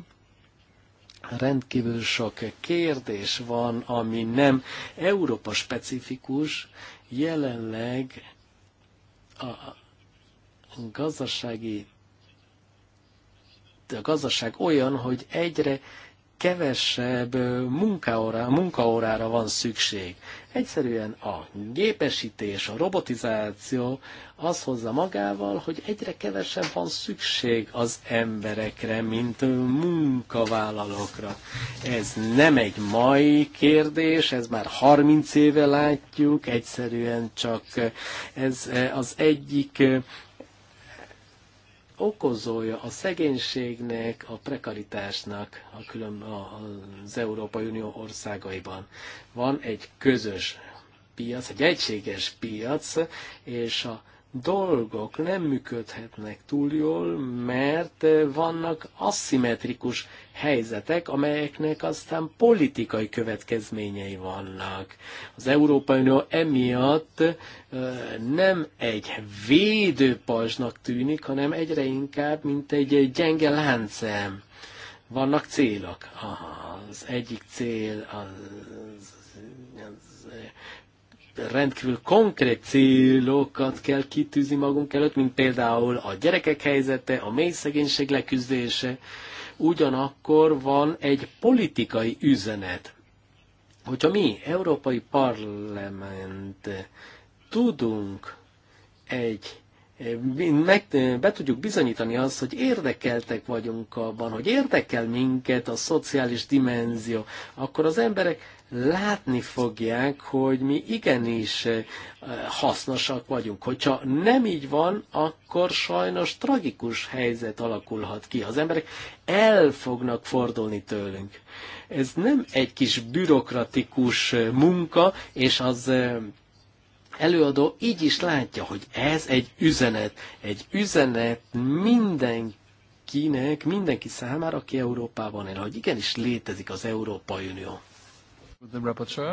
rendkívül sok kérdés van, ami nem Európa specifikus, jelenleg a gazdasági a gazdaság olyan, hogy egyre kevesebb munkaóra, munkaórára van szükség. Egyszerűen a gépesítés, a robotizáció az hozza magával, hogy egyre kevesebb van szükség az emberekre, mint munkavállalókra. Ez nem egy mai kérdés, ez már 30 éve látjuk, egyszerűen csak ez eh, az egyik eh, okozója a szegénységnek, a prekaritásnak a külön, az Európai Unió országaiban. Van egy közös piac, egy egységes piac, és a dolgok nem működhetnek túl jól, mert vannak aszimmetrikus helyzetek, amelyeknek aztán politikai következményei vannak. Az Európai Unió emiatt nem egy védőpajzsnak tűnik, hanem egyre inkább, mint egy gyenge láncem. Vannak célok. Az egyik cél az rendkívül konkrét célokat kell kitűzni magunk előtt, mint például a gyerekek helyzete, a mély szegénység leküzdése, ugyanakkor van egy politikai üzenet. Hogyha mi, Európai Parlament tudunk egy meg, be tudjuk bizonyítani azt, hogy érdekeltek vagyunk abban, hogy érdekel minket a szociális dimenzió, akkor az emberek látni fogják, hogy mi igenis eh, hasznosak vagyunk. Hogyha nem így van, akkor sajnos tragikus helyzet alakulhat ki. Az emberek el fognak fordulni tőlünk. Ez nem egy kis bürokratikus eh, munka, és az eh, előadó így is látja, hogy ez egy üzenet. Egy üzenet mindenkinek, mindenki számára, aki Európában él, hogy igenis létezik az Európai Unió. Uh,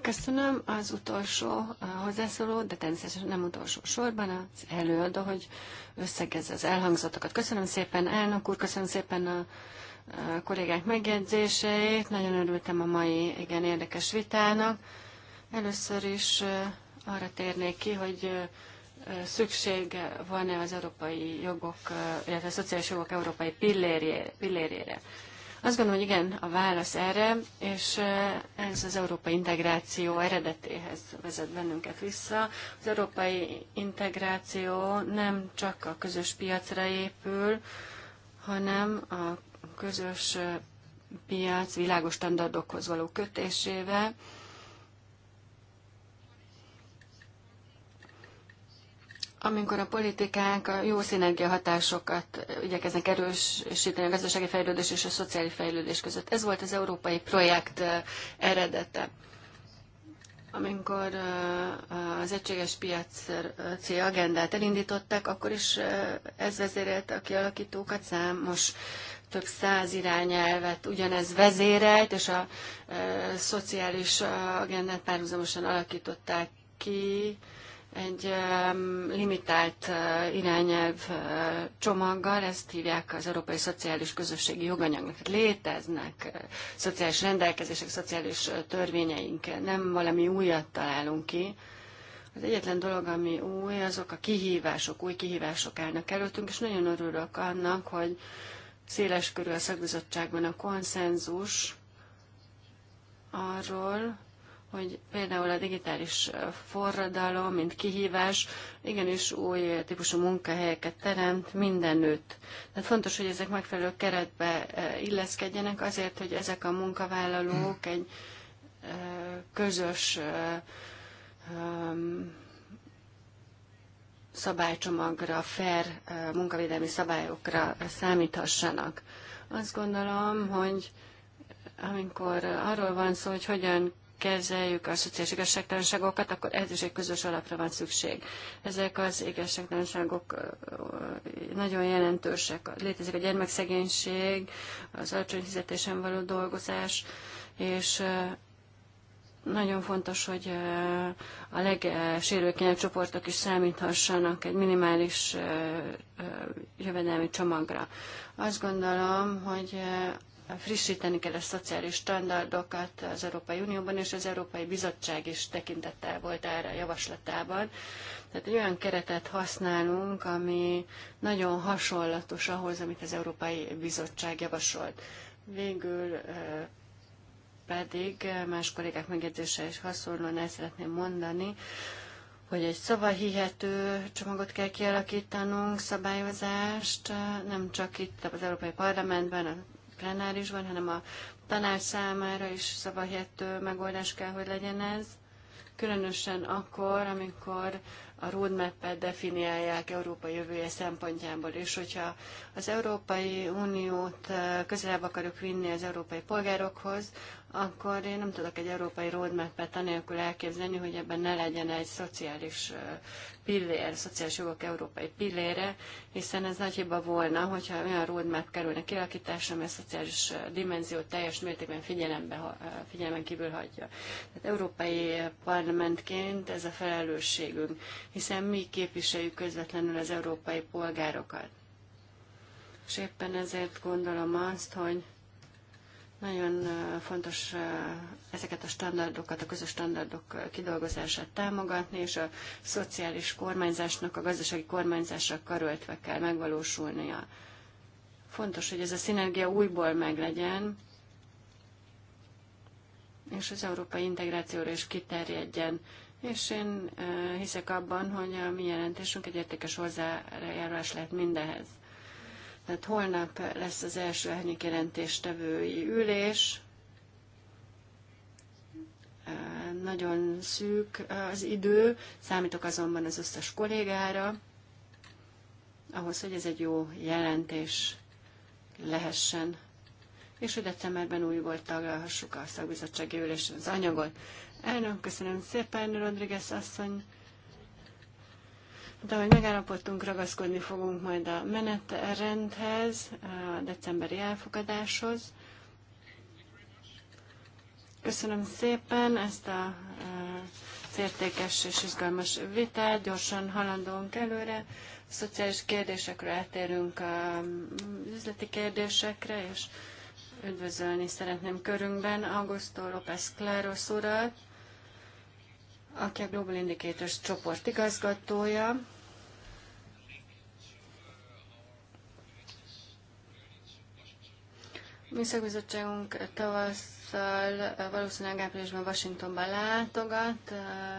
köszönöm az utolsó uh, hozzászóló, de természetesen nem utolsó sorban az előadó, hogy összegezze az elhangzatokat. Köszönöm szépen, elnök úr, köszönöm szépen a kollégák megjegyzéseit. Nagyon örültem a mai igen érdekes vitának. Először is arra térnék ki, hogy szükség van-e az európai jogok, illetve a szociális jogok európai pillérére. Azt gondolom, hogy igen, a válasz erre, és ez az európai integráció eredetéhez vezet bennünket vissza. Az európai integráció nem csak a közös piacra épül, hanem a közös piac világos standardokhoz való kötésével, Amikor a politikánk a jó szinergia hatásokat igyekeznek erősíteni a gazdasági fejlődés és a szociális fejlődés között. Ez volt az európai projekt eh, eredete. Amikor eh, az egységes piaci agendát elindították, akkor is eh, ez vezérelte a kialakítókat, számos több száz irányelvet ugyanez vezérelt, és a szociális agendát párhuzamosan alakították ki, egy limitált irányelv csomaggal, ezt hívják az Európai Szociális Közösségi Joganyagnak. Léteznek szociális rendelkezések, szociális törvényeink, nem valami újat találunk ki. Az egyetlen dolog, ami új, azok a kihívások, új kihívások állnak előttünk, és nagyon örülök annak, hogy széles körül a szakbizottságban a konszenzus arról, hogy például a digitális forradalom, mint kihívás, igenis új típusú munkahelyeket teremt mindenütt. Tehát fontos, hogy ezek megfelelő keretbe illeszkedjenek azért, hogy ezek a munkavállalók egy közös szabálycsomagra, fair munkavédelmi szabályokra számíthassanak. Azt gondolom, hogy amikor arról van szó, hogy hogyan kezeljük a szociális igazságtalanságokat, akkor ez is egy közös alapra van szükség. Ezek az igazságtalanságok nagyon jelentősek. Létezik a gyermekszegénység, az alacsony fizetésen való dolgozás, és nagyon fontos, hogy a legsérülékenyebb csoportok is számíthassanak egy minimális jövedelmi csomagra. Azt gondolom, hogy frissíteni kell a szociális standardokat az Európai Unióban, és az Európai Bizottság is tekintettel volt erre a javaslatában. Tehát egy olyan keretet használunk, ami nagyon hasonlatos ahhoz, amit az Európai Bizottság javasolt. Végül pedig más kollégák megjegyzése is hasonlóan el szeretném mondani, hogy egy szavahihető csomagot kell kialakítanunk, szabályozást, nem csak itt az Európai Parlamentben, a plenárisban, hanem a tanács számára is szavahihető megoldás kell, hogy legyen ez. Különösen akkor, amikor a roadmap-et definiálják Európa jövője szempontjából, és hogyha az Európai Uniót eh, közelebb akarjuk vinni az európai polgárokhoz, akkor én nem tudok egy európai roadmap-et anélkül elképzelni, hogy ebben ne legyen egy szociális pillér, szociális jogok európai pillére, hiszen ez nagy hiba volna, hogyha olyan roadmap kerülne kialakításra, amely a szociális dimenziót teljes mértékben figyelembe, figyelmen kívül hagyja. Tehát európai parlamentként ez a felelősségünk, hiszen mi képviseljük közvetlenül az európai polgárokat. És éppen ezért gondolom azt, hogy nagyon fontos ezeket a standardokat, a közös standardok kidolgozását támogatni, és a szociális kormányzásnak, a gazdasági kormányzásra karöltve kell megvalósulnia. Fontos, hogy ez a szinergia újból meglegyen, és az európai integrációra is kiterjedjen. És én hiszek abban, hogy a mi jelentésünk egy értékes hozzájárulás lehet mindehez. Tehát holnap lesz az első elnök jelentéstevői ülés. Nagyon szűk az idő, számítok azonban az összes kollégára, ahhoz, hogy ez egy jó jelentés lehessen és hogy decemberben volt taglalhassuk a szakbizottsági ülésen az anyagot. Elnök, köszönöm szépen, Rodriguez asszony. De ahogy megállapodtunk, ragaszkodni fogunk majd a menetrendhez, a decemberi elfogadáshoz. Köszönöm szépen ezt a e, értékes és izgalmas vitát, gyorsan halandónk előre. A szociális kérdésekről átérünk a mm, üzleti kérdésekre, és üdvözölni szeretném körünkben Augusto López Claros urat, aki a Global Indicators csoport igazgatója. Mi szakbizottságunk tavasszal eh, valószínűleg áprilisban Washingtonban látogat, eh,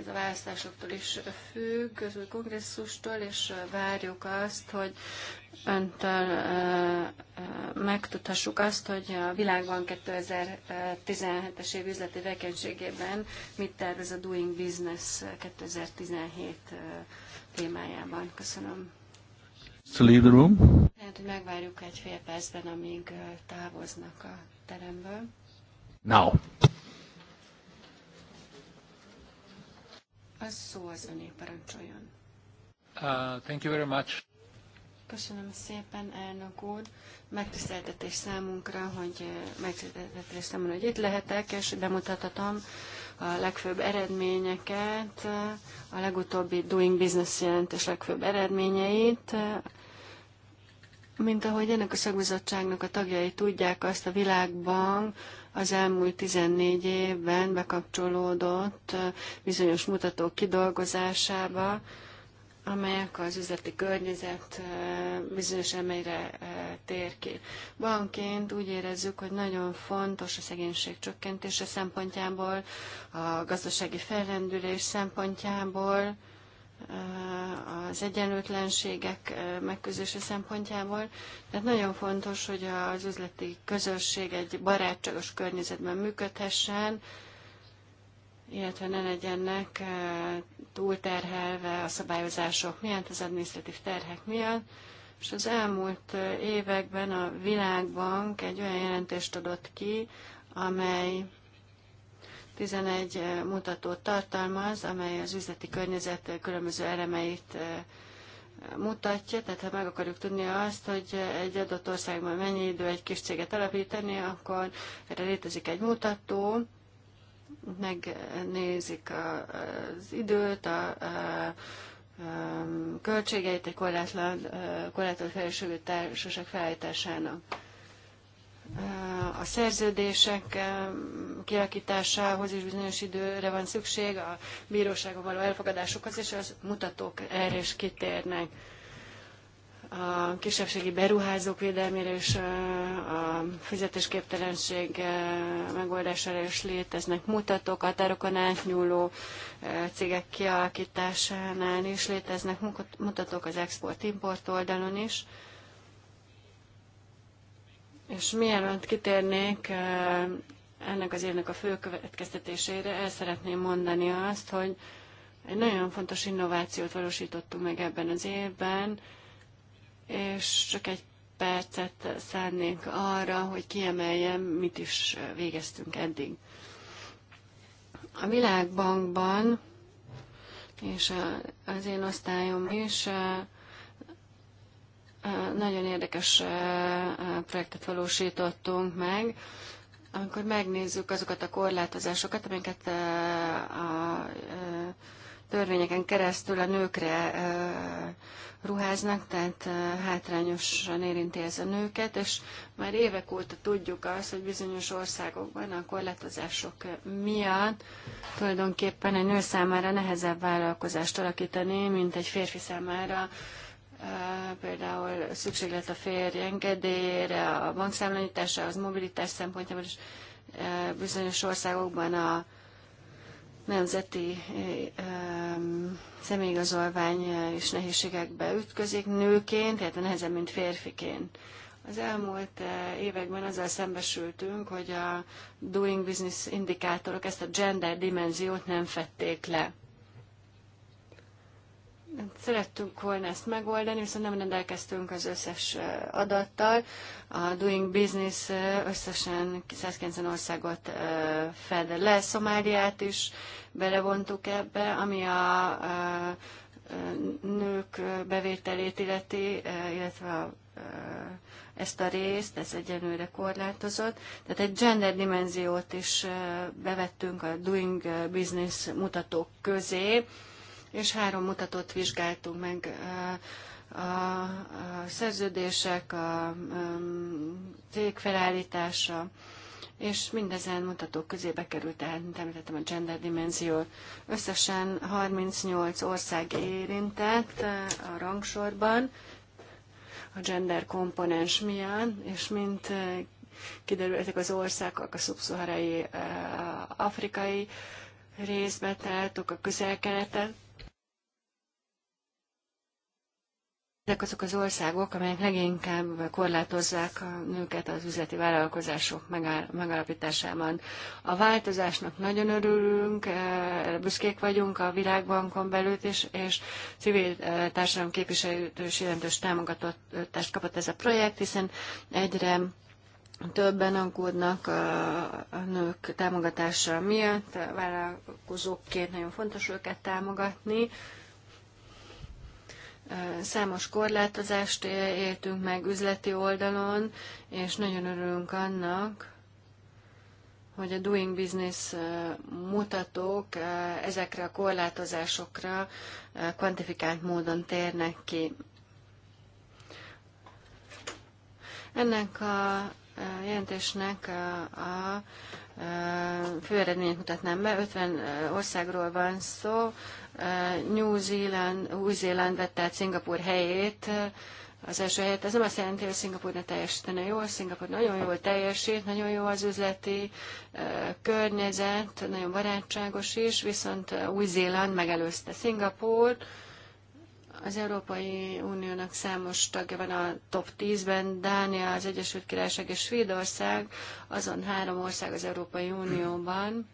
ez a választásoktól is függ, az új kongresszustól, és eh, várjuk azt, hogy öntől megtudhassuk azt, hogy a világban 2017-es év üzleti vekenységében mit tervez a Doing Business 2017 témájában. Köszönöm.
To leave the room.
Lehet, hogy megvárjuk egy fél percben, amíg távoznak a teremből. Now. Az szó az öné, parancsoljon.
Uh, thank you very much.
Köszönöm szépen, elnök úr. Megtiszteltetés számunkra, hogy eh, megtiszteltetés számomra, hogy itt lehetek, és bemutathatom a legfőbb eredményeket, a legutóbbi Doing Business jelentés legfőbb eredményeit. Mint ahogy ennek a szakbizottságnak a tagjai tudják, azt a világban az elmúlt 14 évben bekapcsolódott eh, bizonyos mutatók kidolgozásába, amelyek az üzleti környezet bizonyos emeire tér ki. Bankként úgy érezzük, hogy nagyon fontos a szegénység csökkentése szempontjából, a gazdasági fellendülés szempontjából, az egyenlőtlenségek megküzdése szempontjából. Tehát nagyon fontos, hogy az üzleti közösség egy barátságos környezetben működhessen, illetve ne legyenek eh, túlterhelve a szabályozások miatt, az adminisztratív terhek miatt. És az elmúlt eh, években a Világbank egy olyan jelentést adott ki, amely 11 eh, mutatót tartalmaz, amely az üzleti környezet különböző elemeit mutatja, tehát ha meg akarjuk tudni azt, hogy egy adott országban mennyi idő egy kis céget alapítani, akkor erre létezik egy mutató, megnézik az időt, a, a költségeit egy korlátlan, korlátolt felelősségű társaság felállításának. A szerződések kialakításához is bizonyos időre van szükség, a bíróságon való elfogadásokhoz, és az mutatók erre is kitérnek a kisebbségi beruházók védelmére és a fizetésképtelenség megoldására is léteznek mutatók, határokon átnyúló cégek kialakításánál is léteznek mutatók az export-import oldalon is. És mielőtt kitérnék ennek az évnek a fő következtetésére, el szeretném mondani azt, hogy egy nagyon fontos innovációt valósítottunk meg ebben az évben, és csak egy percet szánnék arra, hogy kiemeljem, mit is végeztünk eddig. A Világbankban és az én osztályom is nagyon érdekes projektet valósítottunk meg, amikor megnézzük azokat a korlátozásokat, amiket a törvényeken keresztül a nőkre ruháznak, tehát hátrányosan érinti ez a nőket, és már évek óta tudjuk azt, hogy bizonyos országokban a korlátozások miatt tulajdonképpen egy nő számára nehezebb vállalkozást alakítani, mint egy férfi számára, például szükség lett a férj engedélyére, a az mobilitás szempontjából is bizonyos országokban a nemzeti eh, személyigazolvány eh, és nehézségekbe ütközik nőként, tehát nehezebb, mint férfiként. Az elmúlt eh, években azzal szembesültünk, hogy a Doing Business indikátorok ezt a gender dimenziót nem fették le. Szerettünk volna ezt megoldani, viszont nem rendelkeztünk az összes adattal. A Doing Business összesen 190 országot fed le, Szomáliát is belevontuk ebbe, ami a nők bevételét illeti, illetve a ezt a részt, ez egyenlőre korlátozott. Tehát egy gender dimenziót is bevettünk a Doing Business mutatók közé, és három mutatót vizsgáltunk meg, a, szerződések, a, cégfelállítása, felállítása, és mindezen mutatók közébe került, tehát mint említettem a gender dimenzió. Összesen 38 ország érintett a rangsorban a gender komponens miatt, és mint kiderültek az országok, a szubszaharai afrikai részbe, tehát a közel-keletet, Ezek azok az országok, amelyek leginkább korlátozzák a nőket az üzleti vállalkozások megállapításában. A változásnak nagyon örülünk, e, büszkék vagyunk a világbankon belül és, és civil e, társadalom képviselős jelentős támogatást kapott ez a projekt, hiszen egyre többen aggódnak a nők támogatása miatt, vállalkozókként nagyon fontos őket támogatni, Számos korlátozást éltünk meg üzleti oldalon, és nagyon örülünk annak, hogy a Doing Business mutatók ezekre a korlátozásokra kvantifikált módon térnek ki. Ennek a jelentésnek a, a fő eredményt mutatnám be. 50 országról van szó, Uh, new Zealand Új-Zéland vette át Szingapur helyét, uh, az első helyet. Ez nem azt jelenti, hogy Szingapur ne teljesítene jól. Szingapur nagyon jól teljesít, nagyon jó az üzleti uh, környezet, nagyon barátságos is, viszont Új-Zéland megelőzte Szingapurt. Az Európai Uniónak számos tagja van a top 10-ben, Dánia, az Egyesült Királyság és Svédország, azon három ország az Európai Unióban,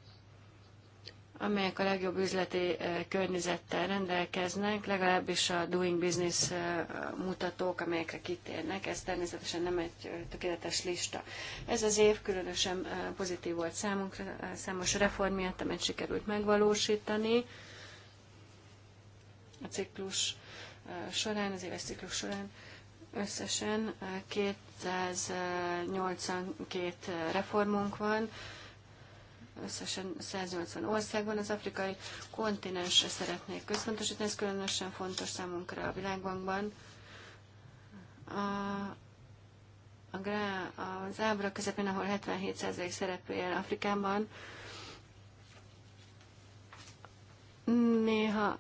amelyek a legjobb üzleti eh, környezettel rendelkeznek, legalábbis a doing business eh, mutatók, amelyekre kitérnek. Ez természetesen nem egy eh, tökéletes lista. Ez az év különösen pozitív volt számunkra, számos reform miatt, amit sikerült megvalósítani a ciklus során, az éves ciklus során. Összesen 282 reformunk van, összesen 180 országban. Az afrikai kontinensre szeretnék központosítani, ez különösen fontos számunkra a világbankban. A, a grá, az ábra közepén, ahol 77% szerepel Afrikában, néha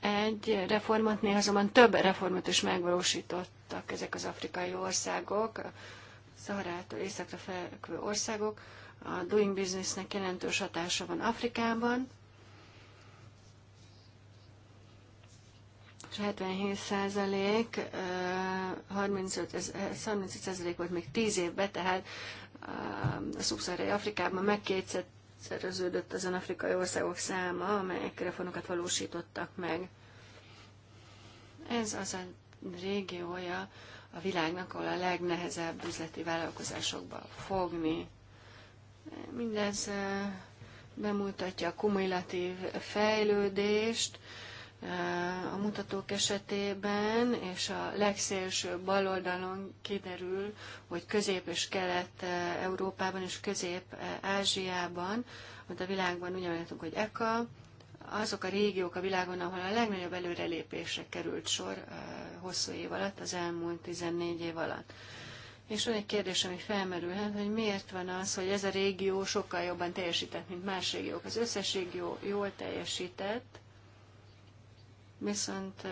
egy reformat, néha azonban több reformot is megvalósítottak ezek az afrikai országok, Szaharától északra fekvő országok. A Doing Businessnek jelentős hatása van Afrikában, és 77 százalék, 35, 35 százalék volt még 10 évben, tehát a szubszarai Afrikában meg kétszereződött azon afrikai országok száma, amelyek reformokat valósítottak meg. Ez az a régiója a világnak, ahol a legnehezebb üzleti vállalkozásokba fogni. Mindez bemutatja a kumulatív fejlődést a mutatók esetében, és a legszélső baloldalon kiderül, hogy Közép- és Kelet-Európában és Közép-Ázsiában, mint a világban úgy említünk, hogy ECA, azok a régiók a világon, ahol a legnagyobb előrelépésre került sor hosszú év alatt, az elmúlt 14 év alatt. És van egy kérdés, ami felmerülhet, hogy miért van az, hogy ez a régió sokkal jobban teljesített, mint más régiók. Az összes régió jól teljesített, viszont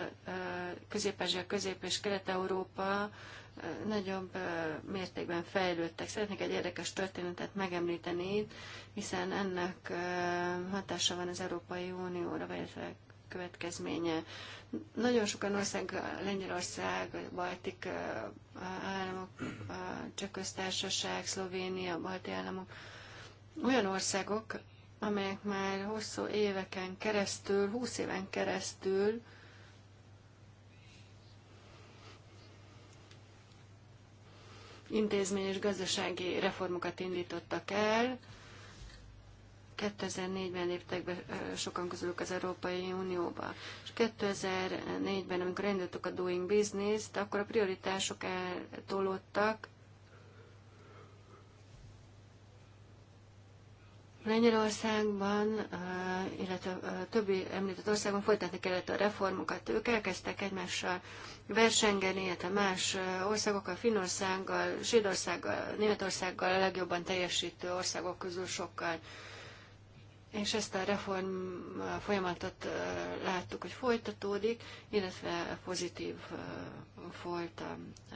Közép-Ázsia, Közép- és Kelet-Európa nagyobb mértékben fejlődtek. Szeretnék egy érdekes történetet megemlíteni itt, hiszen ennek hatása van az Európai Unióra, vagy következménye. Nagyon sokan ország, Lengyelország, Baltik államok, a Szlovénia, Balti államok, olyan országok, amelyek már hosszú éveken keresztül, húsz éven keresztül intézmény és gazdasági reformokat indítottak el, 2004-ben léptek be sokan közülük az Európai Unióba. És 2004-ben, amikor indultuk a Doing Business-t, akkor a prioritások eltolódtak. Lengyelországban, illetve a többi említett országban folytatni kellett a reformokat. Ők elkezdtek egymással versengeni, illetve más országokkal, Finnországgal, Svédországgal, Németországgal a legjobban teljesítő országok közül sokkal és ezt a reform folyamatot láttuk, hogy folytatódik, illetve pozitív volt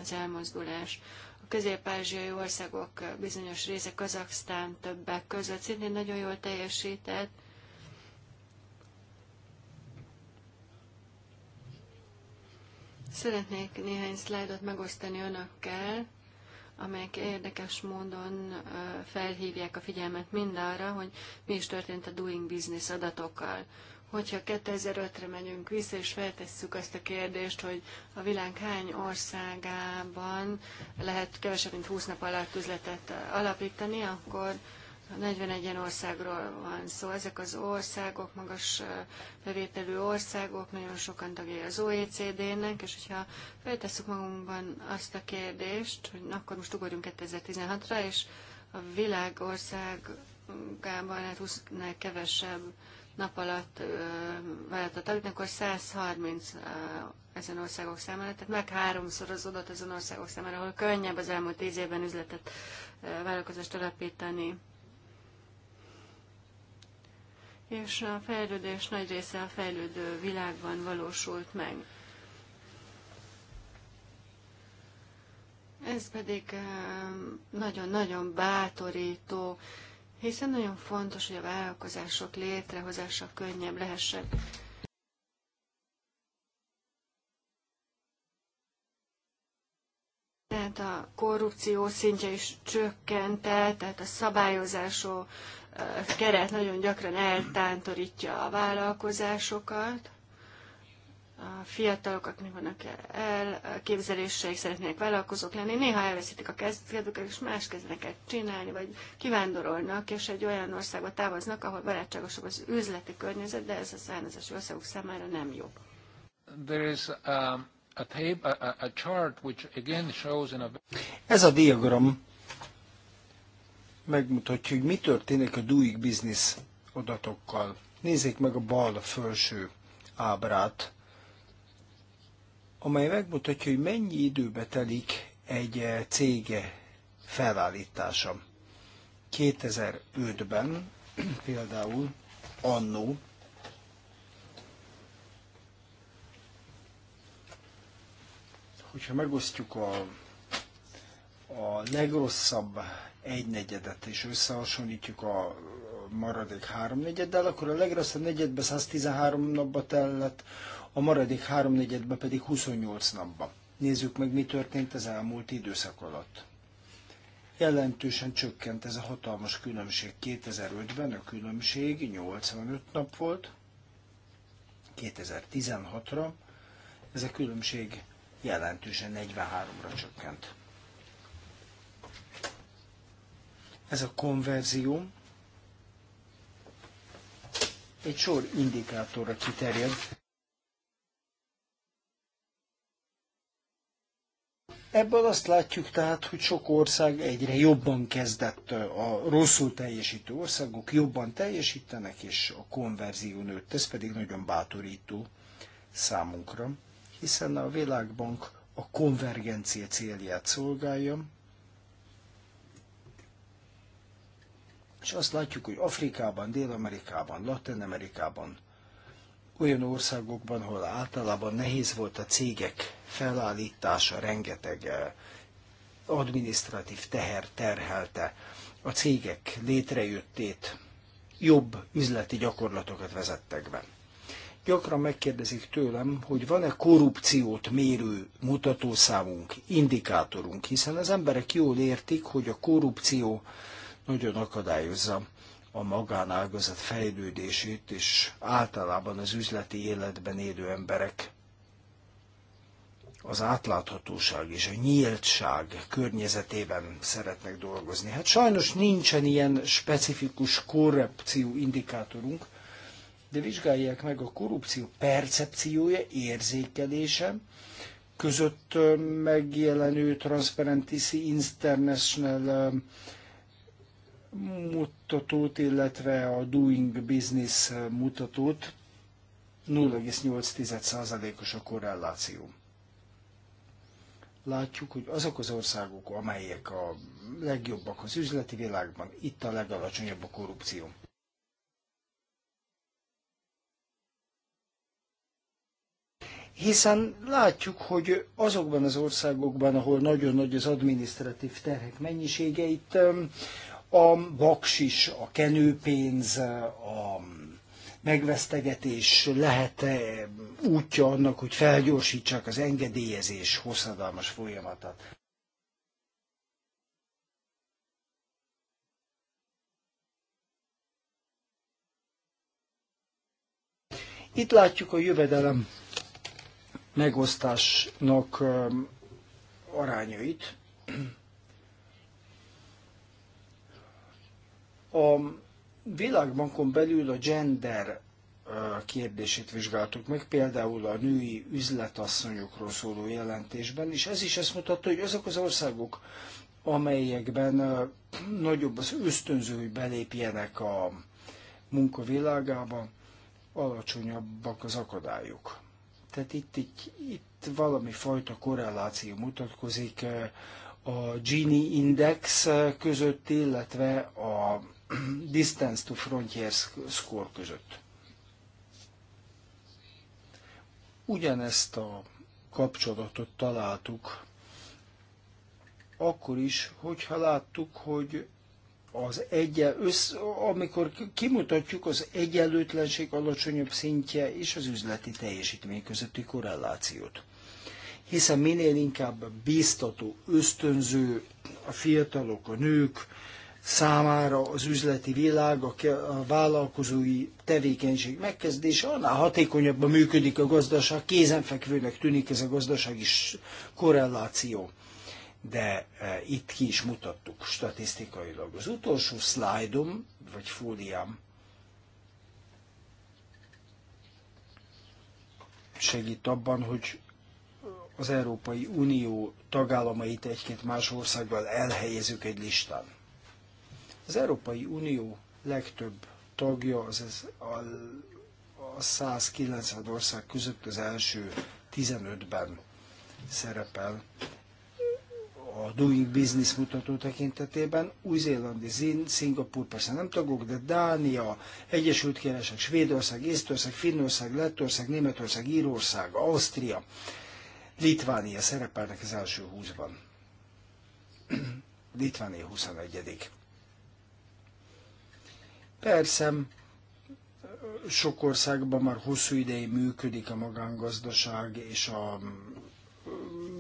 az elmozdulás. A közép-ázsiai országok bizonyos része, Kazaksztán többek között szintén nagyon jól teljesített, Szeretnék néhány szlájdot megosztani önökkel amelyek érdekes módon felhívják a figyelmet mindarra, hogy mi is történt a Doing Business adatokkal. Hogyha 2005-re megyünk vissza, és feltesszük azt a kérdést, hogy a világ hány országában lehet kevesebb, mint 20 nap alatt üzletet alapítani, akkor 41 országról van szó. Ezek az országok, magas bevételű országok, nagyon sokan tagjai az OECD-nek, és hogyha feltesszük magunkban azt a kérdést, hogy akkor most ugorjunk 2016-ra, és a világ országában hát 20 kevesebb nap alatt vállalt a tagnak, akkor 130 ezen országok számára, tehát meg háromszorozódott ezen országok számára, ahol könnyebb az elmúlt tíz évben üzletet, vállalkozást alapítani és a fejlődés nagy része a fejlődő világban valósult meg. Ez pedig eh, nagyon-nagyon bátorító, hiszen nagyon fontos, hogy a vállalkozások létrehozása könnyebb lehessen. Tehát a korrupció szintje is csökkent, tehát a szabályozások keret nagyon gyakran eltántorítja a vállalkozásokat, a fiatalok, akik vannak elképzeléseik, szeretnének vállalkozók lenni, néha elveszítik a kezdetüket, és más kezdenek el csinálni, vagy kivándorolnak, és egy olyan országba távoznak, ahol barátságosabb az üzleti környezet, de ez a származási országok számára nem jó.
There is um, a, a, a chart which again shows in a...
Ez a diagram megmutatja, hogy mi történik a Doing Business adatokkal. Nézzék meg a bal felső ábrát, amely megmutatja, hogy mennyi időbe telik egy eh, cége felállítása. 2005-ben például annó hogyha megosztjuk a a legrosszabb egynegyedet és összehasonlítjuk a maradék háromnegyeddel, akkor a legrosszabb negyedbe 113 napba tellett, a maradék háromnegyedbe pedig 28 napba. Nézzük meg, mi történt az elmúlt időszak alatt. Jelentősen csökkent ez a hatalmas különbség. 2005-ben a különbség 85 nap volt, 2016-ra ez a különbség jelentősen 43-ra csökkent. ez a konverzió egy sor indikátorra kiterjed. Ebből azt látjuk tehát, hogy sok ország egyre jobban kezdett, a rosszul teljesítő országok jobban teljesítenek, és a konverzió nőtt. Ez pedig nagyon bátorító számunkra, hiszen a Világbank a konvergencia célját szolgálja, És azt látjuk, hogy Afrikában, Dél-Amerikában, Latin-Amerikában, olyan országokban, ahol általában nehéz volt a cégek felállítása, rengeteg eh, adminisztratív teher terhelte a cégek létrejöttét, jobb üzleti gyakorlatokat vezettek be. Gyakran megkérdezik tőlem, hogy van-e korrupciót mérő mutatószámunk, indikátorunk, hiszen az emberek jól értik, hogy a korrupció nagyon akadályozza a magánágazat fejlődését, és általában az üzleti életben élő emberek az átláthatóság és a nyíltság környezetében szeretnek dolgozni. Hát sajnos nincsen ilyen specifikus korrupció indikátorunk, de vizsgálják meg a korrupció percepciója, érzékelése, között megjelenő Transparency International mutatót, illetve a Doing Business mutatót, 0,8%-os a korreláció. Látjuk, hogy azok az országok, amelyek a legjobbak az üzleti világban, itt a legalacsonyabb a korrupció. Hiszen látjuk, hogy azokban az országokban, ahol nagyon nagy az adminisztratív terhek mennyisége, itt a baksis, a kenőpénz, a megvesztegetés lehet -e útja annak, hogy felgyorsítsák az engedélyezés hosszadalmas folyamatát? Itt látjuk a jövedelem megosztásnak eh, arányait. A világbankon belül a gender kérdését vizsgáltuk meg, például a női üzletasszonyokról szóló jelentésben, és ez is ezt mutatta, hogy azok az országok, amelyekben nagyobb az ösztönző, hogy belépjenek a munkavilágába, alacsonyabbak az akadályok. Tehát itt, itt, itt valami fajta korreláció mutatkozik a Gini Index között, illetve a Distance to Frontier Score között. Ugyanezt a kapcsolatot találtuk akkor is, hogyha láttuk, hogy az egyen, össz, amikor kimutatjuk az egyenlőtlenség alacsonyabb szintje és az üzleti teljesítmény közötti korrelációt. Hiszen minél inkább bíztató, ösztönző a fiatalok, a nők, számára az üzleti világ, a vállalkozói tevékenység megkezdése, annál hatékonyabban működik a gazdaság, kézenfekvőnek tűnik ez a gazdaság is korreláció. De e, itt ki is mutattuk statisztikailag. Az utolsó szlájdom, vagy fóliám, segít abban, hogy az Európai Unió tagállamait egy-két más országgal elhelyezzük egy listán. Az Európai Unió legtöbb tagja, az a, a 190 ország között az első 15-ben szerepel a Doing Business mutató tekintetében. Új-Zélandi, Szingapur persze nem tagok, de Dánia, Egyesült Királyság, Svédország, Észtország, Finnország, Lettország, Németország, Írország, Ausztria, Litvánia szerepelnek az első 20-ban. Litvánia 21. Persze, sok országban már hosszú ideig működik a magángazdaság és a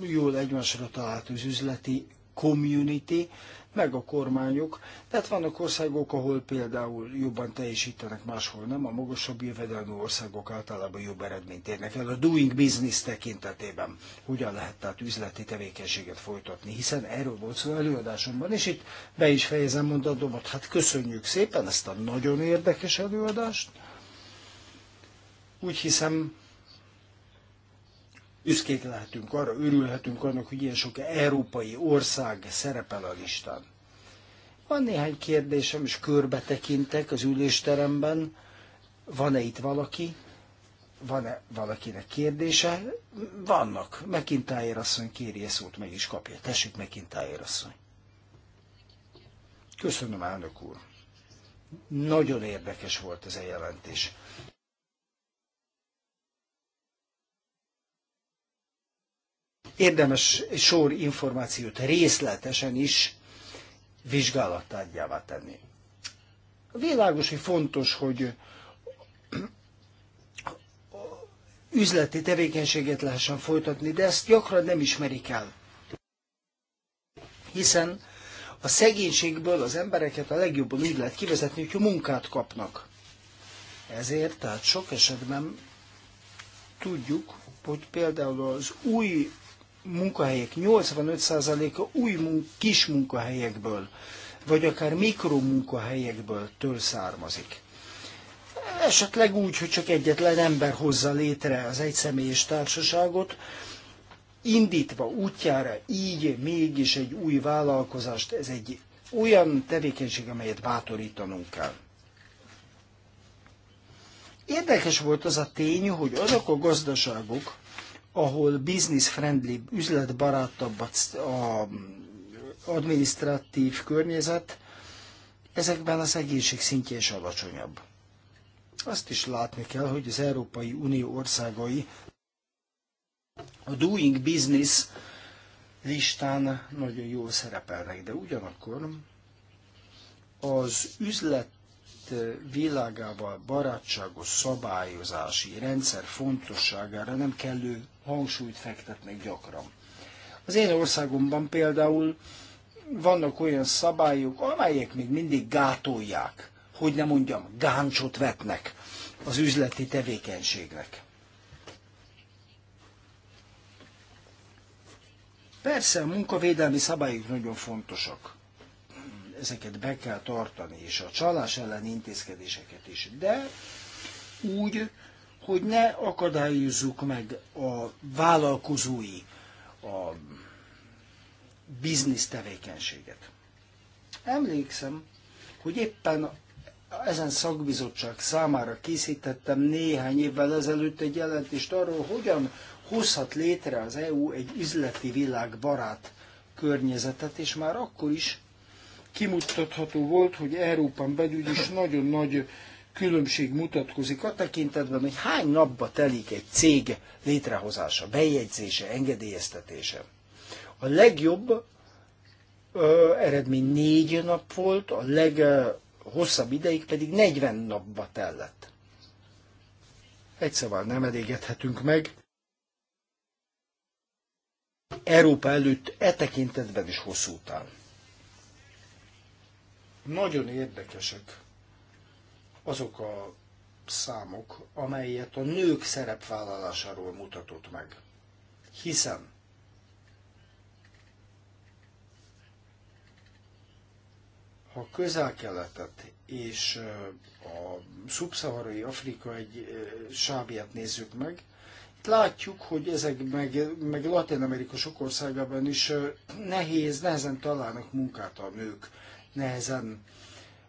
jól egymásra talált üzleti community, meg a kormányok. Tehát vannak országok, ahol például jobban teljesítenek, máshol nem. A magasabb jövedelmű országok általában jobb eredményt érnek el a doing business tekintetében. Hogyan lehet tehát üzleti tevékenységet folytatni, hiszen erről volt szó előadásomban, és itt be is fejezem mondatomat. Hát köszönjük szépen ezt a nagyon érdekes előadást. Úgy hiszem, Büszkék lehetünk arra, örülhetünk annak, hogy ilyen sok európai ország szerepel a listán. Van néhány kérdésem, és körbe tekintek az ülésteremben. Van-e itt valaki? Van-e valakinek kérdése? Vannak. McIntyre asszony kéri a szót, meg is kapja. Tessék, McIntyre asszony. Köszönöm, elnök úr. Nagyon érdekes volt ez a jelentés. érdemes sor információt részletesen is vizsgálattárgyává tenni. Világos, hogy fontos, hogy üzleti tevékenységet lehessen folytatni, de ezt gyakran nem ismerik el. Hiszen a szegénységből az embereket a legjobban úgy lehet kivezetni, hogyha munkát kapnak. Ezért tehát sok esetben tudjuk, hogy például az új munkahelyek 85%-a új mun- kis munkahelyekből, vagy akár mikromunkahelyekből től származik. Esetleg úgy, hogy csak egyetlen ember hozza létre az egyszemélyes társaságot, indítva útjára így mégis egy új vállalkozást, ez egy olyan tevékenység, amelyet bátorítanunk kell. Érdekes volt az a tény, hogy azok a gazdaságok, ahol business friendly, üzletbarátabb az adminisztratív környezet, ezekben az egészség szintje is alacsonyabb. Azt is látni kell, hogy az Európai Unió országai a Doing Business listán nagyon jól szerepelnek, de ugyanakkor az üzlet világával barátságos szabályozási rendszer fontosságára nem kellő hangsúlyt fektetnek gyakran. Az én országomban például vannak olyan szabályok, amelyek még mindig gátolják, hogy nem mondjam, gáncsot vetnek az üzleti tevékenységnek. Persze a munkavédelmi szabályok nagyon fontosak, ezeket be kell tartani, és a csalás ellen intézkedéseket is, de úgy, hogy ne akadályozzuk meg a vállalkozói, a biznisz tevékenységet. Emlékszem, hogy éppen ezen szakbizottság számára készítettem néhány évvel ezelőtt egy jelentést arról, hogyan hozhat létre az EU egy üzleti világ barát környezetet, és már akkor is kimutatható volt, hogy Európán belül is nagyon nagy különbség mutatkozik a tekintetben, hogy hány napba telik egy cég létrehozása, bejegyzése, engedélyeztetése. A legjobb ö, eredmény négy nap volt, a leghosszabb ideig pedig 40 napba tellett. Egy szóval nem elégedhetünk meg. Európa előtt e tekintetben is hosszú után. Nagyon érdekesek azok a számok, amelyet a nők szerepvállalásáról mutatott meg. Hiszen ha közel-keletet és a szubszaharai Afrika egy sábját nézzük meg, itt látjuk, hogy ezek meg, meg latin-amerika sok országában is nehéz, nehezen találnak munkát a nők nehezen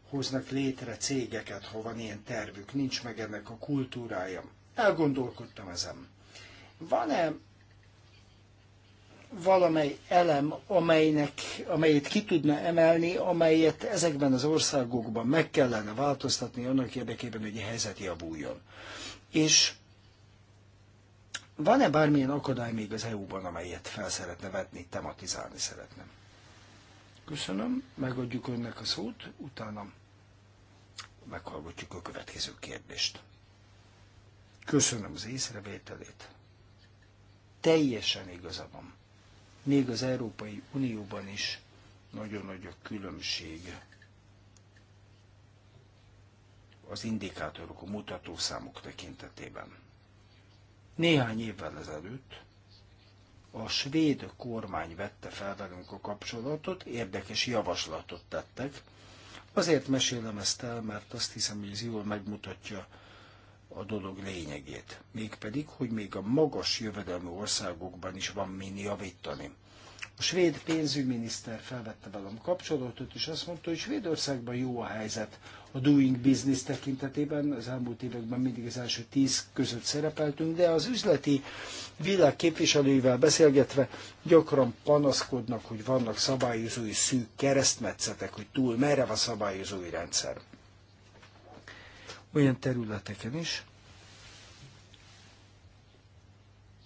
hoznak létre cégeket, ha van ilyen tervük, nincs meg ennek a kultúrája. Elgondolkodtam ezen. Van-e valamely elem, amelynek, amelyet ki tudna emelni, amelyet ezekben az országokban meg kellene változtatni annak érdekében, hogy a helyzet javuljon. És van-e bármilyen akadály még az EU-ban, amelyet fel szeretne vetni, tematizálni szeretném? Köszönöm, megadjuk önnek a szót, utána meghallgatjuk a következő kérdést. Köszönöm az észrevételét. Teljesen igaza van. Még az Európai Unióban is nagyon nagy a különbség az indikátorok, a mutatószámok tekintetében. Néhány évvel ezelőtt a svéd kormány vette fel velünk a kapcsolatot, érdekes javaslatot tettek. Azért mesélem ezt el, mert azt hiszem, hogy ez jól megmutatja a dolog lényegét. Mégpedig, hogy még a magas jövedelmi országokban is van min javítani. A svéd pénzügyminiszter felvette velem kapcsolatot, és azt mondta, hogy Svédországban jó a helyzet, a doing business tekintetében. Az elmúlt években mindig az első tíz között szerepeltünk, de az üzleti világ képviselőivel beszélgetve gyakran panaszkodnak, hogy vannak szabályozói szűk keresztmetszetek, hogy túl merre van szabályozói rendszer. Olyan területeken is,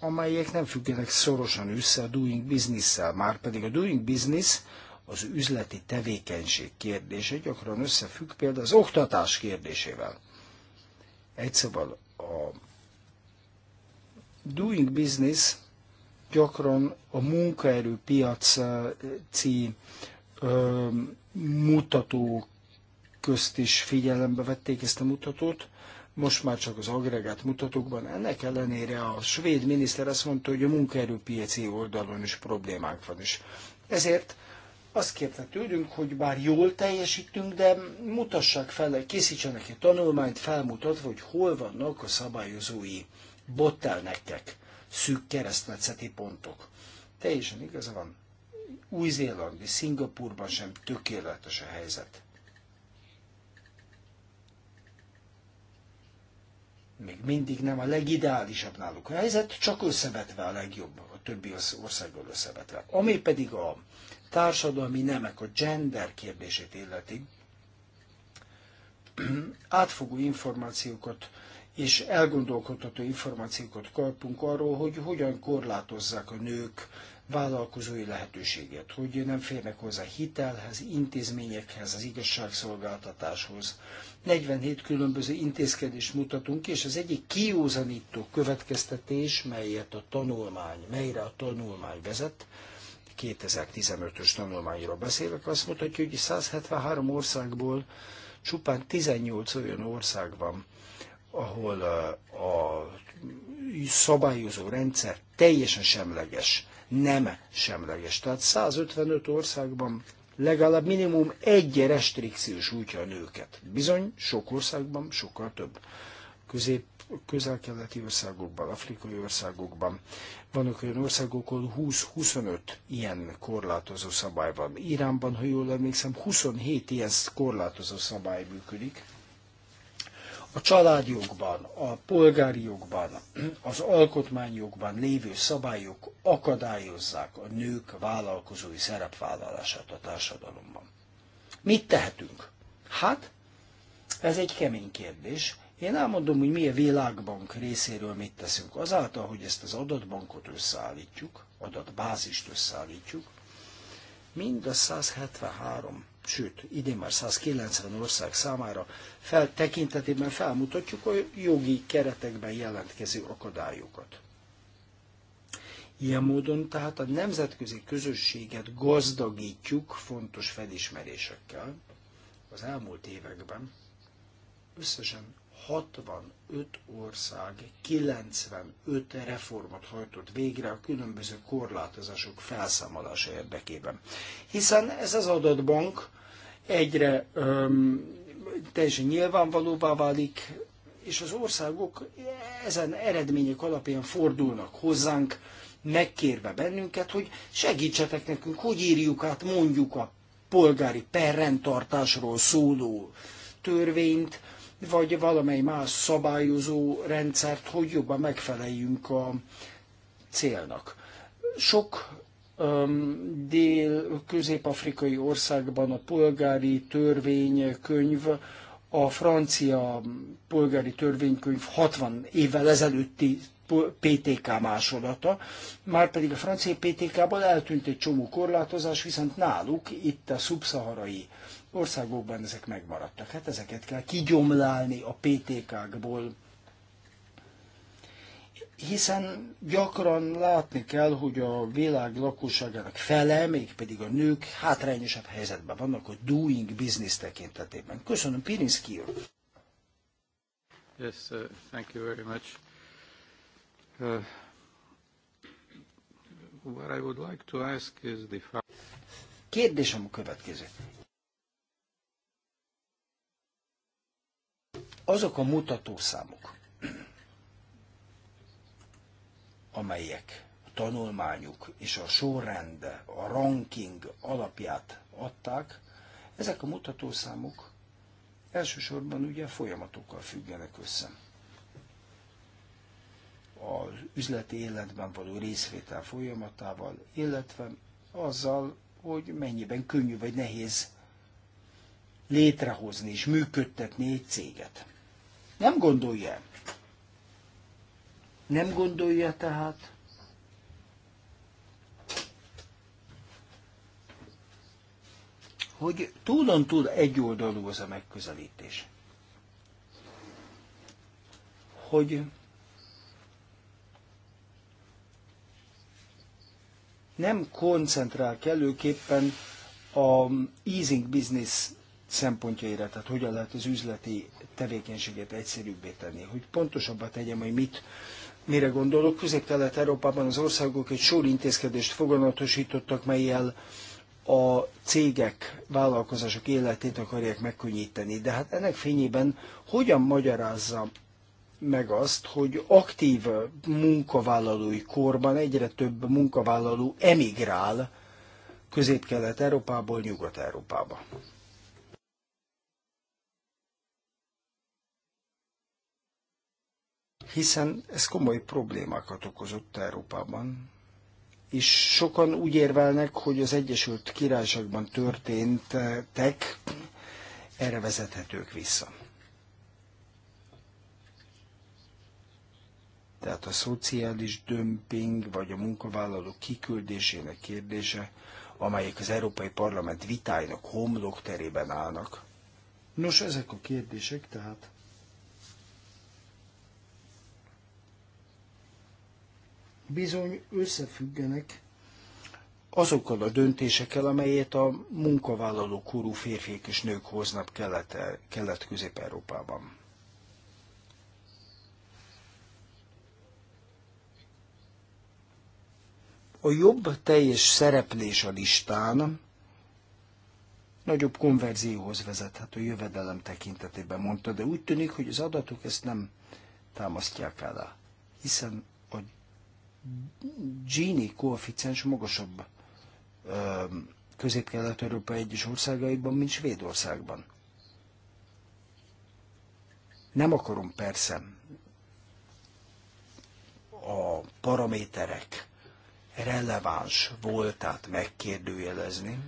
amelyek nem függenek szorosan össze a doing business-szel. pedig a doing business az üzleti tevékenység kérdése gyakran összefügg például az oktatás kérdésével. Egy szóval a doing business gyakran a munkaerőpiaci mutató közt is figyelembe vették ezt a mutatót, most már csak az agregát mutatókban. Ennek ellenére a svéd miniszter azt mondta, hogy a munkaerőpiaci oldalon is problémák van is. Ezért azt kérte tőlünk, hogy bár jól teljesítünk, de mutassák fel, készítsenek egy tanulmányt felmutatva, hogy hol vannak a szabályozói bottelnektek, szűk keresztmetszeti pontok. Teljesen igaza van. Új-Zélandi, Szingapurban sem tökéletes a helyzet. Még mindig nem a legideálisabb náluk a helyzet, csak összevetve a legjobb, a többi országgal összevetve. Ami pedig a társadalmi nemek, a gender kérdését illeti, átfogó információkat és elgondolkodható információkat kapunk arról, hogy hogyan korlátozzák a nők vállalkozói lehetőséget, hogy nem férnek hozzá hitelhez, intézményekhez, az igazságszolgáltatáshoz. 47 különböző intézkedést mutatunk, és az egyik kiózanító következtetés, melyet a tanulmány, melyre a tanulmány vezet, 2015-ös tanulmányról beszélek, azt mutatja, hogy 173 országból csupán 18 olyan ország van, ahol eh, a szabályozó rendszer teljesen semleges, nem semleges. Tehát 155 országban legalább minimum egy restrikciós útja a nőket. Bizony, sok országban sokkal több. Közép közel-keleti országokban, afrikai országokban. Vannak olyan országok, ahol 20-25 ilyen korlátozó szabály van. Iránban, ha jól emlékszem, 27 ilyen korlátozó szabály működik. A családjogban, a polgári jogban, az alkotmányjogban lévő szabályok akadályozzák a nők vállalkozói szerepvállalását a társadalomban. Mit tehetünk? Hát, ez egy kemény kérdés, én elmondom, hogy mi a világbank részéről mit teszünk. Azáltal, hogy ezt az adatbankot összeállítjuk, adatbázist összeállítjuk, mind a 173, sőt, idén már 190 ország számára fel, tekintetében felmutatjuk a jogi keretekben jelentkező akadályokat. Ilyen módon tehát a nemzetközi közösséget gazdagítjuk fontos felismerésekkel. Az elmúlt években összesen 65 ország 95 reformot hajtott végre a különböző korlátozások felszámolása érdekében. Hiszen ez az adatbank egyre öm, teljesen nyilvánvalóvá válik, és az országok ezen eredmények alapján fordulnak hozzánk, megkérve bennünket, hogy segítsetek nekünk, hogy írjuk át mondjuk a polgári perrendtartásról szóló törvényt, vagy valamely más szabályozó rendszert, hogy jobban megfeleljünk a célnak. Sok um, dél-közép-afrikai országban a polgári törvénykönyv, a francia polgári törvénykönyv 60 évvel ezelőtti PTK másolata, már pedig a francia PTK-ban eltűnt egy csomó korlátozás, viszont náluk itt a szubszaharai országokban ezek megmaradtak. Hát ezeket kell kigyomlálni a PTK-kból, hiszen gyakran látni kell, hogy a világ lakosságának fele, mégpedig a nők hátrányosabb helyzetben vannak a doing business tekintetében. Köszönöm, Pirinszki úr!
Yes, uh, thank you very much. Uh, what
I would like to ask is the... Kérdésem a következő. Azok a mutatószámok, amelyek a tanulmányuk és a sorrend, a ranking alapját adták, ezek a mutatószámok elsősorban ugye folyamatokkal függenek össze. Az üzleti életben való részvétel folyamatával, illetve azzal, hogy mennyiben könnyű vagy nehéz létrehozni és működtetni egy céget. Nem gondolja. Nem gondolja tehát, hogy túlon túl egyoldalú az a megközelítés. Hogy nem koncentrál kellőképpen a easing business szempontjaira, tehát hogyan lehet az üzleti tevékenységét egyszerűbbé tenni. Hogy pontosabban tegyem, hogy mit, mire gondolok. Közép-Kelet-Európában az országok egy sor intézkedést foganatosítottak, melyel a cégek, vállalkozások életét akarják megkönnyíteni. De hát ennek fényében hogyan magyarázza meg azt, hogy aktív munkavállalói korban egyre több munkavállaló emigrál Közép-Kelet-Európából Nyugat-Európába. hiszen ez komoly problémákat okozott Európában. És sokan úgy érvelnek, hogy az Egyesült Királyságban történtek, eh, erre vezethetők vissza. Tehát a szociális dömping vagy a munkavállalók kiküldésének kérdése, amelyek az Európai Parlament vitáinak homlok terében állnak. Nos, ezek a kérdések tehát bizony összefüggenek azokkal a döntésekkel, amelyet a munkavállaló korú férfiak és nők hoznak Kelet-Közép-Európában. Kelet a jobb teljes szereplés a listán nagyobb konverzióhoz vezethető jövedelem tekintetében mondta, de úgy tűnik, hogy az adatok ezt nem támasztják alá, hiszen Gini koeficiens magasabb közép-kelet-európa egyes országaiban, mint Svédországban. Nem akarom persze a paraméterek releváns voltát megkérdőjelezni,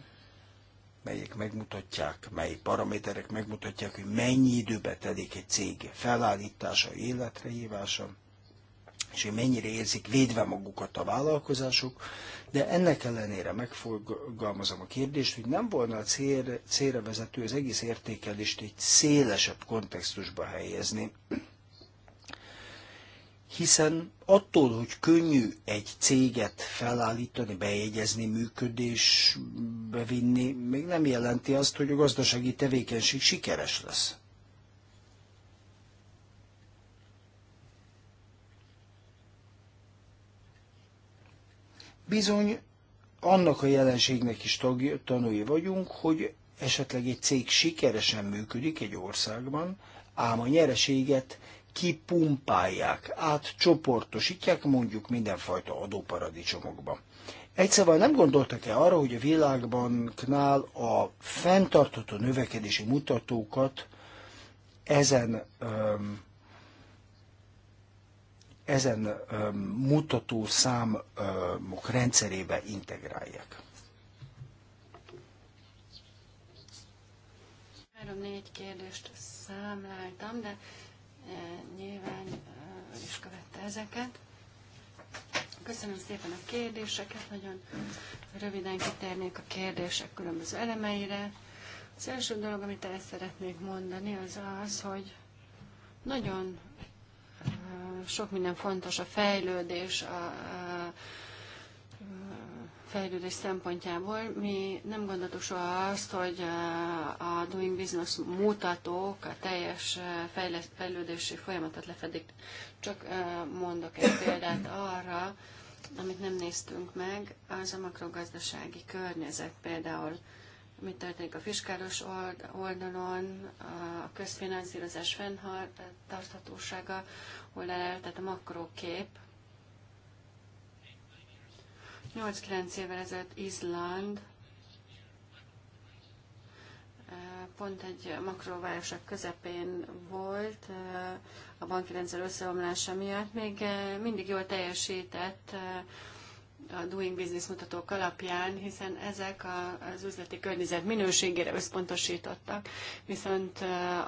melyek megmutatják, mely paraméterek megmutatják, hogy mennyi időbe telik egy cég felállítása, életre hívása és hogy mennyire érzik védve magukat a vállalkozások, de ennek ellenére megfogalmazom a kérdést, hogy nem volna a cél, célra vezető az egész értékelést egy szélesebb kontextusba helyezni, hiszen attól, hogy könnyű egy céget felállítani, bejegyezni, működésbe vinni, még nem jelenti azt, hogy a gazdasági tevékenység sikeres lesz. Bizony annak a jelenségnek is tagja, tanúi vagyunk, hogy esetleg egy cég sikeresen működik egy országban, ám a nyereséget kipumpálják, átcsoportosítják mondjuk mindenfajta adóparadicsomokba. Egyszerűen szóval nem gondoltak-e arra, hogy a világbanknál a fenntartható növekedési mutatókat ezen öm, ezen mutató számok rendszerébe integrálják.
3-4 kérdést számláltam, de e, nyilván is követte ezeket. Köszönöm szépen a kérdéseket, nagyon röviden kitérnék a kérdések különböző elemeire. Az első dolog, amit el szeretnék mondani, az az, hogy nagyon sok minden fontos, a fejlődés, a, a fejlődés szempontjából. Mi nem gondoltuk soha azt, hogy a Doing Business mutatók a teljes e, fejlődési folyamatot lefedik. Csak e, mondok egy példát arra, amit nem néztünk meg, az a makrogazdasági környezet például mi történik a fiskális oldalon, a közfinanszírozás fenntarthatósága, hol tehát a makrókép. 8-9 évvel ezelőtt Izland eh, pont egy makróvárosak közepén volt eh, a banki rendszer összeomlása miatt, még eh, mindig jól teljesített a Doing Business mutatók alapján, hiszen ezek az üzleti környezet minőségére összpontosítottak, viszont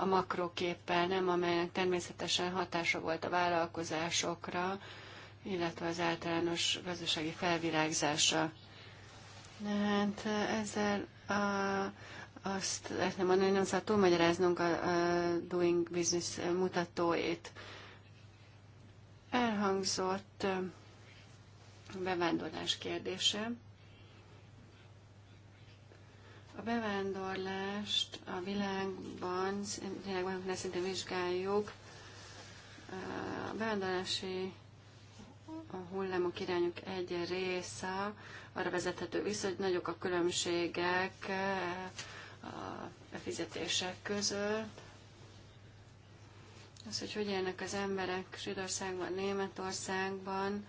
a makroképpel nem, amelynek természetesen hatása volt a vállalkozásokra, illetve az általános gazdasági felvirágzása. Hát ezzel a, azt lehetne mondani, hogy nem szabad túlmagyaráznunk a, a Doing Business mutatóit. Elhangzott bevándorlás kérdése. A bevándorlást a világban, világban szinte vizsgáljuk, a bevándorlási a hullámok irányok egy része arra vezethető vissza, hogy nagyok a különbségek a befizetések között. Az, hogy hogy élnek az emberek Svédországban, Németországban,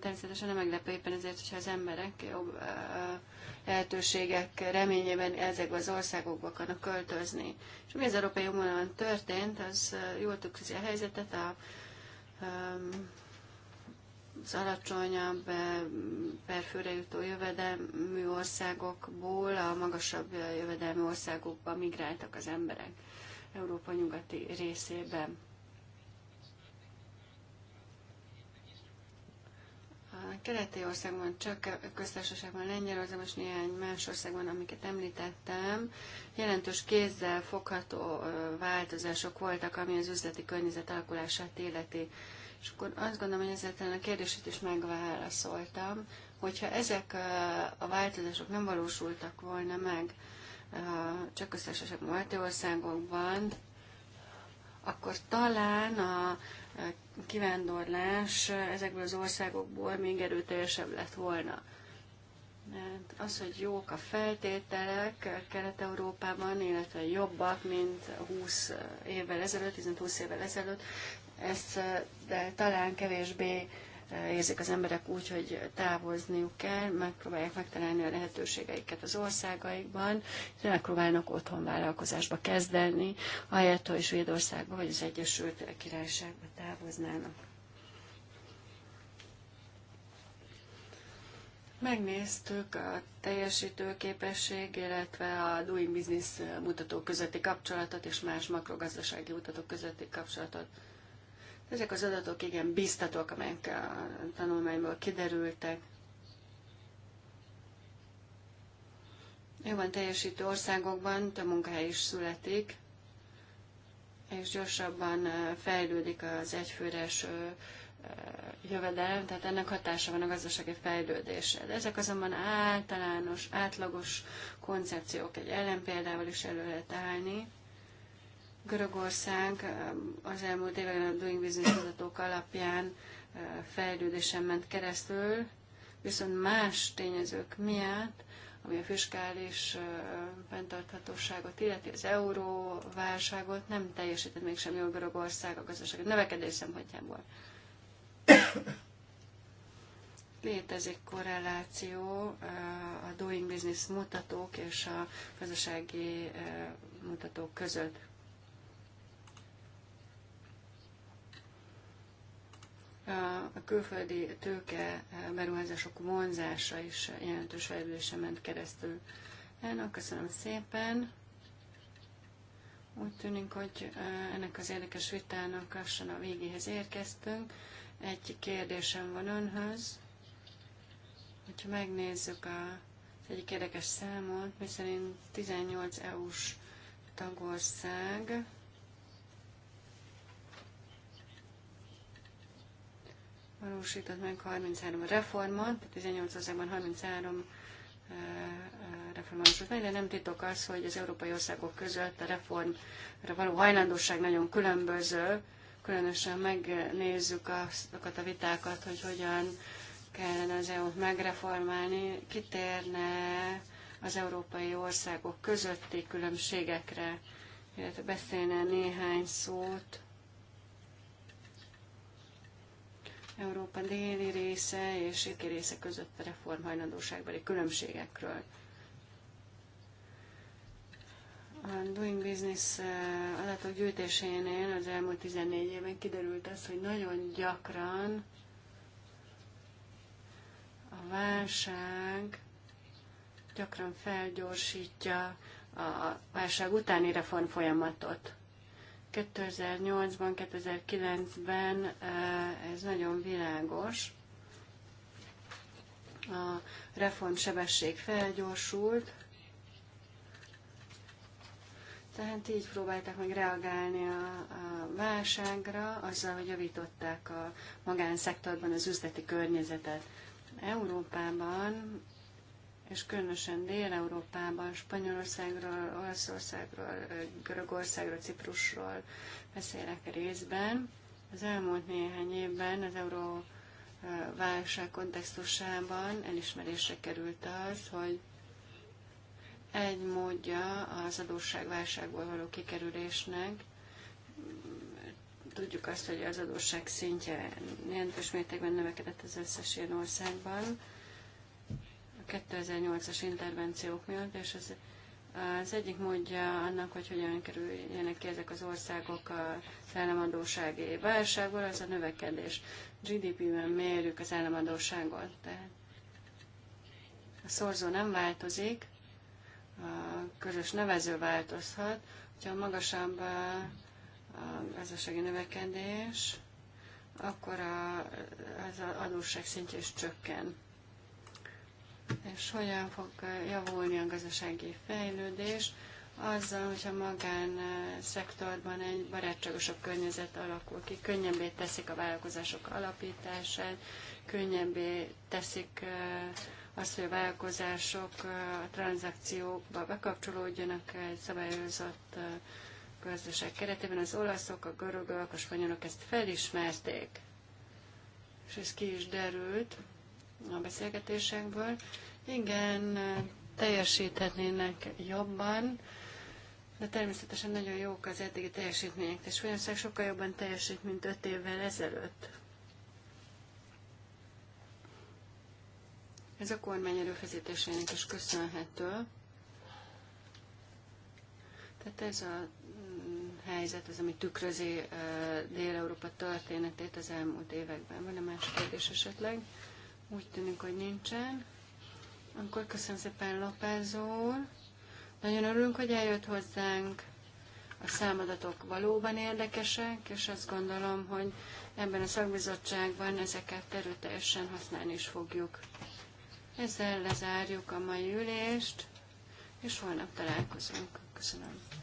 Természetesen nem meglepő éppen ezért, hogyha az emberek jobb lehetőségek reményében ezekbe az országokba akarnak költözni. És mi az Európai Unióban történt, az jól tükrözi a helyzetet, a, az alacsonyabb perfőre jutó jövedelmű országokból a magasabb jövedelmű országokba migráltak az emberek Európa nyugati részében. keleti országban, csak köztársaságban, Lengyelországban és néhány más országban, amiket említettem, jelentős kézzel fogható változások voltak, ami az üzleti környezet alakulását illeti. És akkor azt gondolom, hogy ezzel a kérdését is megválaszoltam, hogyha ezek a változások nem valósultak volna meg csak köztársaságban, országokban, akkor talán a kivándorlás ezekből az országokból még erőteljesebb lett volna. Hát az, hogy jók a feltételek Kelet-Európában, illetve jobbak, mint 20 évvel ezelőtt, 15-20 évvel ezelőtt, ezt de talán kevésbé érzik az emberek úgy, hogy távozniuk kell, megpróbálják megtalálni a lehetőségeiket az országaikban, és megpróbálnak otthon vállalkozásba kezdeni, ahelyett, hogy Svédországba vagy az Egyesült Királyságba távoznának. Megnéztük a teljesítőképesség, illetve a Doing Business mutató közötti kapcsolatot és más makrogazdasági mutatók közötti kapcsolatot. Ezek az adatok igen biztatók, amelyek a tanulmányból kiderültek. Jóban teljesítő országokban több munkahely is születik, és gyorsabban fejlődik az egyfőres jövedelem, tehát ennek hatása van a gazdasági fejlődésre. De ezek azonban általános, átlagos koncepciók egy ellenpéldával is elő lehet állni. Görögország az elmúlt években a Doing Business adatok alapján fejlődésen ment keresztül, viszont más tényezők miatt, ami a fiskális fenntarthatóságot illeti, az euróválságot nem teljesített mégsem jól Görögország a gazdaság növekedés szempontjából. Létezik korreláció a doing business mutatók és a gazdasági mutatók között. a külföldi tőke e, beruházások vonzása is jelentős fejlődése ment keresztül. Elnök, köszönöm szépen. Úgy tűnik, hogy e, ennek az érdekes vitának lassan a végéhez érkeztünk. Egy kérdésem van önhöz. Hogyha megnézzük a, egyik érdekes számot, miszerint 18 EU-s tagország valósított meg 33 reformot, 18 országban 33 valósult meg, de nem titok az, hogy az európai országok között a reformra való hajlandóság nagyon különböző, különösen megnézzük azokat a vitákat, hogy hogyan kellene az EU-t megreformálni, kitérne az európai országok közötti különbségekre, illetve beszélne néhány szót Európa déli része és éki része között a reformhajlandóságbeli különbségekről. A Doing Business eh, adatok gyűjtésénél az elmúlt 14 évben kiderült az, hogy nagyon gyakran a válság gyakran felgyorsítja a válság utáni reform folyamatot. 2008-ban, 2009-ben ez nagyon világos. A reformsebesség felgyorsult, tehát így próbálták meg reagálni a, a válságra, azzal, hogy javították a magánszektorban az üzleti környezetet. Európában és különösen Dél-Európában, Spanyolországról, Olaszországról, Görögországról, Ciprusról beszélek részben. Az elmúlt néhány évben az euró válság kontextusában elismerésre került az, hogy egy módja az adósságválságból való kikerülésnek, tudjuk azt, hogy az adósság szintje jelentős mértékben növekedett az összes ilyen országban, 2008-as intervenciók miatt, és az, az egyik módja annak, hogy hogyan kerüljenek ki ezek az országok a államadósági válságból, az a növekedés. GDP-ben mérjük az államadóságot, tehát a szorzó nem változik, a közös nevező változhat, hogyha magasabb a gazdasági növekedés, akkor a, az adósság szintje is csökken és hogyan fog javulni a gazdasági fejlődés azzal, hogyha a magán szektorban egy barátságosabb környezet alakul ki, könnyebbé teszik a vállalkozások alapítását, könnyebbé teszik azt, hogy a vállalkozások a tranzakciókba bekapcsolódjanak egy szabályozott gazdaság keretében. Az olaszok, a görögök, a spanyolok ezt felismerték, és ez ki is derült a beszélgetésekből. Igen, teljesíthetnének jobban, de természetesen nagyon jók az eddigi teljesítmények, és Svédország sokkal jobban teljesít, mint öt évvel ezelőtt. Ez a kormány erőfeszítésének is köszönhető. Tehát ez a mm, helyzet az, ami tükrözi Dél-Európa történetét az elmúlt években. Van-e más kérdés esetleg? Úgy tűnik, hogy nincsen. Akkor köszönöm szépen López úr. Nagyon örülünk, hogy eljött hozzánk. A számadatok valóban érdekesek, és azt gondolom, hogy ebben a szakbizottságban ezeket erőteljesen használni is fogjuk. Ezzel lezárjuk a mai ülést, és holnap találkozunk. Köszönöm.